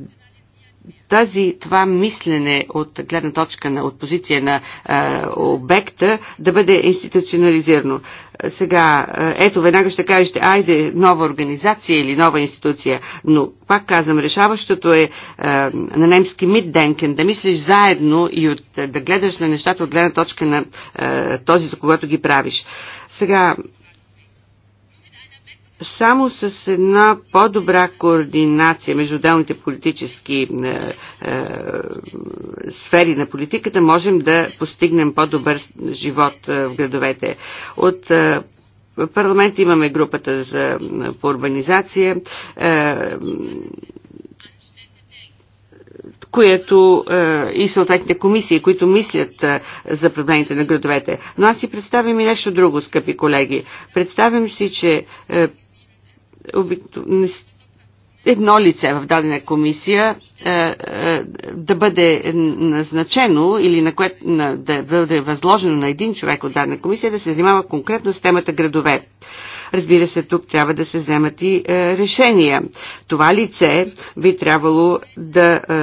тази, това мислене от гледна точка на, от позиция на е, обекта да бъде институционализирано. Сега, ето, веднага ще кажете, айде, нова организация или нова институция, но пак казвам, решаващото е, е на немски денкен да мислиш заедно и от, да гледаш на нещата от гледна точка на е, този, за когато ги правиш. Сега, само с една по-добра координация между отделните политически е, е, сфери на политиката можем да постигнем по-добър живот е, в градовете. От е, парламент имаме групата за, е, по урбанизация. Е, което е, и съответните комисии, които мислят е, за проблемите на градовете. Но аз си представям и нещо друго, скъпи колеги. Представям си, че е, едно лице в дадена комисия е, е, да бъде назначено или на което, на, да бъде възложено на един човек от дадена комисия да се занимава конкретно с темата градове. Разбира се, тук трябва да се вземат и е, решения. Това лице би трябвало да е,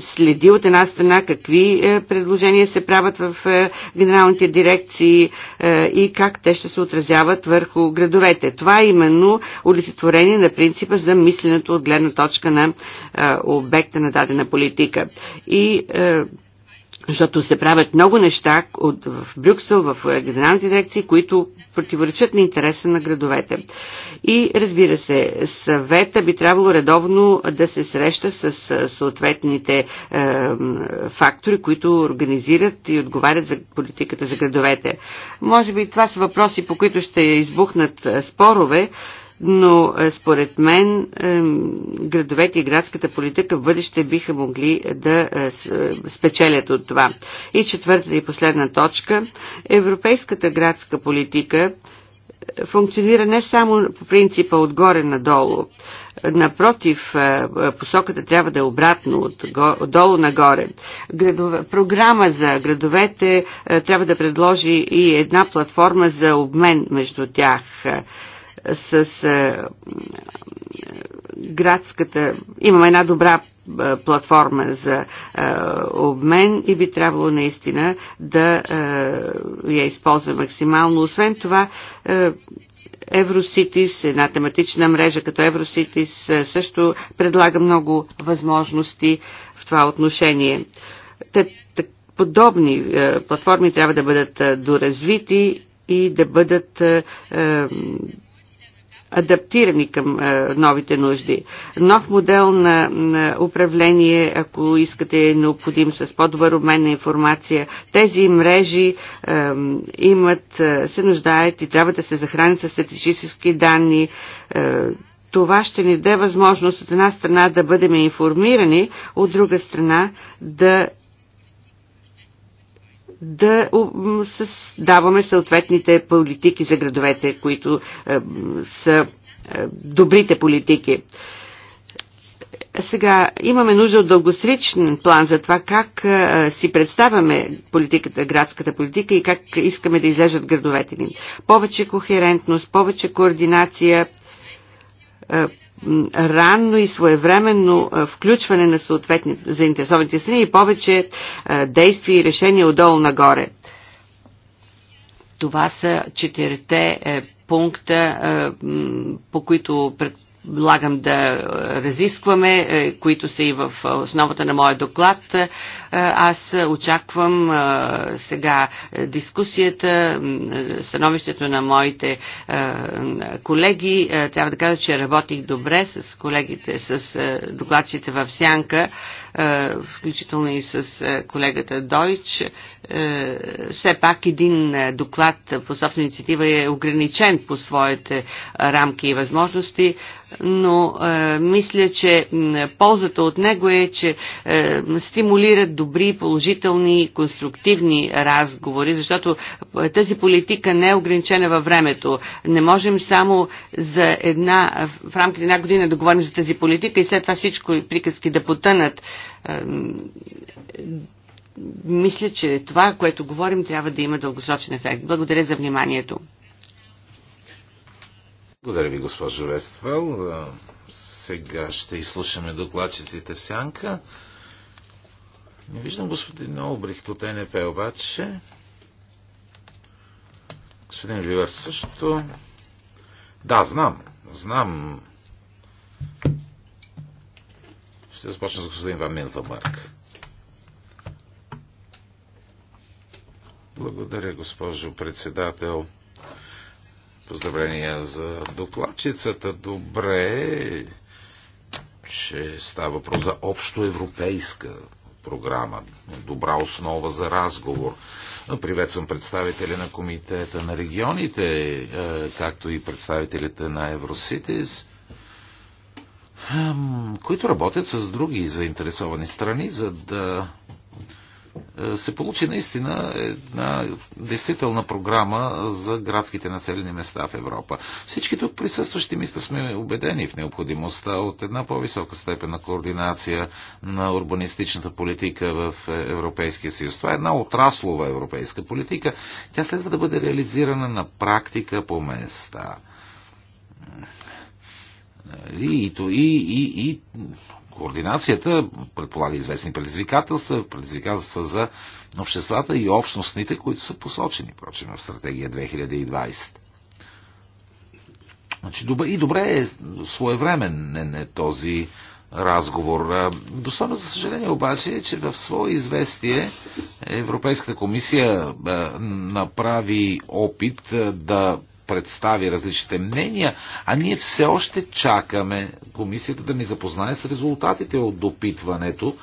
следи от една страна какви е, предложения се правят в генералните дирекции и как те ще се отразяват върху градовете. Това е именно олицетворение на принципа за мисленето от гледна точка на обекта на дадена политика. И защото се правят много неща от, в Брюксел, в генералните дирекции, които противоречат на интереса на градовете. И разбира се, съвета би трябвало редовно да се среща с съответните е, фактори, които организират и отговарят за политиката за градовете. Може би това са въпроси, по които ще избухнат е, спорове, но е, според мен е, градовете и градската политика в бъдеще биха могли да е, спечелят от това. И четвърта и последна точка. Европейската градска политика функционира не само по принципа отгоре надолу. Напротив, посоката трябва да е обратно, отдолу нагоре. програма за градовете трябва да предложи и една платформа за обмен между тях с е, градската. Имаме една добра е, платформа за е, обмен и би трябвало наистина да я използва максимално. Освен това, Евроситис, една тематична мрежа като Евроситис също предлага много възможности в това отношение. Те, подобни платформи трябва да бъдат доразвити и да бъдат адаптирани към е, новите нужди. Нов модел на, на управление, ако искате, е необходим с по-добър обмен на информация. Тези мрежи а, имат, е, се нуждаят и трябва да се захранят с статистически данни. А, е, това ще ни даде възможност от една страна да бъдем информирани, от друга страна да да създаваме съответните политики за градовете, които е, са е, добрите политики. Сега имаме нужда от дългосричен план за това как е, си представяме политиката, градската политика и как искаме да излежат градовете ни. Повече кохерентност, повече координация, ранно и своевременно включване на съответните заинтересованите страни и повече действия и решения отдолу нагоре. Това са четирите е, пункта, е, по които Лагам да е, разискваме, е, които са и в е, основата на моя доклад. Аз очаквам сега дискусията, становището на моите колеги. Трябва да кажа, че работих добре с колегите, с докладчите в Сянка. Е, включително и с е, колегата Дойч. Е, все пак един доклад по собствена инициатива е ограничен по своите рамки и възможности, но мисля, че ползата от него е, че стимулират добри, положителни, конструктивни разговори, защото тази политика не е ограничена във времето. Не можем само за една, в рамките на една година да говорим за тази политика и след това всичко приказки да потънат мисля, че това, което говорим, трябва да има дългосрочен ефект. Благодаря за вниманието. Благодаря ви, госпожо Вествел. Сега ще изслушаме докладчиците в сянка. Не виждам господин Олбрихт от НП обаче. Господин Ливер също. Да, знам. Знам Ще започна с господин Ван Милтенбърг. Благодаря, госпожо председател. Поздравления за докладчицата. Добре, че става въпрос за общо европейска програма. Добра основа за разговор. Приветствам представители на Комитета на регионите, е, както и представителите на Евроситис които работят с други заинтересовани страни, за да е, се получи наистина една действителна програма за градските населени места в Европа. Всички тук присъстващи, мисля, сме убедени в необходимостта от една по-висока степен на координация на урбанистичната политика в Европейския съюз. Това е една отраслова европейска политика. Тя следва да бъде реализирана на практика по места. Нали, и, и, и, и координацията предполага известни предизвикателства, предизвикателства за обществата и общностните, които са посочени, впрочем, в стратегия 2020. Значи, добър, и добре е своевременен е този разговор. Достойно за съжаление обаче е, че в свое известие Европейската комисия направи опит да представи различните мнения, а ние все още чакаме комисията да ни запознае с резултатите от допитването,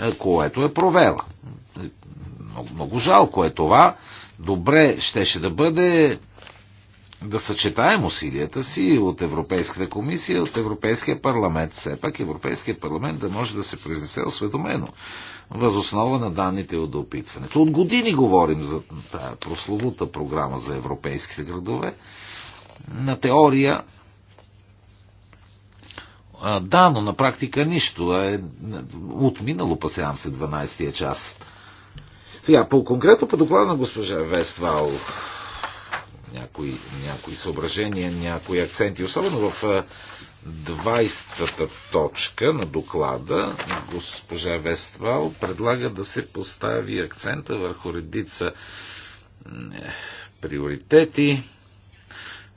е, което е провела. Много, много жалко е това. Добре щеше да бъде да съчетаем усилията си от Европейската комисия, от Европейския парламент. Все пак Европейския парламент да може да се произнесе осведомено възоснова на данните от опитването. От години говорим за тая прословута програма за европейските градове. На теория да, но на практика нищо. Е отминало, пасявам се, 12 я час. Сега, по конкретно по доклада на госпожа Вествал, някои, някои съображения, някои акценти, особено в 20-та точка на доклада госпожа Вествал предлага да се постави акцента върху редица е, приоритети,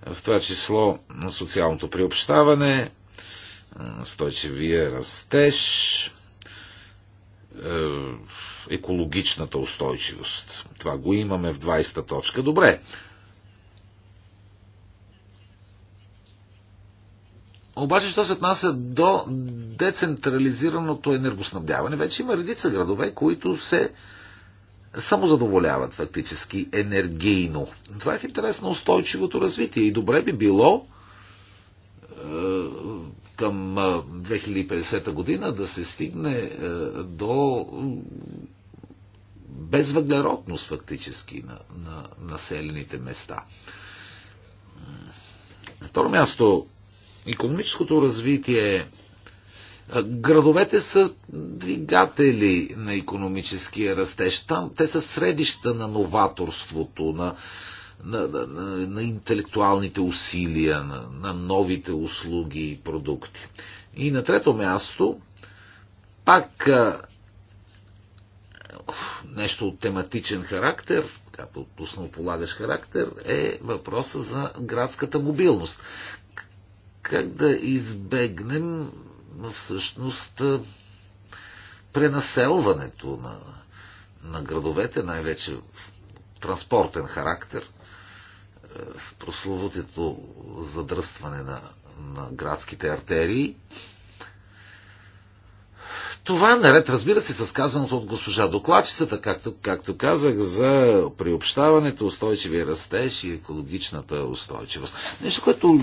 в това число на социалното приобщаване, устойчивия растеж, е, екологичната устойчивост. Това го имаме в 20-та точка. Добре, Обаче, що се отнася до децентрализираното енергоснабдяване, вече има редица градове, които се самозадоволяват фактически енергийно. Това е в интерес на устойчивото развитие и добре би било е, към 2050 е, година да се стигне е, до безвъглеродност фактически на, на населените места. На второ място, економическото развитие. Градовете са двигатели на економическия растеж. Там те са средища на новаторството, на, на, на, на, на интелектуалните усилия, на, на новите услуги и продукти. И на трето място, пак нещо от тематичен характер, като основополагащ характер, е въпроса за градската мобилност как да избегнем всъщност пренаселването на, на градовете, най-вече транспортен характер, в прословутото задръстване на, на градските артерии. Това наред, разбира се, с казаното от госпожа докладчицата, както, както казах, за приобщаването, устойчивия растеж и екологичната устойчивост. Нещо, което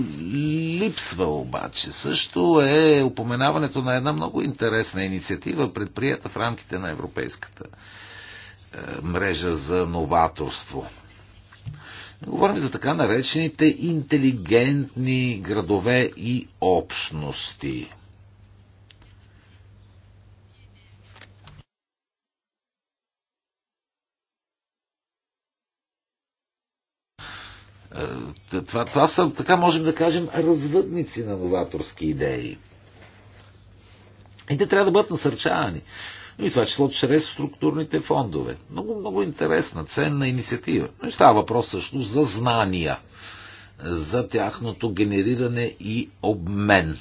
липсва обаче също е упоменаването на една много интересна инициатива, предприята в рамките на Европейската е, мрежа за новаторство. Говорим за така наречените интелигентни градове и общности Е, това, това са, така можем да кажем, развъдници на новаторски идеи. И те трябва да бъдат насърчавани. И това число чрез структурните фондове. Много, много интересна, ценна инициатива. Но и става въпрос също за знания, за тяхното генериране и обмен.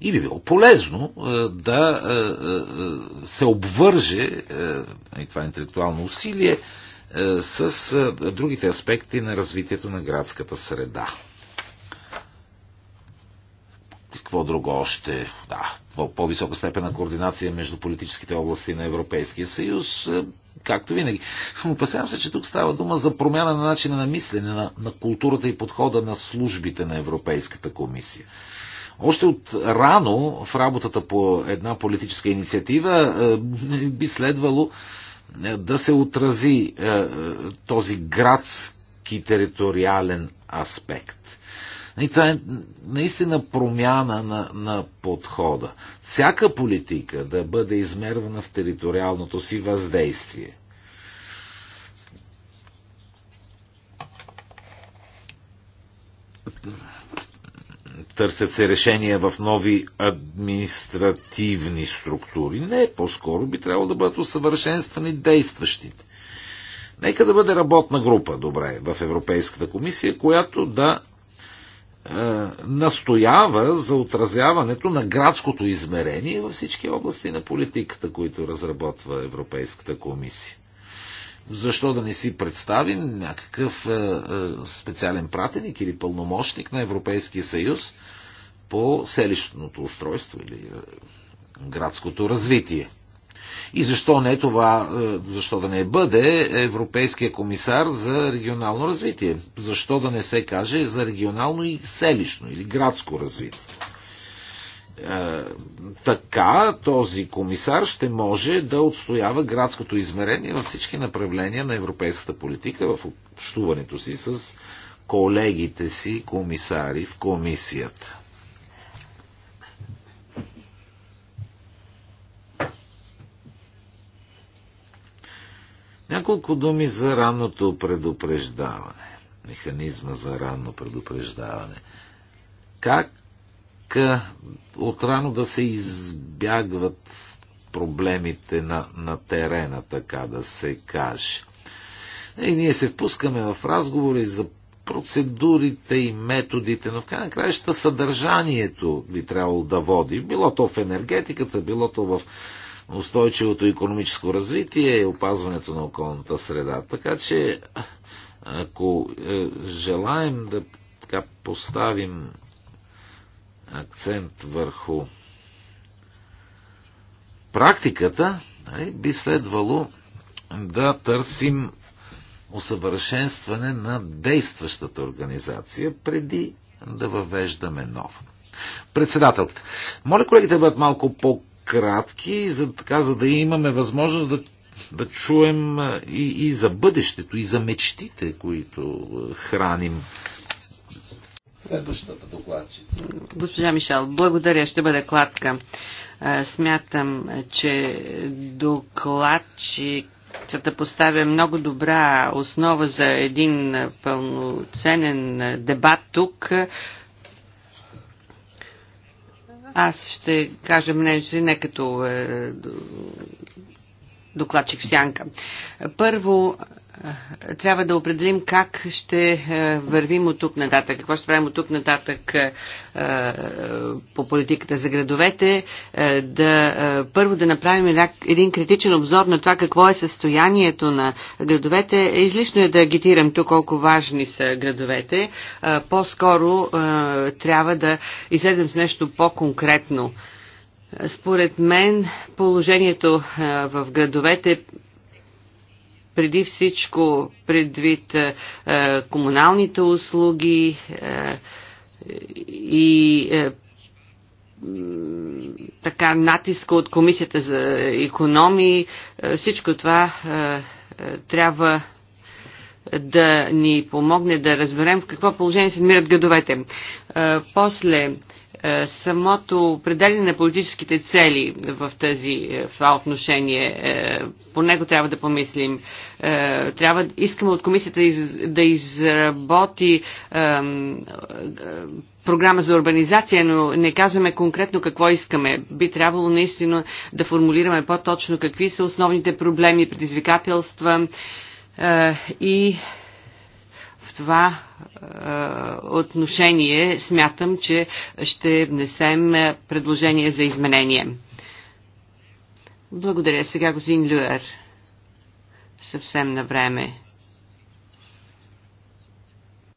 И би било полезно е, да е, се обвърже, това интелектуално усилие, е, с е, другите аспекти на развитието на градската среда. Какво друго още? Да, по-висока степен на координация между политическите области на Европейския съюз, е, както винаги. Опасявам се, че тук става дума за промяна на начина на мислене, на, на културата и подхода на службите на Европейската комисия. Още от рано в работата по една политическа инициатива би следвало е, да се отрази е, е, този градски териториален аспект. И това е наистина промяна на, на подхода. Всяка политика да бъде измервана в териториалното си въздействие. Търсят се решения в нови административни структури. Не, по-скоро би трябвало да бъдат усъвършенствани действащите. Нека да бъде работна група, добре, в Европейската комисия, която да е, настоява за отразяването на градското измерение във всички области на политиката, които разработва Европейската комисия защо да не си представи някакъв е, е, специален пратеник или пълномощник на Европейския съюз по селищното устройство или е, градското развитие. И защо не това, защо да не бъде Европейския комисар за регионално развитие? Защо да не се каже за регионално и селищно или градско развитие? Е, така този комисар ще може да отстоява градското измерение във всички направления на европейската политика в общуването си с колегите си комисари в комисията. Няколко думи за ранното предупреждаване. Механизма за ранно предупреждаване. Как отрано да се избягват проблемите на, на терена, така да се каже. И ние се впускаме в разговори за процедурите и методите, но в крайна краища съдържанието би трябвало да води. Било то в енергетиката, било то в устойчивото економическо развитие и опазването на околната среда. Така че, ако е, желаем да така, поставим акцент върху практиката, нали, би следвало да търсим усъвършенстване на действащата организация преди да въвеждаме нова. Председателката. Моля колегите да бъдат малко по-кратки, за, така, за да имаме възможност да, да чуем и, и за бъдещето, и за мечтите, които храним Следващата докладчица. Госпожа Мишал, благодаря. Ще бъде кладка. Е, смятам, че докладчик да поставя много добра основа за един пълноценен дебат тук. Аз ще кажа мнение, не като е, докладчик в сянка. Първо, трябва да определим как ще е, вървим от тук нататък, какво ще правим от тук нататък е, е, по политиката за градовете, да първо да направим един критичен обзор на това какво е състоянието на градовете. Излишно е да агитирам тук колко важни са градовете. По-скоро трябва да излезем с нещо по-конкретно. Според мен положението в градовете преди всичко предвид е, е, комуналните услуги е, и е, така натиска от комисията за економии. Е, всичко това е, е, трябва да ни помогне да разберем в какво положение се намират градовете. Е, после е, самото определение на политическите цели в, тази, е, в това отношение, е, по него трябва да помислим. Трябва, искаме от комисията да изработи програма за урбанизация, но не казваме конкретно какво искаме. Би трябвало наистина да формулираме по-точно какви са основните проблеми, предизвикателства и това е, отношение смятам, че ще внесем предложение за изменение. Благодаря. Сега господин Люер. Съвсем на време.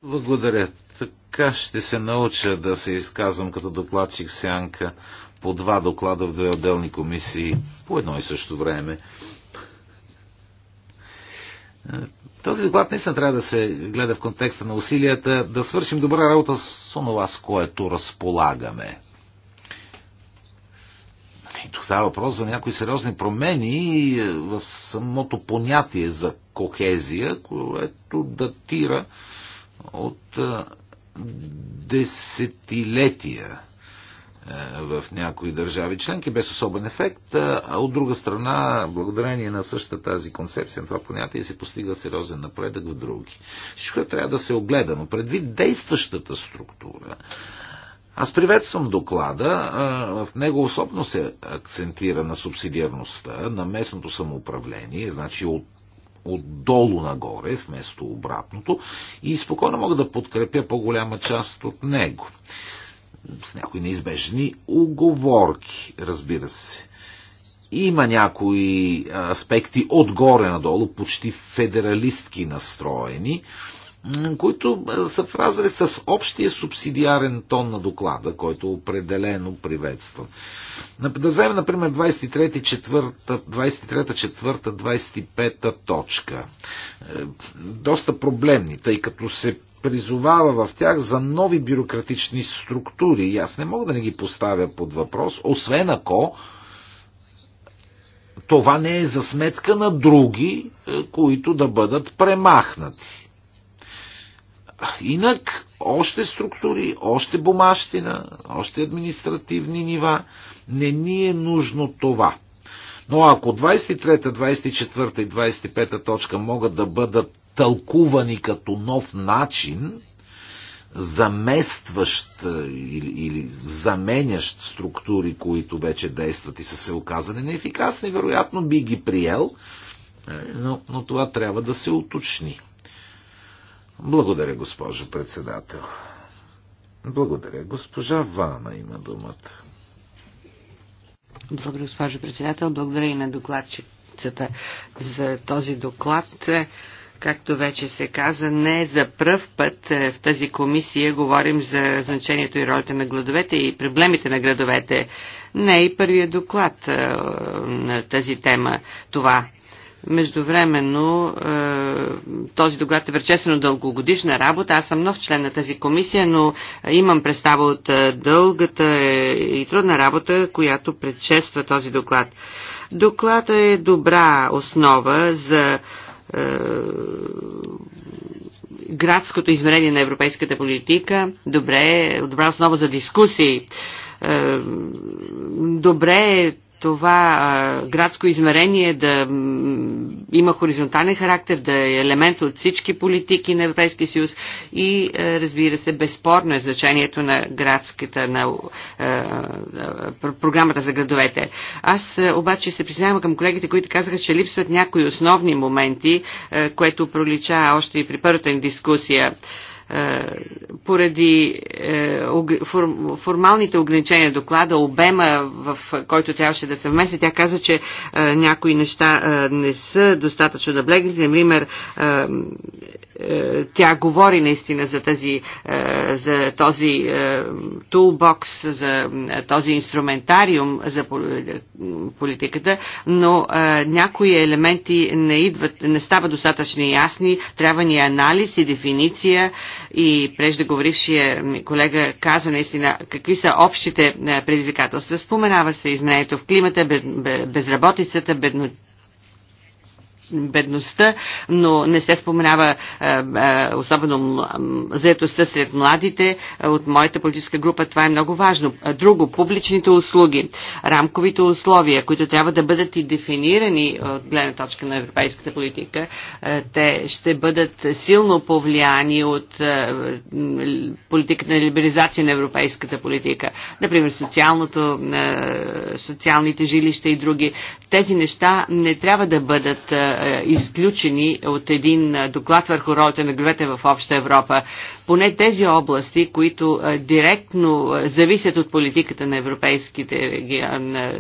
Благодаря. Така ще се науча да се изказвам като докладчик в сянка по два доклада в две отделни комисии по едно и също време. Този доклад наистина трябва да се гледа в контекста на усилията да свършим добра работа с онова, с което разполагаме. И тук става въпрос за някои сериозни промени в самото понятие за кохезия, което датира от десетилетия в някои държави членки без особен ефект, а от друга страна, благодарение на същата тази концепция, на това понятие, се постига сериозен напредък в други. Всичко трябва да се огледа, но предвид действащата структура, аз приветствам доклада. В него особено се акцентира на субсидиарността, на местното самоуправление, значи от отдолу нагоре, вместо обратното, и спокойно мога да подкрепя по-голяма част от него с някои неизбежни оговорки, разбира се. Има някои аспекти отгоре надолу, почти федералистки настроени, които са в разрез с общия субсидиарен тон на доклада, който определено приветствам. Да вземем, например, 23-4, 23 та 25 точка. Е, доста проблемни, тъй като се призовава в тях за нови бюрократични структури. И аз не мога да не ги поставя под въпрос, освен ако това не е за сметка на други, е, които да бъдат премахнати. Инак, още структури, още бумащина, още административни нива, не ни е нужно това. Но ако 23, 24 и 25 точка могат да бъдат тълкувани като нов начин, заместващ или, или заменящ структури, които вече действат и са се оказали неефикасни, вероятно би ги приел, е, но, но това трябва да се уточни. Благодаря, госпожо председател. Благодаря. Госпожа Вана има думата. Благодаря, госпожо председател. Благодаря и на докладчицата за този доклад. Както вече се каза, не за пръв път е, в тази комисия говорим за значението и ролята на градовете и проблемите на градовете. Не е и първия доклад е, на тази тема това. Междувременно е, този доклад е пречесено дългогодишна работа. Аз съм нов член на тази комисия, но имам представа от дългата и трудна работа, която предшества този доклад. Докладът е добра основа за е, градското измерение на европейската политика. Добре, добра основа за дискусии. Е, добре е това а, градско измерение да има хоризонтален характер, да е елемент от всички политики на Европейския съюз и а, разбира се, безспорно е значението на градската, на а, програмата за градовете. Аз а, обаче се признавам към колегите, които казаха, че липсват някои основни моменти, а, което пролича още и при първата ни дискусия. А, е, поради е, формалните ограничения доклада, обема, в който трябваше да се вмести, тя каза, че е, някои неща не са достатъчно наблегнати. блегнете. Например, тя говори наистина за, тази, за този тулбокс, за този инструментариум за политиката, но някои елементи не, идват, не стават достатъчно ясни. Трябва ни анализ и дефиниция и преждеговорившия колега каза наистина какви са общите е, предизвикателства. Споменава се изменението в климата, безработицата, бедността бедността, но не се споменава е, е, особено заетостта сред младите. Е, от моята политическа група това е много важно. Друго, публичните услуги, рамковите условия, които трябва да бъдат и дефинирани от гледна точка на европейската политика, те ще бъдат силно повлияни от политиката на либерализация на европейската политика. Например, социалното, социалните жилища и други. Тези неща не трябва да бъдат е, изключени от един доклад върху ролята на гревете в обща Европа поне тези области, които директно зависят от политиката на Европейските регион,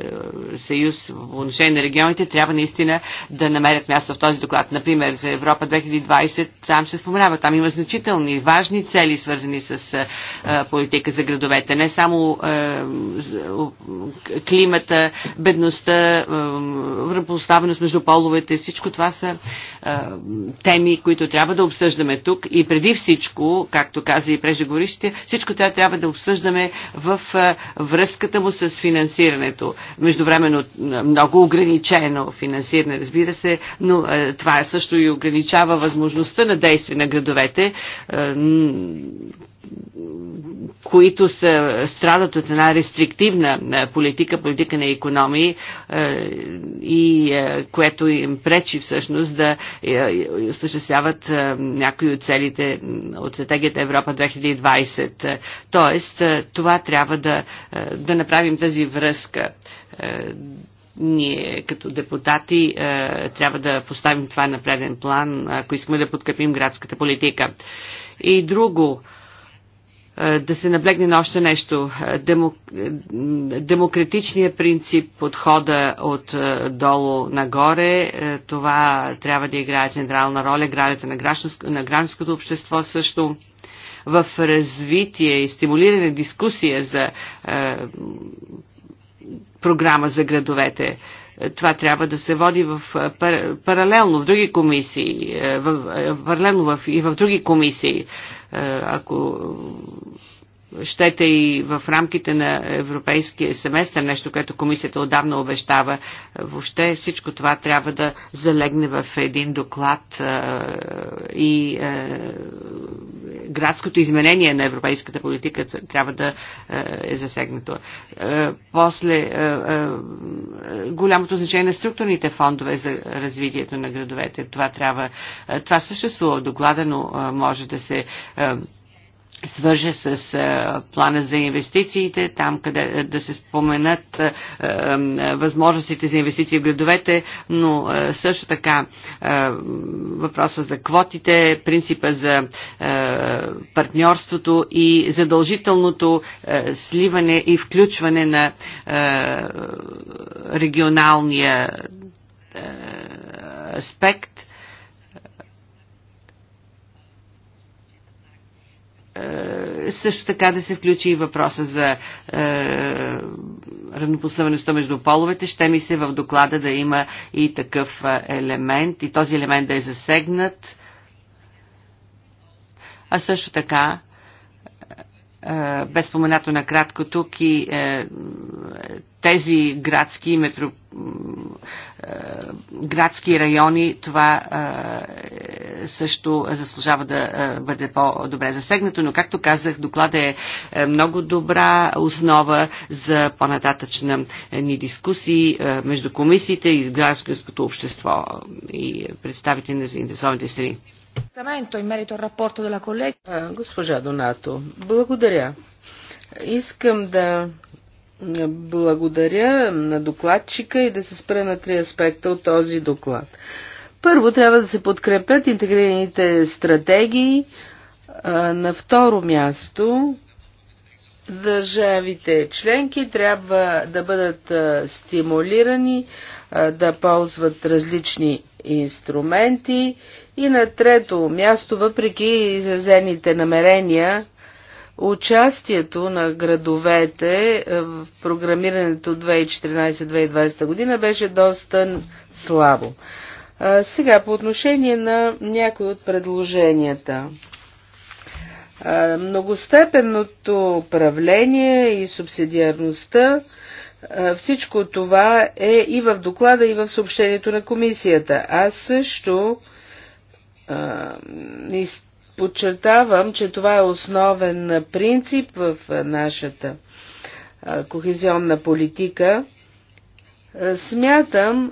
съюз в отношение на регионите, трябва наистина да намерят място в този доклад. Например, за Европа 2020, там се споменава, там има значителни, важни цели, свързани с политика за градовете. Не само климата, бедността, равнопоставеност между половете, всичко това са теми, които трябва да обсъждаме тук и преди всичко, както каза и преждеговорище, всичко това трябва да обсъждаме в връзката му с финансирането. Междувременно много ограничено финансиране, разбира се, но това също и ограничава възможността на действие на градовете които са, страдат от една рестриктивна е, политика, политика на економии е, и е, което им пречи всъщност да осъществяват някои от целите от стратегията Европа 2020. Тоест, това трябва да, да направим тази връзка ние като депутати трябва да поставим това на преден план, ако искаме да подкрепим градската политика. И друго, е, да се наблегне на още нещо. Е, демо, е, демократичният принцип, подхода от долу нагоре, това трябва да играе централна роля. Градите на, гражданско, на гражданското общество също в развитие и стимулиране дискусия за е, програма за градовете това трябва да се води в, паралелно в други комисии, в, паралелно в, и в други комисии. Е, ако щете и в рамките на европейския семестър, нещо, което комисията отдавна обещава. Е, въобще всичко това трябва да залегне в един доклад е, и е, градското изменение на европейската политика трябва да е засегнато. После голямото значение на структурните фондове за развитието на градовете. Това трябва. Това съществува в доклада, но може да се свърже с плана за инвестициите, там къде да се споменат възможностите за инвестиции в градовете, но също така въпроса за квотите, принципа за партньорството и задължителното сливане и включване на регионалния аспект Е, също така да се включи и въпроса за е, равнопоставеността между половете. Ще ми се в доклада да има и такъв е, елемент и този елемент да е засегнат. А също така е, бе споменато накратко тук и е, тези градски, метро, е, градски райони, това е, също заслужава да е, бъде по-добре засегнато, но както казах, доклада е, е много добра основа за по-нататъчна е, ни дискусии е, между комисиите и гражданското общество и представители на заинтересованите страни. Госпожа Донато, благодаря. Искам да благодаря на докладчика и да се спра на три аспекта от този доклад. Първо, трябва да се подкрепят интегрираните стратегии. На второ място, държавите членки трябва да бъдат стимулирани да ползват различни инструменти. И на трето място, въпреки изразените намерения, участието на градовете в програмирането 2014-2020 година беше доста слабо. Сега по отношение на някои от предложенията. Многостепенното управление и субсидиарността всичко това е и в доклада, и в съобщението на комисията. Аз също а, подчертавам, че това е основен принцип в нашата кохезионна политика. Смятам,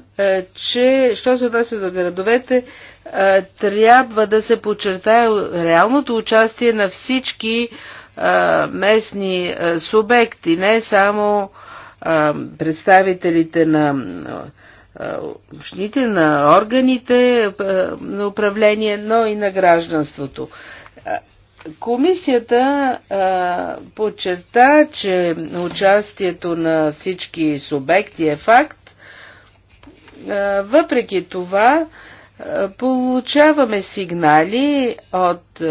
че, що се отнася до градовете, трябва да се подчертае реалното участие на всички местни субекти, не само представителите на общините, на органите на управление, но и на гражданството. Комисията подчерта, че участието на всички субекти е факт. въпреки това, получаваме сигнали от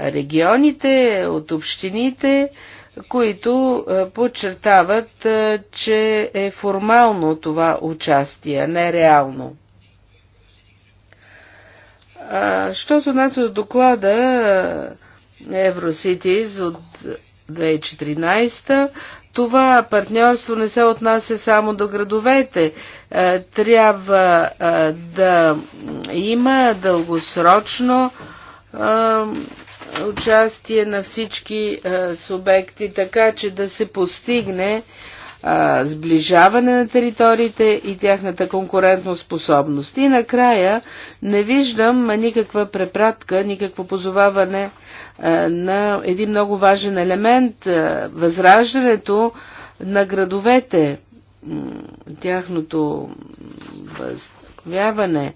регионите, от общините, а, които е, подчертават, е, че е формално това участие, не реално. Що се отнася до доклада е, Евроситис от 2014, това партньорство не се отнася само до градовете. Трябва да има дългосрочно участие на всички субекти, така че да се постигне сближаване на териториите и тяхната конкурентно способност. И накрая не виждам никаква препратка, никакво позоваване на един много важен елемент възраждането на градовете, тяхното възстановяване.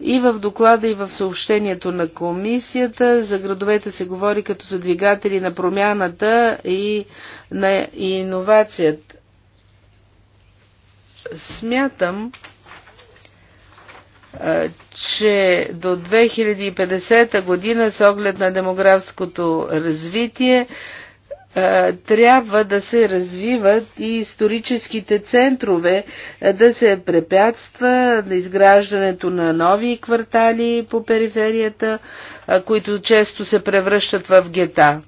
И в доклада, и в съобщението на комисията за градовете се говори като за двигатели на промяната и на иновацията. Смятам, че до 2050 година с оглед на демографското развитие е, трябва да се развиват и историческите центрове, е, да се препятства на изграждането на нови квартали по периферията, е, които често се превръщат в гета.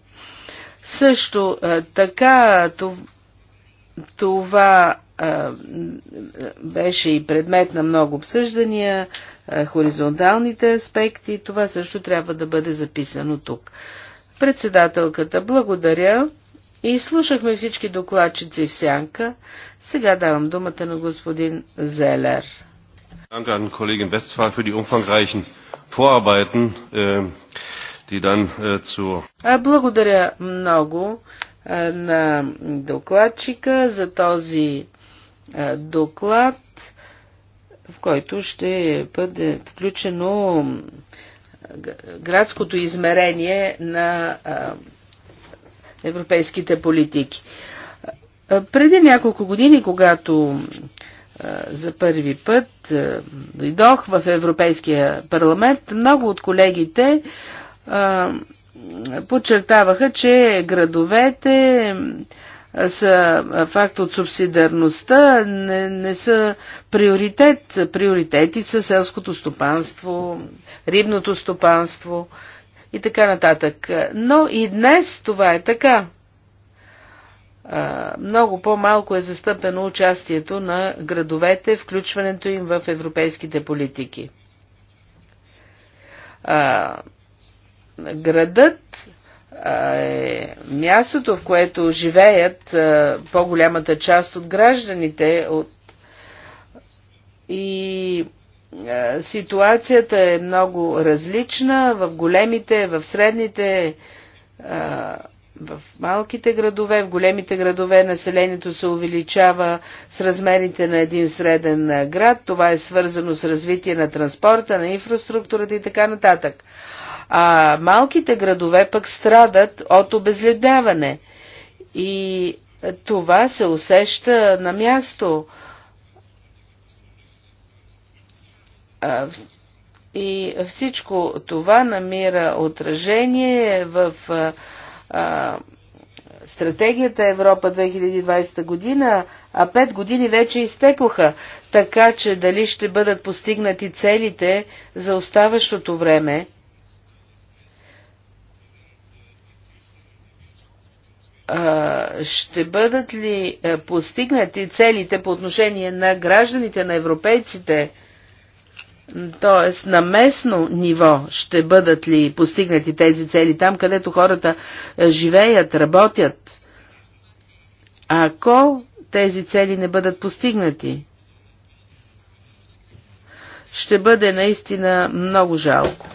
Също така това беше и предмет на много обсъждания, хоризонталните аспекти, това също трябва да бъде записано тук. Председателката, благодаря. И слушахме всички докладчици в сянка. Сега давам думата на господин Зелер. Danke an Kollegin Westphal für die umfangreichen Vorarbeiten, äh, die dann äh, zu... Благодаря много на докладчика за този доклад, в който ще бъде включено градското измерение на европейските политики. Преди няколко години, когато за първи път дойдох в Европейския парламент, много от колегите подчертаваха, че градовете са факт от субсидарността, не, не са приоритет. Приоритети са селското стопанство, рибното стопанство и така нататък. Но и днес това е така. Много по-малко е застъпено участието на градовете, включването им в европейските политики. Градът е мястото, в което живеят по-голямата част от гражданите от... и е, ситуацията е много различна в големите, в средните, е, в малките градове. В големите градове населението се увеличава с размерите на един среден е, град. Това е свързано с развитие на транспорта, на инфраструктурата и така нататък. А малките градове пък страдат от обезледяване. И това се усеща на място. И всичко това намира отражение в стратегията Европа 2020 година, а пет години вече изтекоха, така че дали ще бъдат постигнати целите за оставащото време, ще бъдат ли постигнати целите по отношение на гражданите, на европейците, т.е. на местно ниво ще бъдат ли постигнати тези цели там, където хората е, живеят, работят, ако тези цели не бъдат постигнати. Ще бъде наистина много жалко.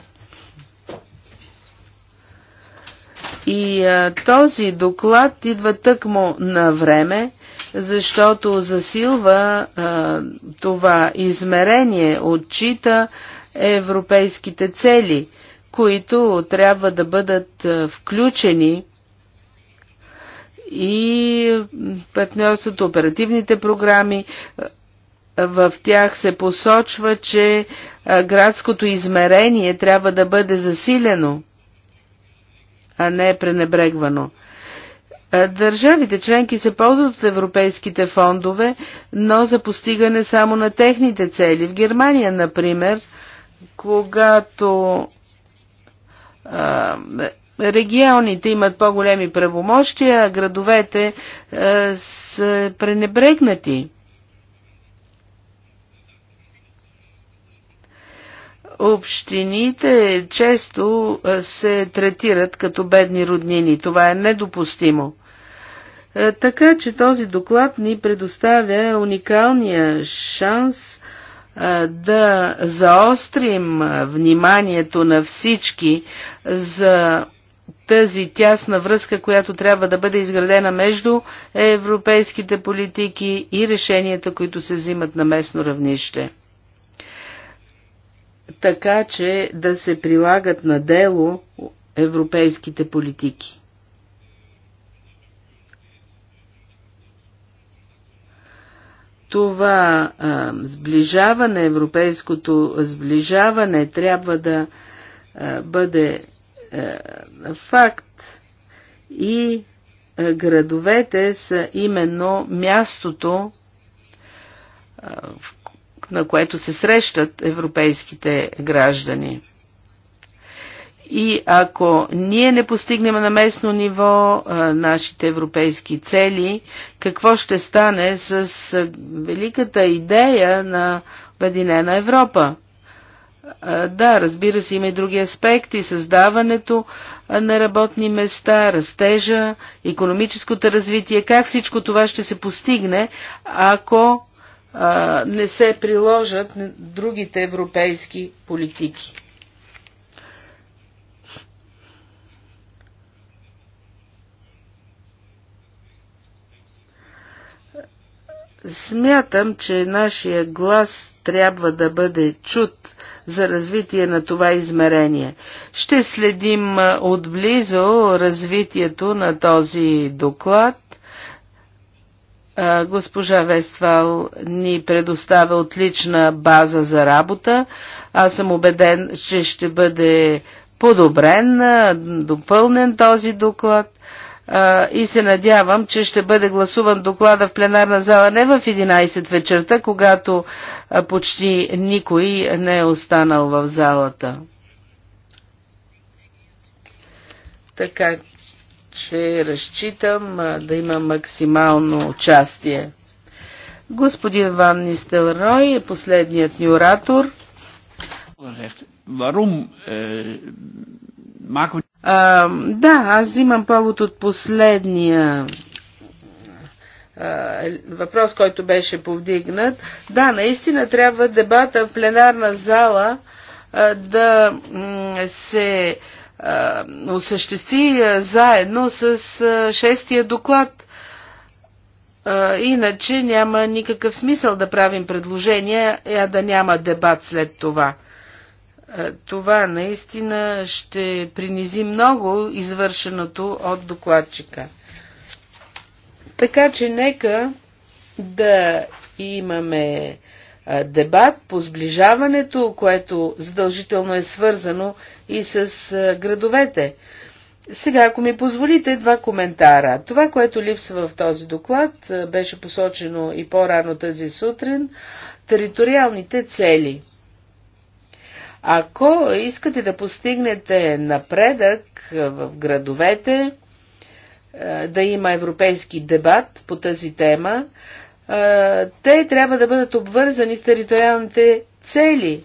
И а, е, този доклад идва тъкмо на време, защото засилва а, това измерение, отчита европейските цели, които трябва да бъдат включени и партньорството, оперативните програми, в тях се посочва, че градското измерение трябва да бъде засилено, а не пренебрегвано. Е, държавите членки се ползват от европейските фондове, но за постигане само на техните цели. В Германия, например, когато а, е, регионите имат по-големи правомощия, а градовете а, е, са пренебрегнати. Общините често се третират като бедни роднини. Това е недопустимо. Е, така че този доклад ни предоставя уникалния шанс е, да заострим вниманието на всички за тази тясна връзка, която трябва да бъде изградена между европейските политики и решенията, които се взимат на местно равнище. Така че да се прилагат на дело европейските политики. това а, сближаване, европейското сближаване трябва да а, бъде а, факт и а, градовете са именно мястото, а, в, на което се срещат европейските граждани. И ако ние не постигнем на местно ниво а, нашите европейски цели, какво ще стане с а, великата идея на Обединена Европа? А, да, разбира се, има и други аспекти. Създаването на работни места, растежа, економическото развитие. Как всичко това ще се постигне, ако не се приложат другите европейски политики? Смятам, че нашия глас трябва да бъде чут за развитие на това измерение. Ще следим отблизо развитието на този доклад. Госпожа Вествал ни предоставя отлична база за работа. Аз съм убеден, че ще бъде подобрен, допълнен този доклад и се надявам, че ще бъде гласуван доклада в пленарна зала не в 11 вечерта, когато почти никой не е останал в залата. Така че разчитам да има максимално участие. Господин Ван Нистелрой е последният ни оратор. Waarom eh, maken we а, да, аз взимам повод от последния а, въпрос, който беше повдигнат. Да, наистина трябва дебата в пленарна зала а, да се а, осъществи а, заедно с а, шестия доклад. иначе няма никакъв смисъл да правим предложения, а да няма дебат след това. Е, това наистина ще принизи много извършеното от докладчика. Така че нека да имаме е, дебат по сближаването, което задължително е свързано и с е, градовете. Сега, ако ми позволите, два коментара. Това, което липсва в този доклад, беше посочено и по-рано тази сутрин, териториалните цели – ако искате да постигнете напредък в градовете, да има европейски дебат по тази тема, те трябва да бъдат обвързани с териториалните цели,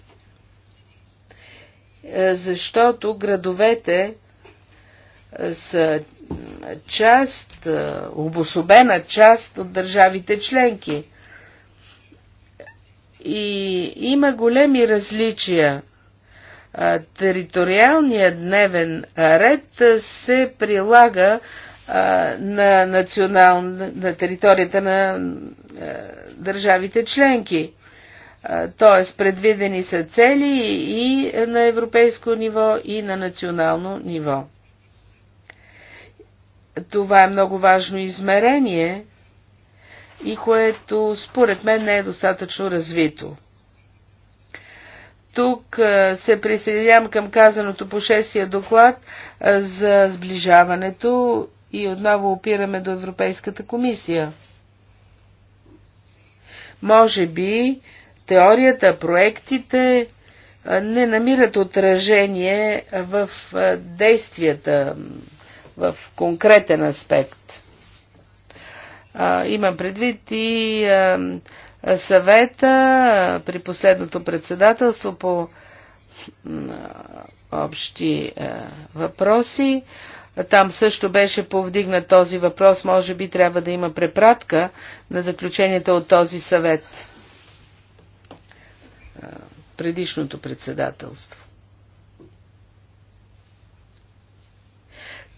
защото градовете са част, обособена част от държавите членки. И има големи различия Териториалният дневен ред се прилага на, национал, на територията на държавите членки. Т.е. предвидени са цели и на европейско ниво, и на национално ниво. Това е много важно измерение и което според мен не е достатъчно развито. Тук се присъединявам към казаното по шестия доклад за сближаването и отново опираме до Европейската комисия. Може би теорията, проектите не намират отражение в действията в конкретен аспект. Имам предвид и съвета при последното председателство по общи е, въпроси. Там също беше повдигнат този въпрос. Може би трябва да има препратка на заключенията от този съвет. Е, предишното председателство.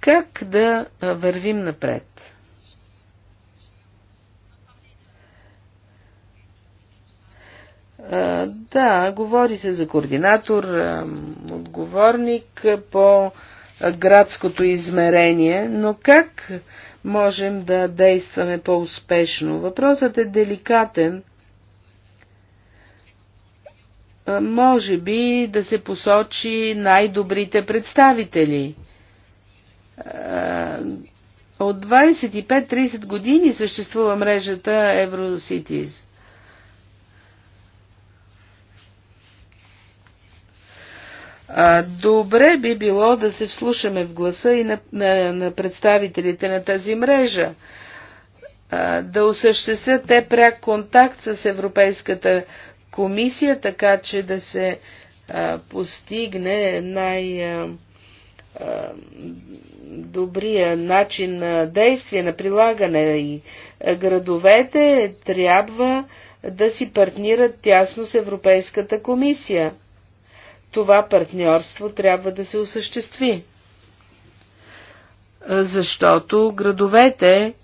Как да вървим напред? Да, говори се за координатор, отговорник по градското измерение, но как можем да действаме по-успешно? Въпросът е деликатен. Може би да се посочи най-добрите представители. От 25-30 години съществува мрежата Eurocities А, добре би било да се вслушаме в гласа и на, на, на представителите на тази мрежа, а, да осъществят те пряк контакт с Европейската комисия, така че да се а, постигне най- а, добрия начин на действие, на прилагане и градовете трябва да си партнират тясно с Европейската комисия това партньорство трябва да се осъществи. Защото градовете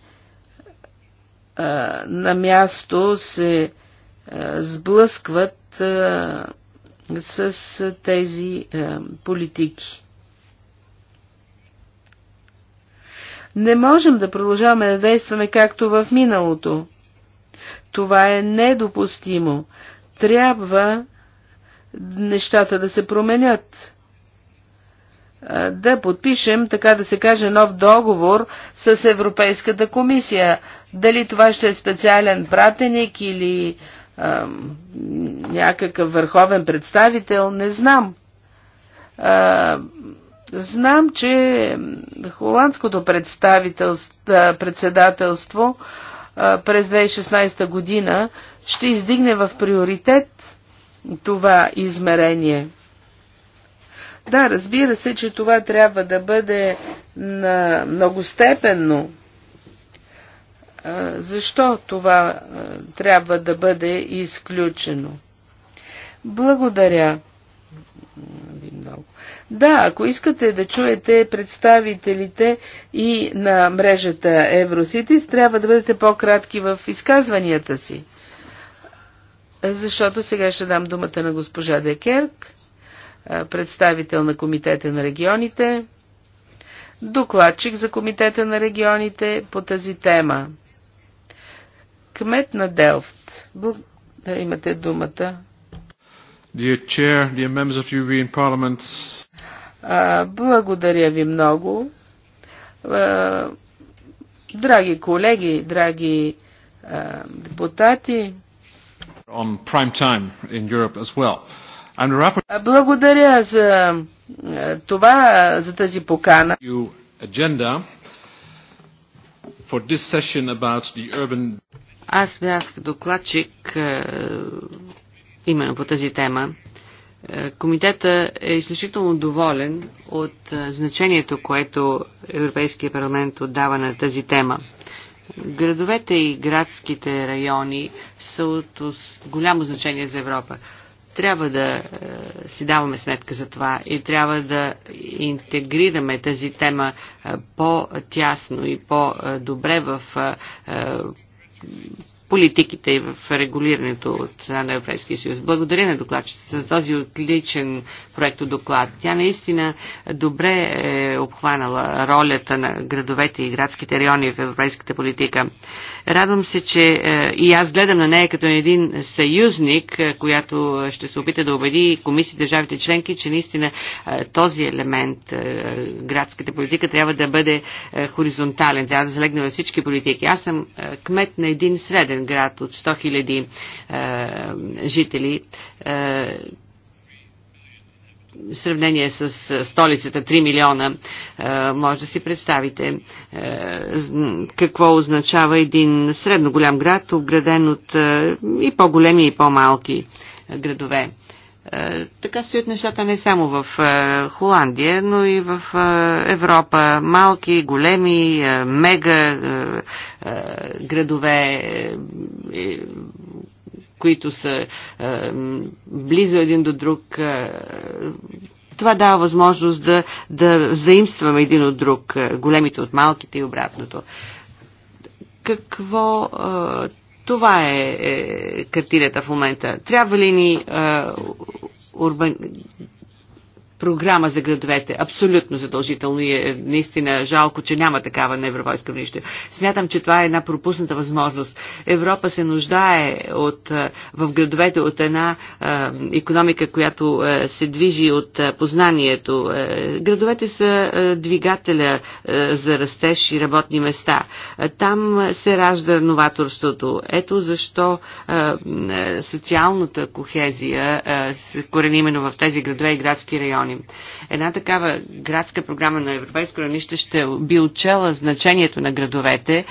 а, на място се а, сблъскват а, с тези политики. Не можем да продължаваме да действаме както в миналото. Това е недопустимо. Трябва нещата да се променят. Да подпишем, така да се каже, нов договор с Европейската комисия. Дали това ще е специален пратеник или а, някакъв върховен представител, не знам. А, знам, че холандското председателство през 2016 година ще издигне в приоритет това измерение. Да, разбира се, че това трябва да бъде на многостепенно. Защо това трябва да бъде изключено? Благодаря ви много. Да, ако искате да чуете представителите и на мрежата Евроситис, трябва да бъдете по-кратки в изказванията си защото сега ще дам думата на госпожа Декерк, представител на Комитета на регионите, докладчик за Комитета на регионите по тази тема. Кмет на Делфт. Да, имате думата. Dear chair, dear members of European Parliament. благодаря ви много. драги колеги, драги депутати, благодаря за това, за тази покана. Urban... Аз бях докладчик именно по тази тема. Комитета е изключително доволен от значението, което Европейския парламент отдава на тази тема. Градовете и градските райони са от голямо значение за Европа. Трябва да е, си даваме сметка за това и трябва да интегрираме тази тема е, по-тясно и по-добре е, в политиките и в регулирането от страна на Европейския съюз. Благодаря на докладчицата за този отличен проект от доклад. Тя наистина добре е обхванала ролята на градовете и градските райони в европейската политика. Радвам се, че е, и аз гледам на нея като един съюзник, е, която ще се опита да убеди комисии държавите членки, че наистина е, този елемент градската политика трябва да бъде хоризонтален, трябва да залегне във всички политики. Аз съм кмет на един среден столичен град от 100 000 е, жители, е, в сравнение с столицата 3 милиона, е, може да си представите е, какво означава един средно голям град, обграден от е, и по-големи и по-малки градове. Е, така стоят нещата не само в е, Холандия, но и в е, Европа. Малки, големи, мега градове, които са близо един до друг. Това дава възможност да, да заимстваме един от друг, големите от малките и обратното. Какво това е, е картината в момента. Трябва ли ни е, урбан, програма за градовете. Абсолютно задължително и е наистина жалко, че няма такава на Евровойска нищо. Смятам, че това е една пропусната възможност. Европа се нуждае от, е, в градовете от една е, економика, която е, се движи от е, познанието. Е, градовете са е, двигателя е, за растеж и работни места. Е, там е, се ражда новаторството. Ето защо е, е, социалната кохезия е, се корени именно в тези градове и градски райони изпълним. Една такава градска програма на европейско равнище ще би отчела значението на градовете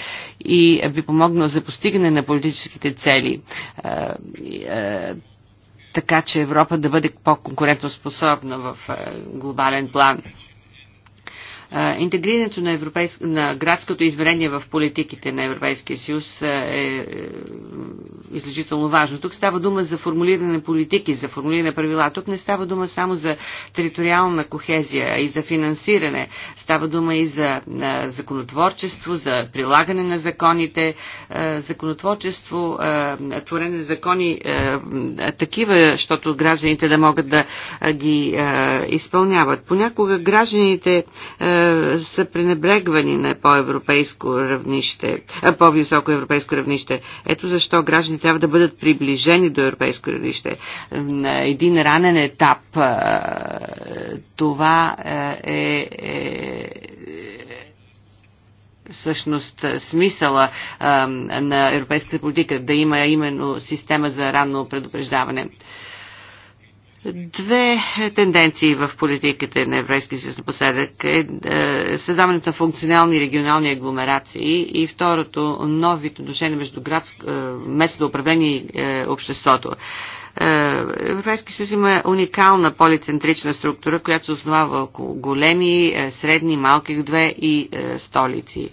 и би помогнал за постигане на политическите цели е, е, така че Европа да бъде по-конкурентоспособна в е, глобален план. Интегрирането на, европейск... на градското измерение в политиките на Европейския съюз е, е изключително важно. Тук става дума за формулиране на политики, за формулиране на правила. Тук не става дума само за териториална кохезия, а и за финансиране. Става дума и за законотворчество, за прилагане на законите, законотворчество, творене на закони такива, защото гражданите да могат да ги изпълняват. Понякога гражданите е, са пренебрегвани на по-европейско равнище, е, по-високо европейско равнище. Ето защо граждани трябва да бъдат приближени до европейско равнище. На един ранен етап е, това е, е всъщност смисъла а, на европейската политика, да има именно система за ранно предупреждаване. Две тенденции в политиките на Европейския съюз напоследък е, е създаването на функционални регионални агломерации и второто новите отношения между градско, е, местното управление и е, обществото. Е, Европейския съюз има уникална полицентрична структура, която се основава около големи, е, средни, малки две и е, столици.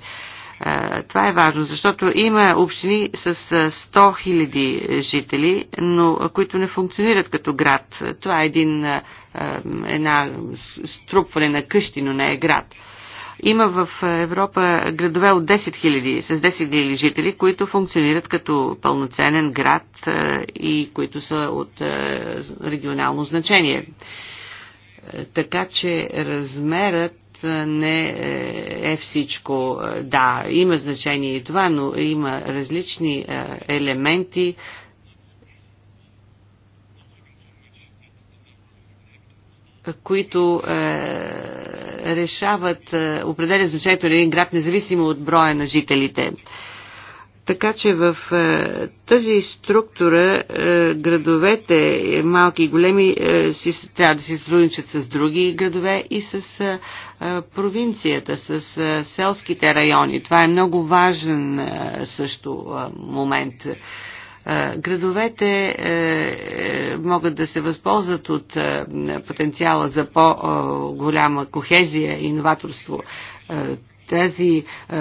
Това е важно, защото има общини с 100 000 жители, но които не функционират като град. Това е един, една струпване на къщи, но не е град. Има в Европа градове от 10 000, с 10 000 жители, които функционират като пълноценен град и които са от регионално значение. Така че размерът не е, е всичко. Да, има значение и това, но има различни е, елементи, които е, решават, е, определят значението на един град, независимо от броя на жителите. Е, така че в е, тази структура е, градовете, е, малки и големи, трябва да си сътрудничат с други градове и с провинцията, с селските райони. Това е много важен също момент. Градовете могат да се възползват от потенциала за по-голяма кохезия и новаторство тази е,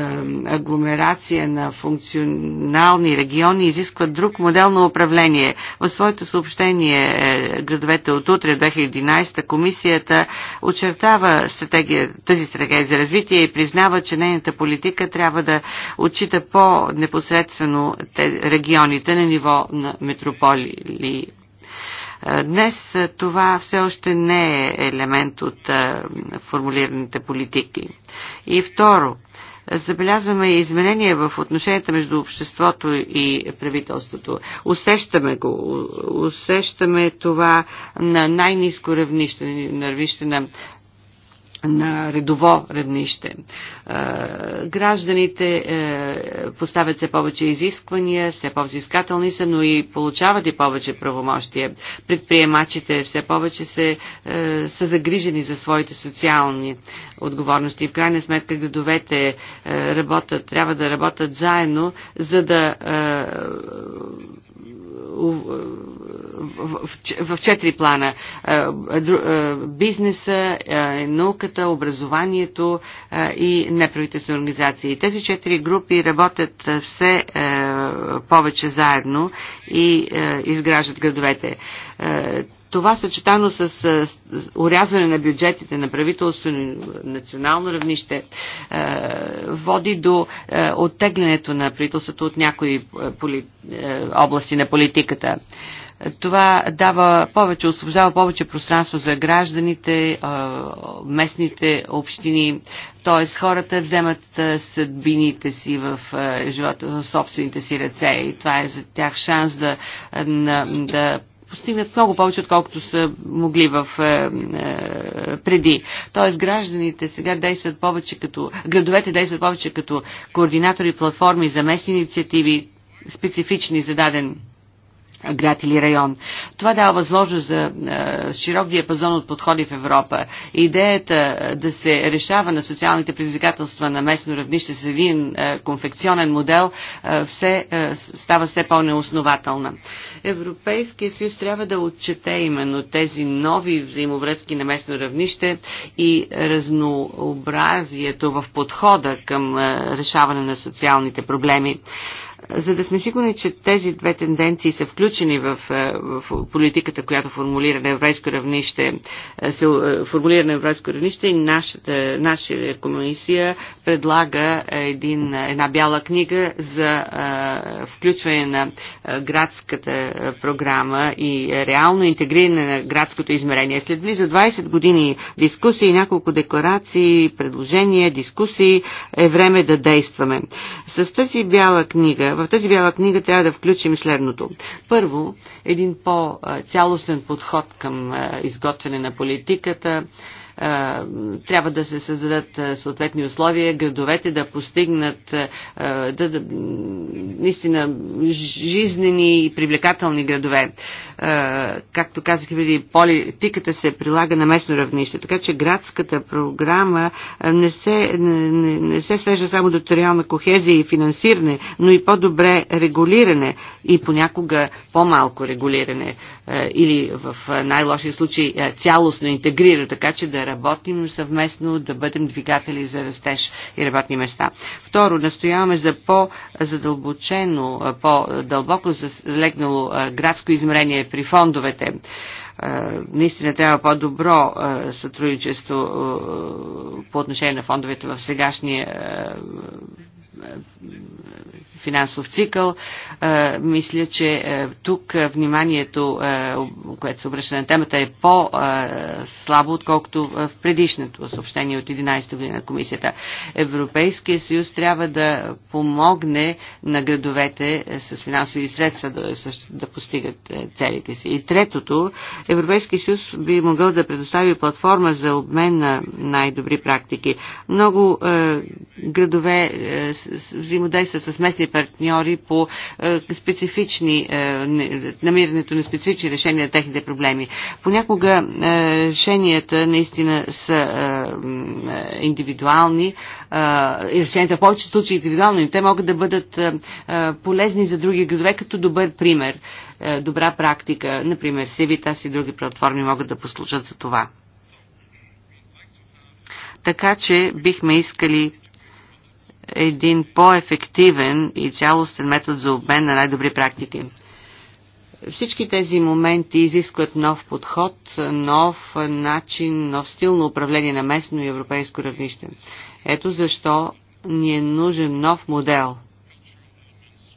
агломерация на функционални региони изисква друг модел на управление. В своето съобщение е, Градовете от утре 2011 комисията очертава стратегия, тази стратегия за развитие и признава, че нейната политика трябва да отчита по-непосредствено регионите на ниво на метрополи Днес това все още не е елемент от формулираните политики. И второ, забелязваме изменения в отношенията между обществото и правителството. Усещаме го. Усещаме това на най-низко равнище, на равнище на на редово равнище. Е, гражданите е, поставят все повече изисквания, все по-взискателни са, но и получават и повече правомощия. Предприемачите все повече се, е, са загрижени за своите социални отговорности. В крайна сметка градовете работят, трябва да работят заедно, за да в четири плана. Е, е, бизнеса, е, науката, образованието и неправителствени организации. Тези четири групи работят все повече заедно и изграждат градовете. Е, това съчетано с урязване на бюджетите на правителство и национално равнище е, води до е, оттеглянето на правителството от някои области на политиката. Това дава повече, освобождава повече пространство за гражданите, местните общини, т.е. хората вземат съдбините си в живота, в собствените си ръце и това е за тях шанс да, да постигнат много повече, отколкото са могли в, е, е, преди. Тоест гражданите сега действат повече като, градовете действат повече като координатори, платформи за местни инициативи, специфични за даден град или район. Това дава възможност за широк диапазон от подходи в Европа. Идеята да се решава на социалните предизвикателства на местно равнище с един конфекционен модел все, става все по-неоснователна. Европейския съюз трябва да отчете именно тези нови взаимовръзки на местно равнище и разнообразието в подхода към решаване на социалните проблеми. За да сме сигурни, че тези две тенденции са включени в, е, в политиката, която формулира на еврейско равнище, е, се е, формулира на еврейско равнище и нашата, нашата комисия предлага един, една бяла книга за включване на градската програма и реално интегриране на градското измерение. След близо 20 години дискусии, няколко декларации, предложения, дискусии е време да действаме. С тази бяла книга в тази бяла книга трябва да включим следното. Първо, един по-цялостен подход към изготвяне на политиката, трябва да се създадат съответни условия, градовете да постигнат да, да, наистина жизнени и привлекателни градове. Както казах преди, политиката се прилага на местно равнище, така че градската програма не се, не, не се свежда само до териална кохезия и финансиране, но и по-добре регулиране и понякога по-малко регулиране или в най лоши случай цялостно интегрира, така че да работим съвместно, да бъдем двигатели за растеж и работни места. Второ, настояваме за по-задълбочено, по-дълбоко залегнало градско измерение при фондовете наистина трябва по-добро сътрудничество по отношение на фондовете в сегашния финансов цикъл. Е, мисля, че е, тук вниманието, е, което се обръща на темата, е по-слабо, отколкото в предишното съобщение от 11 година на комисията. Европейския съюз трябва да помогне на градовете с финансови средства да, постигат целите си. И третото, Европейския съюз би могъл да предостави платформа за обмен на най-добри практики. Много е, градове е, взаимодействат с местни партньори по е, специфични, е, намирането на специфични решения на техните проблеми. Понякога е, решенията наистина са индивидуални, решенията в повечето случаи индивидуални, но те могат да бъдат полезни за други градове като добър пример, добра практика. Например, Севитас и други платформи могат да послужат за това. Така че бихме искали един по-ефективен и цялостен метод за обмен на най-добри практики. Всички тези моменти изискват нов подход, нов начин, нов стил на управление на местно и европейско равнище. Ето защо ни е нужен нов модел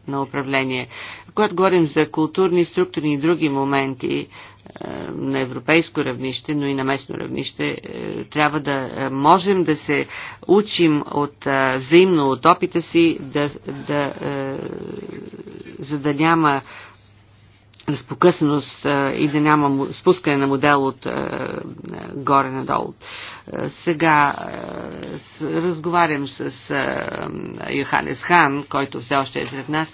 на управление. Когато говорим за културни, структурни и други моменти е, на европейско равнище, но и на местно равнище, е, трябва да е, можем да се учим от, взаимно от опита си, да, да, за да няма с покъсност и да няма спускане на модел от горе надолу. Сега разговарям с Йоханес Хан, който все още е сред нас.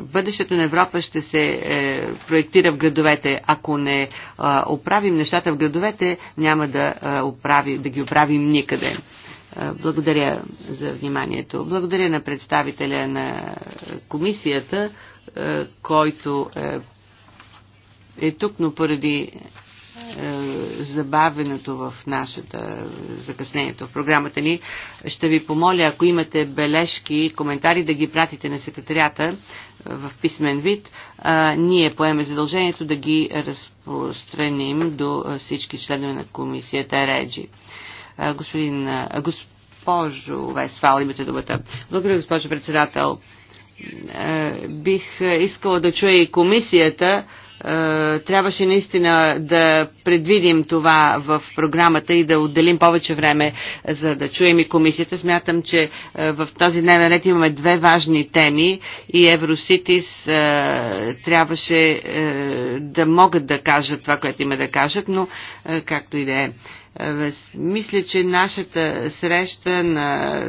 Бъдещето на Европа ще се е, проектира в градовете. Ако не оправим нещата в градовете, няма да, оправи, да ги оправим никъде. Благодаря за вниманието. Благодаря на представителя на комисията. Е, който е, е тук, но поради е, забавенето в нашата, закъснението в програмата ни, ще ви помоля, ако имате бележки и коментари, да ги пратите на секретарята е, в писмен вид. А, ние поеме задължението да ги разпространим до всички членове на комисията Реджи. А, господин, госпожо Вестфал, имате думата. Благодаря, госпожо председател. Е, бих е, искала да чуя и комисията. Е, трябваше наистина да предвидим това в програмата и да отделим повече време, за да чуем и комисията. Смятам, че в този дневен ред имаме две важни теми и Евроситис трябваше да могат да кажат това, което има да кажат, но както и да е. Е, мисля, че нашата среща на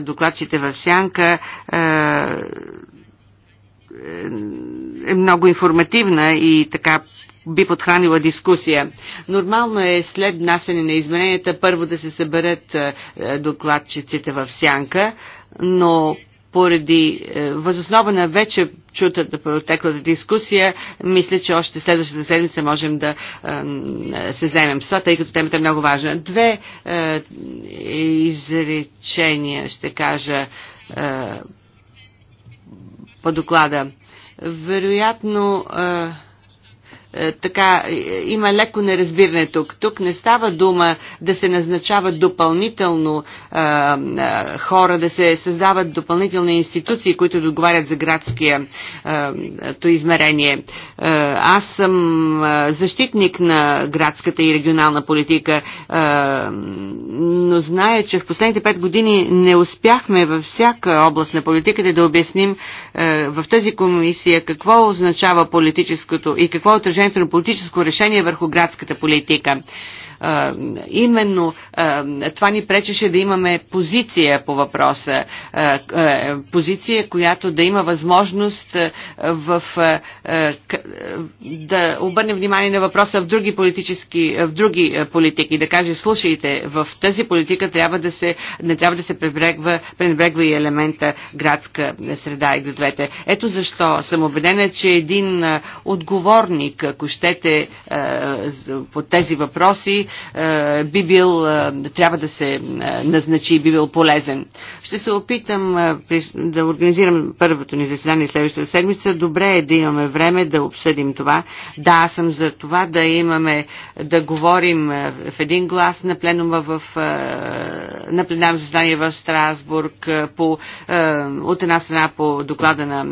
докладчите в Сянка е, е много информативна и така би подхранила дискусия. Нормално е след насене на измененията първо да се съберат е, докладчиците в сянка, но поради е, възоснова на вече да протеклата дискусия, мисля, че още следващата седмица можем да се вземем с това, тъй като темата е много важна. Две е, изречения ще кажа е, по доклада. Вероятно, е, така е, има леко неразбиране тук. Тук не става дума да се назначават допълнително е, е, хора, да се създават допълнителни институции, които договарят за градския е, то измерение. Е, аз съм е, защитник на градската и регионална политика, е, но зная, че в последните пет години не успяхме във всяка област на политиката да обясним е, в тази комисия какво означава политическото и какво е отражение отражението на политическо решение върху градската политика. Именно това ни пречеше да имаме позиция по въпроса. Позиция, която да има възможност в, да обърне внимание на въпроса в други политически, в други политики. Да каже, слушайте, в тази политика трябва да се, не трябва да се пренебрегва, пренебрегва и елемента градска среда и градовете. Ето защо съм убедена, че един отговорник, ако щете по тези въпроси, е, би бил, е, трябва да се е, назначи, би бил полезен. Ще се опитам да организирам първото ни заседание следващата седмица. Добре е да имаме време да обсъдим това. Да, аз съм за това да имаме, да говорим в един глас на пленума в, на пленарно заседание в Страсбург по, от една страна по доклада на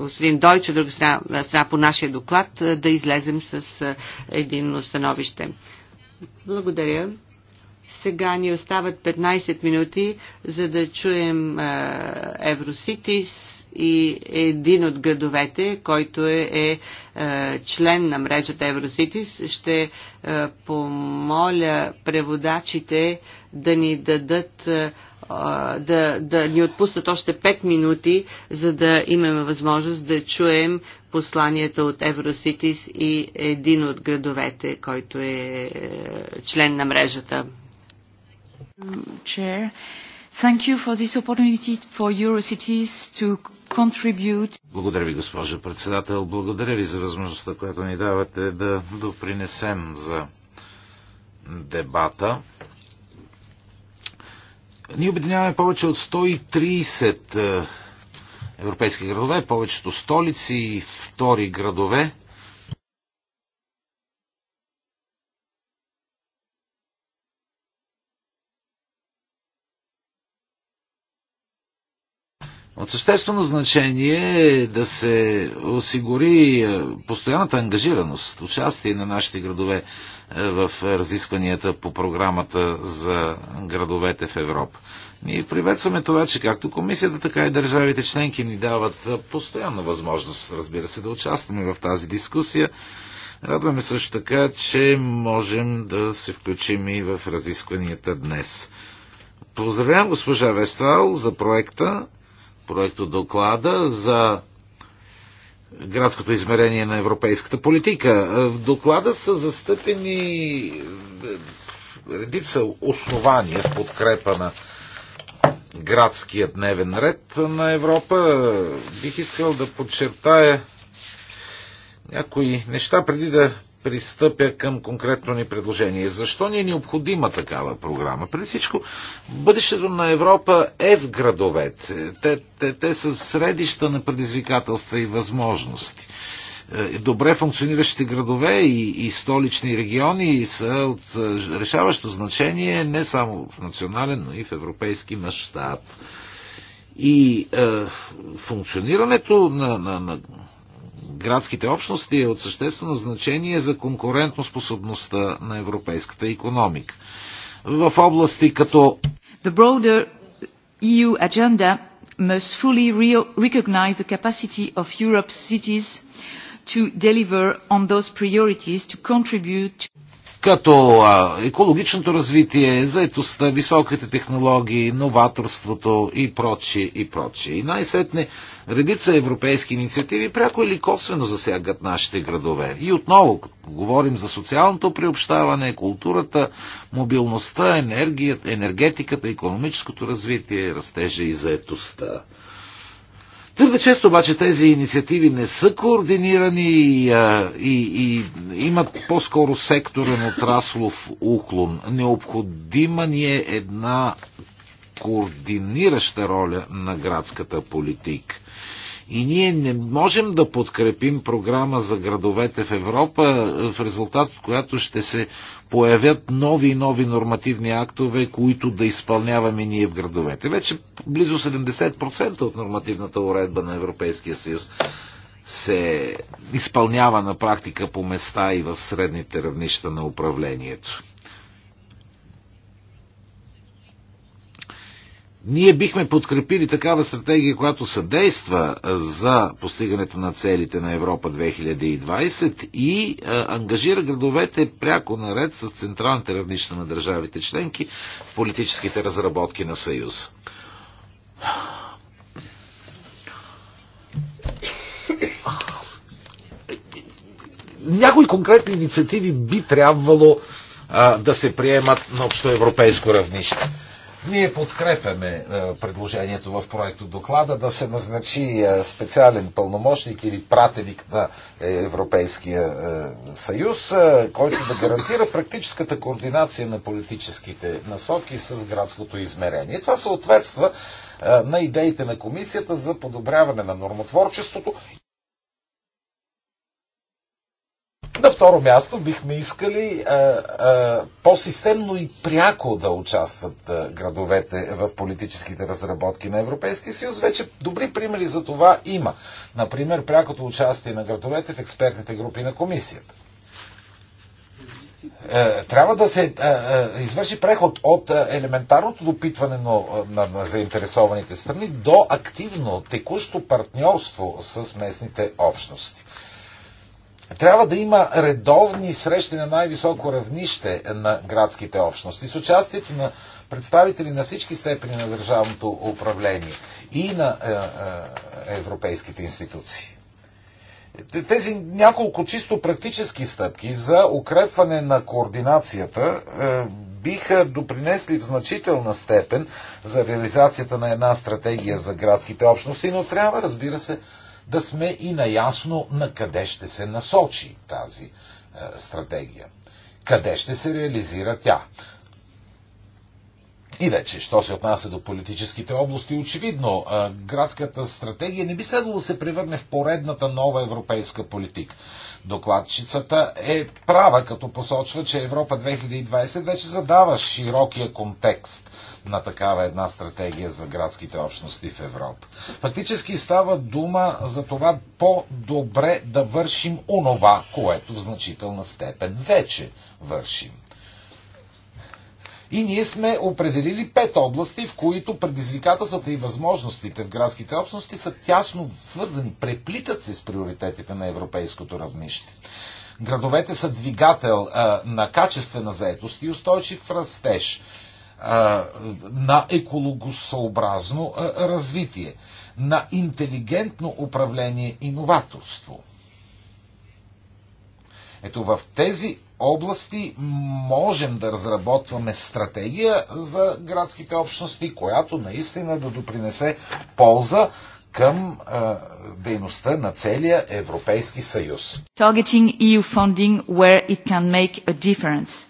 господин Дойч, от друга страна, страна по нашия доклад да излезем с единно становище. Благодаря. Сега ни остават 15 минути, за да чуем Евроситис и един от градовете, който е, е член на мрежата Евроситис. Ще е, помоля преводачите да ни дадат е, да, да ни отпуснат още 5 минути, за да имаме възможност да чуем посланията от Евроситис и един от градовете, който е, е член на мрежата. Благодаря ви, госпожо председател. Благодаря ви за възможността, която ни давате да допринесем за дебата. Ние обединяваме повече от 130 европейски градове, повечето столици и втори градове – От съществено значение е да се осигури е, постоянната ангажираност, участие на нашите градове е, в разискванията по програмата за градовете в Европа. Ние приветстваме това, че както комисията, така и държавите членки ни дават е, постоянна възможност, разбира се, да участваме в тази дискусия. Радваме също така, че можем да се включим и в разискванията днес. Поздравявам госпожа Вествал за проекта проекто доклада за градското измерение на европейската политика. В доклада са застъпени редица основания в подкрепа на градския дневен ред на Европа. Бих искал да подчертая някои неща преди да пристъпя към конкретно ни предложение. Защо ни е необходима такава програма? Преди всичко, бъдещето на Европа е в градовете. Те, те, те са средища на предизвикателства и възможности. Е, добре функциониращите градове и, и столични региони са от е, решаващо значение не само в национален, но и в европейски мащаб. И е, функционирането на, на, на градските общности е от съществено значение за конкурентоспособността на европейската економика. В области като The broader EU agenda must fully recognize the capacity of Europe's cities to deliver on those priorities to contribute to като екологичното развитие, заетостта, високите технологии, новаторството и прочие, и прочие. И най-сетне редица европейски инициативи пряко или косвено засягат нашите градове. И отново, говорим за социалното приобщаване, културата, мобилността, енергията, енергетиката, економическото развитие, растежа и заетостта. Твърде често обаче тези инициативи не са координирани и, и, и имат по-скоро секторен отраслов уклон. Необходима ни е една координираща роля на градската политика. И ние не можем да подкрепим програма за градовете в Европа, в резултат от която ще се появят нови и нови нормативни актове, които да изпълняваме ние в градовете. Вече близо 70% от нормативната уредба на Европейския съюз се изпълнява на практика по места и в средните равнища на управлението. Ние бихме подкрепили такава стратегия, която съдейства за постигането на целите на Европа 2020 и ангажира градовете пряко наред с централните равнища на държавите членки в политическите разработки на Съюз. Някои конкретни инициативи би трябвало а, да се приемат на общоевропейско равнище ние подкрепяме е, предложението в проекто доклада да се назначи е, специален пълномощник или пратеник на Европейския е, съюз, който да гарантира практическата координация на политическите насоки с градското измерение. Това съответства на идеите на комисията за подобряване на нормотворчеството На второ място бихме искали е, е, по-системно и пряко да участват е, градовете в политическите разработки на Европейския съюз. Вече добри примери за това има. Например, прякото участие на градовете в експертните групи на комисията трябва да се извърши преход от елементарното допитване на, заинтересованите страни до активно текущо партньорство с местните общности. Трябва да има редовни срещи на най-високо равнище на градските общности с участието на представители на всички степени на държавното управление и на е, е, европейските институции. Тези няколко чисто практически стъпки за укрепване на координацията е, биха допринесли в значителна степен за реализацията на една стратегия за градските общности, но трябва, разбира се, да сме и наясно на къде ще се насочи тази е, стратегия. Къде ще се реализира тя? И вече, що се отнася до политическите области, очевидно, градската стратегия не би следвало да се превърне в поредната нова европейска политика. Докладчицата е права, като посочва, че Европа 2020 вече задава широкия контекст на такава една стратегия за градските общности в Европа. Фактически става дума за това по-добре да вършим онова, което в значителна степен вече вършим. И ние сме определили пет области, в които предизвикателствата и възможностите в градските общности са тясно свързани, преплитат се с приоритетите на европейското равнище. Градовете са двигател а, на качествена заетост и устойчив растеж, на екологосъобразно развитие, на интелигентно управление и новаторство. Ето в тези области можем да разработваме стратегия за градските общности, която наистина да допринесе полза към а, е, дейността на целия Европейски съюз. Targeting EU funding where it can make a difference.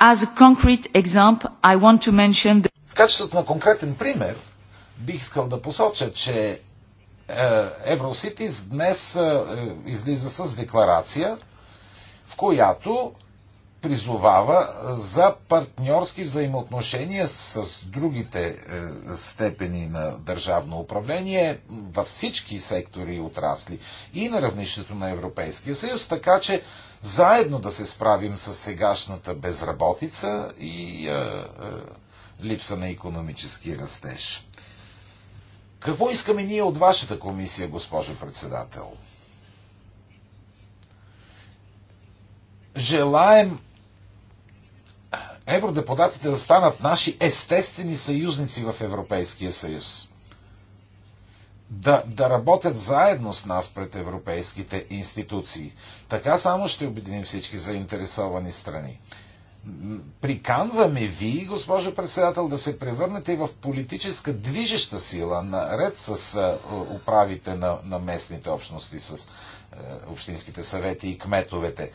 As a concrete example, I want to mention the... В качеството на конкретен пример бих искал да посоча, че е, Евроситис днес е, излиза с декларация, която призовава за партньорски взаимоотношения с другите е, степени на държавно управление във всички сектори и отрасли и на равнището на Европейския съюз, така че заедно да се справим с сегашната безработица и е, е, липса на економически растеж. Какво искаме ние от вашата комисия, госпожо председател? желаем евродепутатите да станат наши естествени съюзници в Европейския съюз. Да, да работят заедно с нас пред европейските институции. Така само ще обединим всички заинтересовани страни. Приканваме ви, госпожо председател, да се превърнете в политическа движеща сила, наред с е, управите на, на местните общности, с е, общинските съвети и кметовете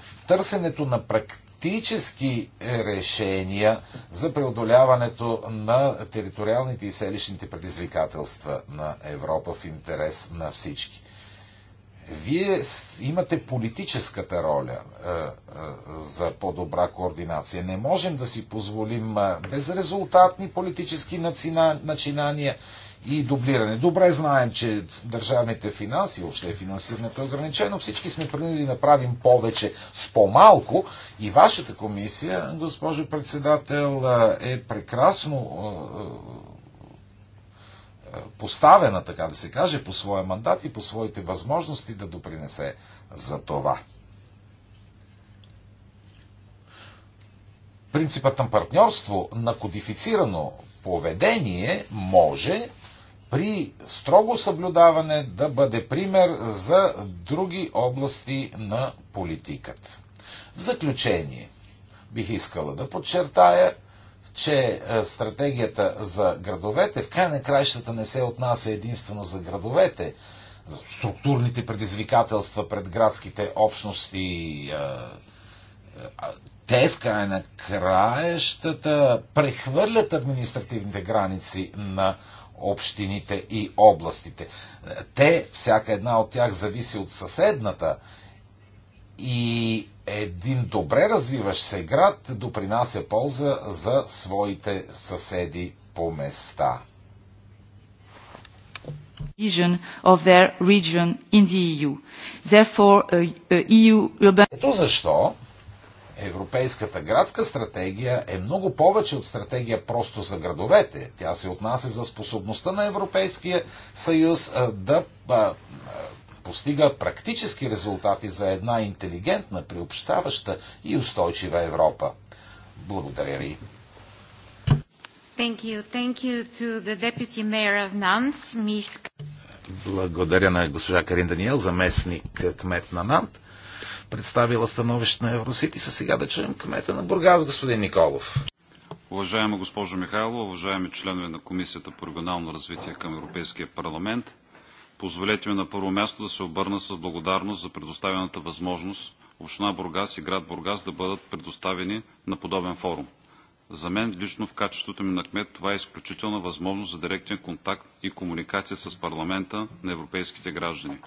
в търсенето на практически е, решения за преодоляването на териториалните и селищните предизвикателства на Европа в интерес на всички. Вие имате политическата роля е, е, за по-добра координация. Не можем да си позволим е, безрезултатни политически начинания и дублиране. Добре знаем, че държавните финанси, въобще финансирането е ограничено. Всички сме принудени да правим повече с по-малко. И вашата комисия, госпожо председател, е прекрасно поставена, така да се каже, по своя мандат и по своите възможности да допринесе за това. Принципът на партньорство на кодифицирано поведение може при строго съблюдаване да бъде пример за други области на политиката. В заключение, бих искала да подчертая, че е, стратегията за градовете в край на краищата не се отнася единствено за градовете. Структурните предизвикателства пред градските общности, е, е, те в край на краищата прехвърлят административните граници на общините и областите. Те, всяка една от тях зависи от съседната и един добре развиващ се град допринася полза за своите съседи по места. E uh, uh, e Ето защо Европейската градска стратегия е много повече от стратегия просто за градовете. Тя се отнася за способността на Европейския съюз да постига практически резултати за една интелигентна, приобщаваща и устойчива Европа. Благодаря ви. Thank you. Thank you to the deputy mayor of Nantes, Благодаря на госпожа Карин Даниел, заместник кмет на Нант, представила становище на Евросити. Са сега да чуем кмета на Бургас, господин Николов. Уважаема госпожо Михайлова, уважаеми членове на Комисията по регионално развитие към Европейския парламент, Позволете ми на първо място да се обърна с благодарност за предоставената възможност Община Бургас и град Бургас да бъдат предоставени на подобен форум. За мен лично в качеството ми на кмет това е изключителна възможност за директен контакт и комуникация с парламента на европейските граждани.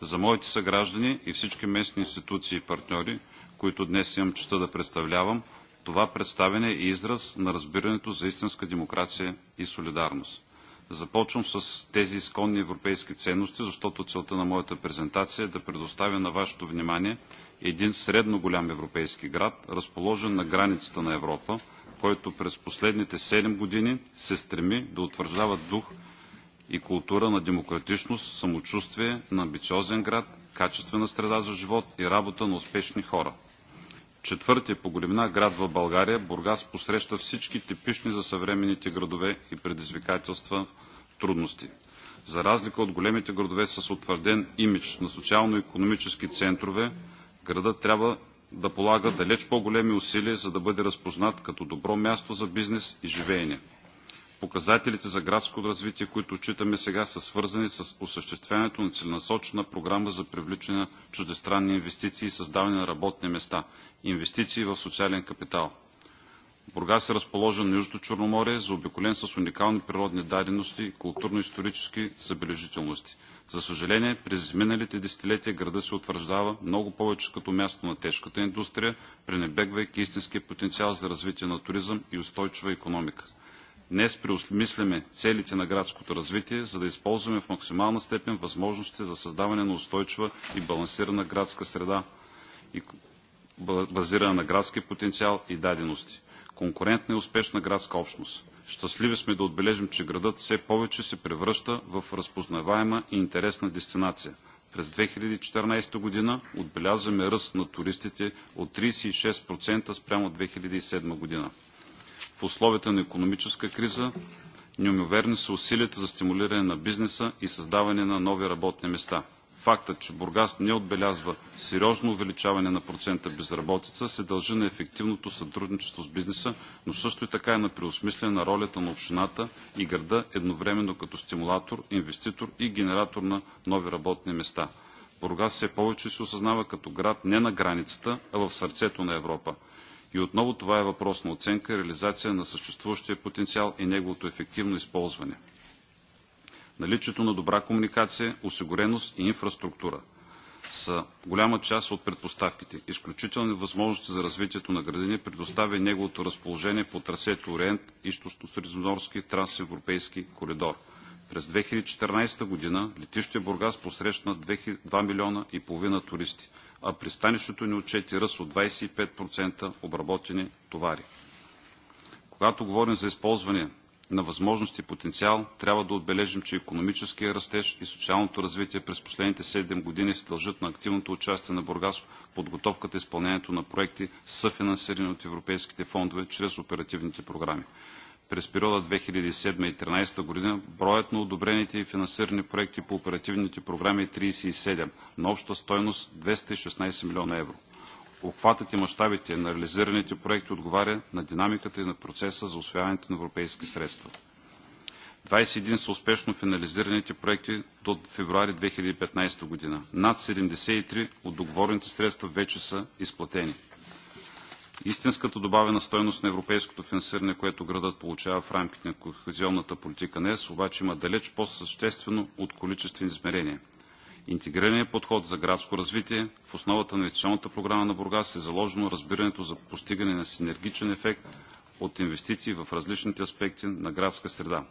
За моите съграждани и всички местни институции и партньори, които днес имам чета да представлявам, това представяне е израз на разбирането за истинска демокрация и солидарност. Започвам с тези изконни европейски ценности, защото целта на моята презентация е да предоставя на вашето внимание един средно голям европейски град, разположен на границата на Европа, който през последните 7 години се стреми да утвърждава дух и култура на демократичност, самочувствие, на амбициозен град, качествена среда за живот и работа на успешни хора четвъртия по големина град в България, Бургас посреща всички типични за съвременните градове и предизвикателства трудности. За разлика от големите градове с утвърден имидж на социално-економически центрове, градът трябва да полага далеч по-големи усилия, за да бъде разпознат като добро място за бизнес и живеене. Показателите за градско развитие, които отчитаме сега, са свързани с осъществяването на целенасочена програма за привличане на чуждестранни инвестиции и създаване на работни места, инвестиции в социален капитал. Бургас е разположен на Южното Черноморие, заобиколен с уникални природни дадености и културно-исторически забележителности. За съжаление, през изминалите десетилетия града се утвърждава много повече като място на тежката индустрия, пренебегвайки истинския потенциал за развитие на туризъм и устойчива економика. Днес преосмисляме целите на градското развитие, за да използваме в максимална степен възможностите за създаване на устойчива и балансирана градска среда, базирана на градски потенциал и дадености. Конкурентна и успешна градска общност. Щастливи сме да отбележим, че градът все повече се превръща в разпознаваема и интересна дестинация. През 2014 година отбелязваме ръст на туристите от 36% спрямо 2007 година в условията на економическа криза неумоверни са усилията за стимулиране на бизнеса и създаване на нови работни места. Фактът, че Бургас не отбелязва сериозно увеличаване на процента безработица, се дължи на ефективното сътрудничество с бизнеса, но също и така и е на преосмислене на ролята на общината и града едновременно като стимулатор, инвеститор и генератор на нови работни места. Бургас все повече се осъзнава като град не на границата, а в сърцето на Европа. И отново това е въпрос на оценка, реализация на съществуващия потенциал и неговото ефективно използване. Наличието на добра комуникация, осигуреност и инфраструктура са голяма част от предпоставките. Изключителни възможности за развитието на градини предоставя неговото разположение по трасето Ориент, източно-средиземноморски трансевропейски коридор – през 2014 година летище Бургас посрещна 2 милиона и половина туристи, а пристанището ни отчети ръст от 25% обработени товари. Когато говорим за използване на възможности и потенциал, трябва да отбележим, че економическия растеж и социалното развитие през последните 7 години се дължат на активното участие на Бургас в подготовката и изпълнението на проекти, съфинансирани от европейските фондове чрез оперативните програми през периода 2007-2013 година броят на одобрените и финансирани проекти по оперативните програми е 37, на обща стойност 216 милиона евро. Обхватът и мащабите на реализираните проекти отговаря на динамиката и на процеса за освояването на европейски средства. 21 са успешно финализираните проекти до февруари 2015 година. Над 73 от договорните средства вече са изплатени. Истинската добавена стойност на европейското финансиране, което градът получава в рамките на кохезионната политика днес, обаче има далеч по-съществено от количествени измерения. Интегрираният подход за градско развитие в основата на инвестиционната програма на Бургас е заложено разбирането за постигане на синергичен ефект от инвестиции в различните аспекти на градска среда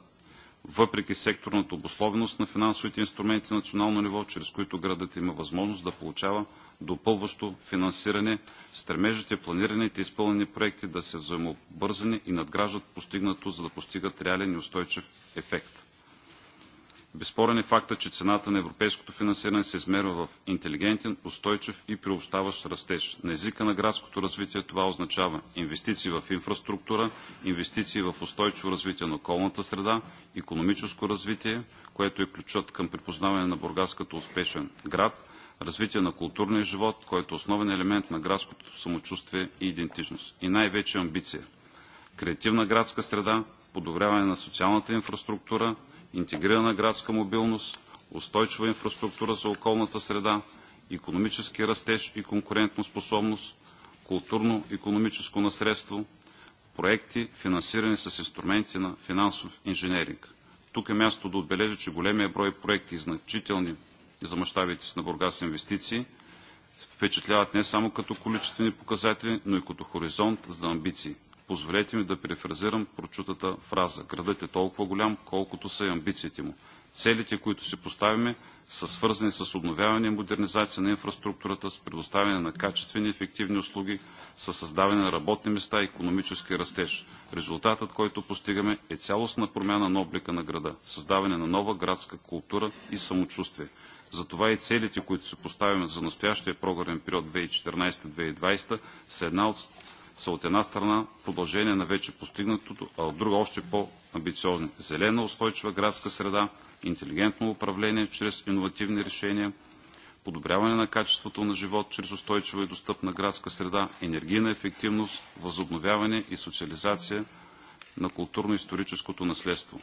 въпреки секторната обусловеност на финансовите инструменти на национално ниво, чрез които градът има възможност да получава допълващо финансиране, стремежите, планираните и изпълнени проекти да са взаимобързани и надграждат постигнато, за да постигат реален и устойчив ефект. Безспорен е факта, че цената на европейското финансиране се измерва в интелигентен, устойчив и приобщаващ растеж. На езика на градското развитие това означава инвестиции в инфраструктура, инвестиции в устойчиво развитие на околната среда, економическо развитие, което е ключът към припознаване на Бургас като успешен град, развитие на културния живот, който е основен елемент на градското самочувствие и идентичност. И най-вече амбиция. Креативна градска среда, подобряване на социалната инфраструктура, интегрирана градска мобилност, устойчива инфраструктура за околната среда, економически растеж и способност, културно-економическо насредство, проекти, финансирани с инструменти на финансов инженеринг. Тук е място да отбележа, че големия брой проекти, значителни за мащабите на Бургас инвестиции, впечатляват не само като количествени показатели, но и като хоризонт за амбиции – Позволете ми да префразирам прочутата фраза. Градът е толкова голям, колкото са и амбициите му. Целите, които си поставяме, са свързани с обновяване и модернизация на инфраструктурата, с предоставяне на качествени и ефективни услуги, с създаване на работни места и економически растеж. Резултатът, който постигаме, е цялостна промяна на облика на града, създаване на нова градска култура и самочувствие. Затова и целите, които си поставяме за настоящия програмен период 2014-2020, са една от са от една страна продължение на вече постигнатото, а от друга още по-амбициозни. Зелена устойчива градска среда, интелигентно управление чрез иновативни решения, подобряване на качеството на живот чрез устойчива и достъпна градска среда, енергийна ефективност, възобновяване и социализация на културно-историческото наследство.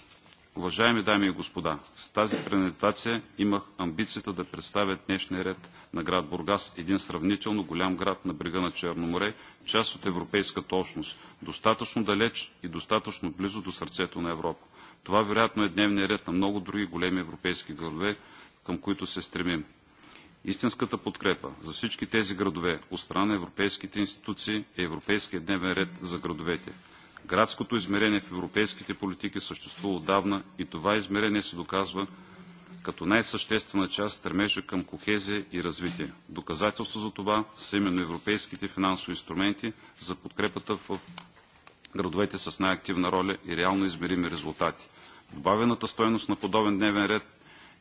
Уважаеми дами и господа, с тази презентация имах амбицията да представя днешния ред на град Бургас, един сравнително голям град на брега на Черно море, част от Европейската общност, достатъчно далеч и достатъчно близо до сърцето на Европа. Това вероятно е дневният ред на много други големи европейски градове, към които се стремим. Истинската подкрепа за всички тези градове от страна на европейските институции е Европейския дневен ред за градовете – Градското измерение в европейските политики съществува отдавна и това измерение се доказва като най-съществена част стремежа към кохезия и развитие. Доказателство за това са именно европейските финансови инструменти за подкрепата в градовете с най-активна роля и реално измерими резултати. Добавената стоеност на подобен дневен ред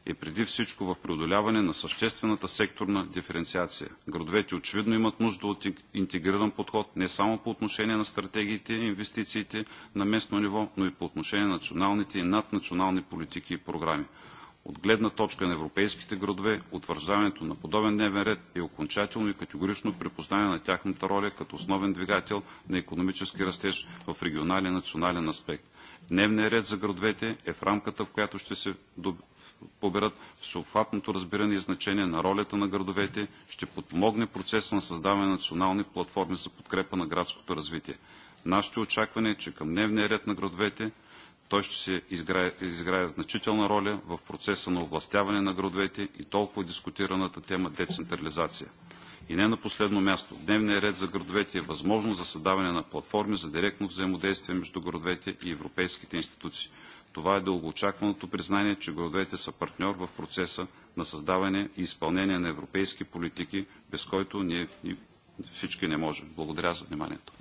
е преди всичко в преодоляване на съществената секторна диференциация. Градовете очевидно имат нужда от интегриран подход не само по отношение на стратегиите и инвестициите на местно ниво, но и по отношение на националните и наднационални политики и програми. От гледна точка на европейските градове, утвърждаването на подобен дневен ред е окончателно и категорично припознаване на тяхната роля като основен двигател на економически растеж в регионален и национален аспект. Дневният ред за градовете е в рамката, в която ще се поберат всеобхватното разбиране и значение на ролята на градовете, ще подпомогне процеса на създаване на национални платформи за подкрепа на градското развитие. Нашите очакване е, че към дневния ред на градовете той ще се изграе, изграе значителна роля в процеса на овластяване на градовете и толкова дискутираната тема децентрализация. И не на последно място, дневният ред за градовете е възможно за създаване на платформи за директно взаимодействие между градовете и европейските институции. Това е дългоочакваното признание, че градовете са партньор в процеса на създаване и изпълнение на европейски политики, без който ние всички не можем. Благодаря за вниманието.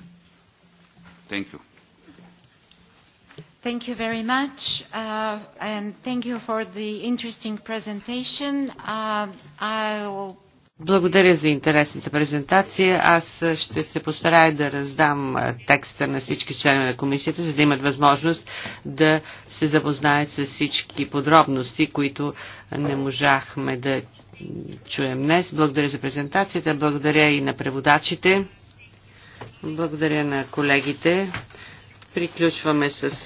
Thank you. Thank you very much, uh, and thank you for the interesting presentation. Uh, I'll благодаря за интересната презентация. Аз ще се постарая да раздам текста на всички членове на комисията, за да имат възможност да се запознаят с всички подробности, които не можахме да чуем днес. Благодаря за презентацията, благодаря и на преводачите, благодаря на колегите. Приключваме с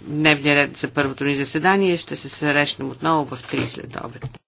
дневния ред за първото ни заседание. Ще се срещнем отново в 3 след обед.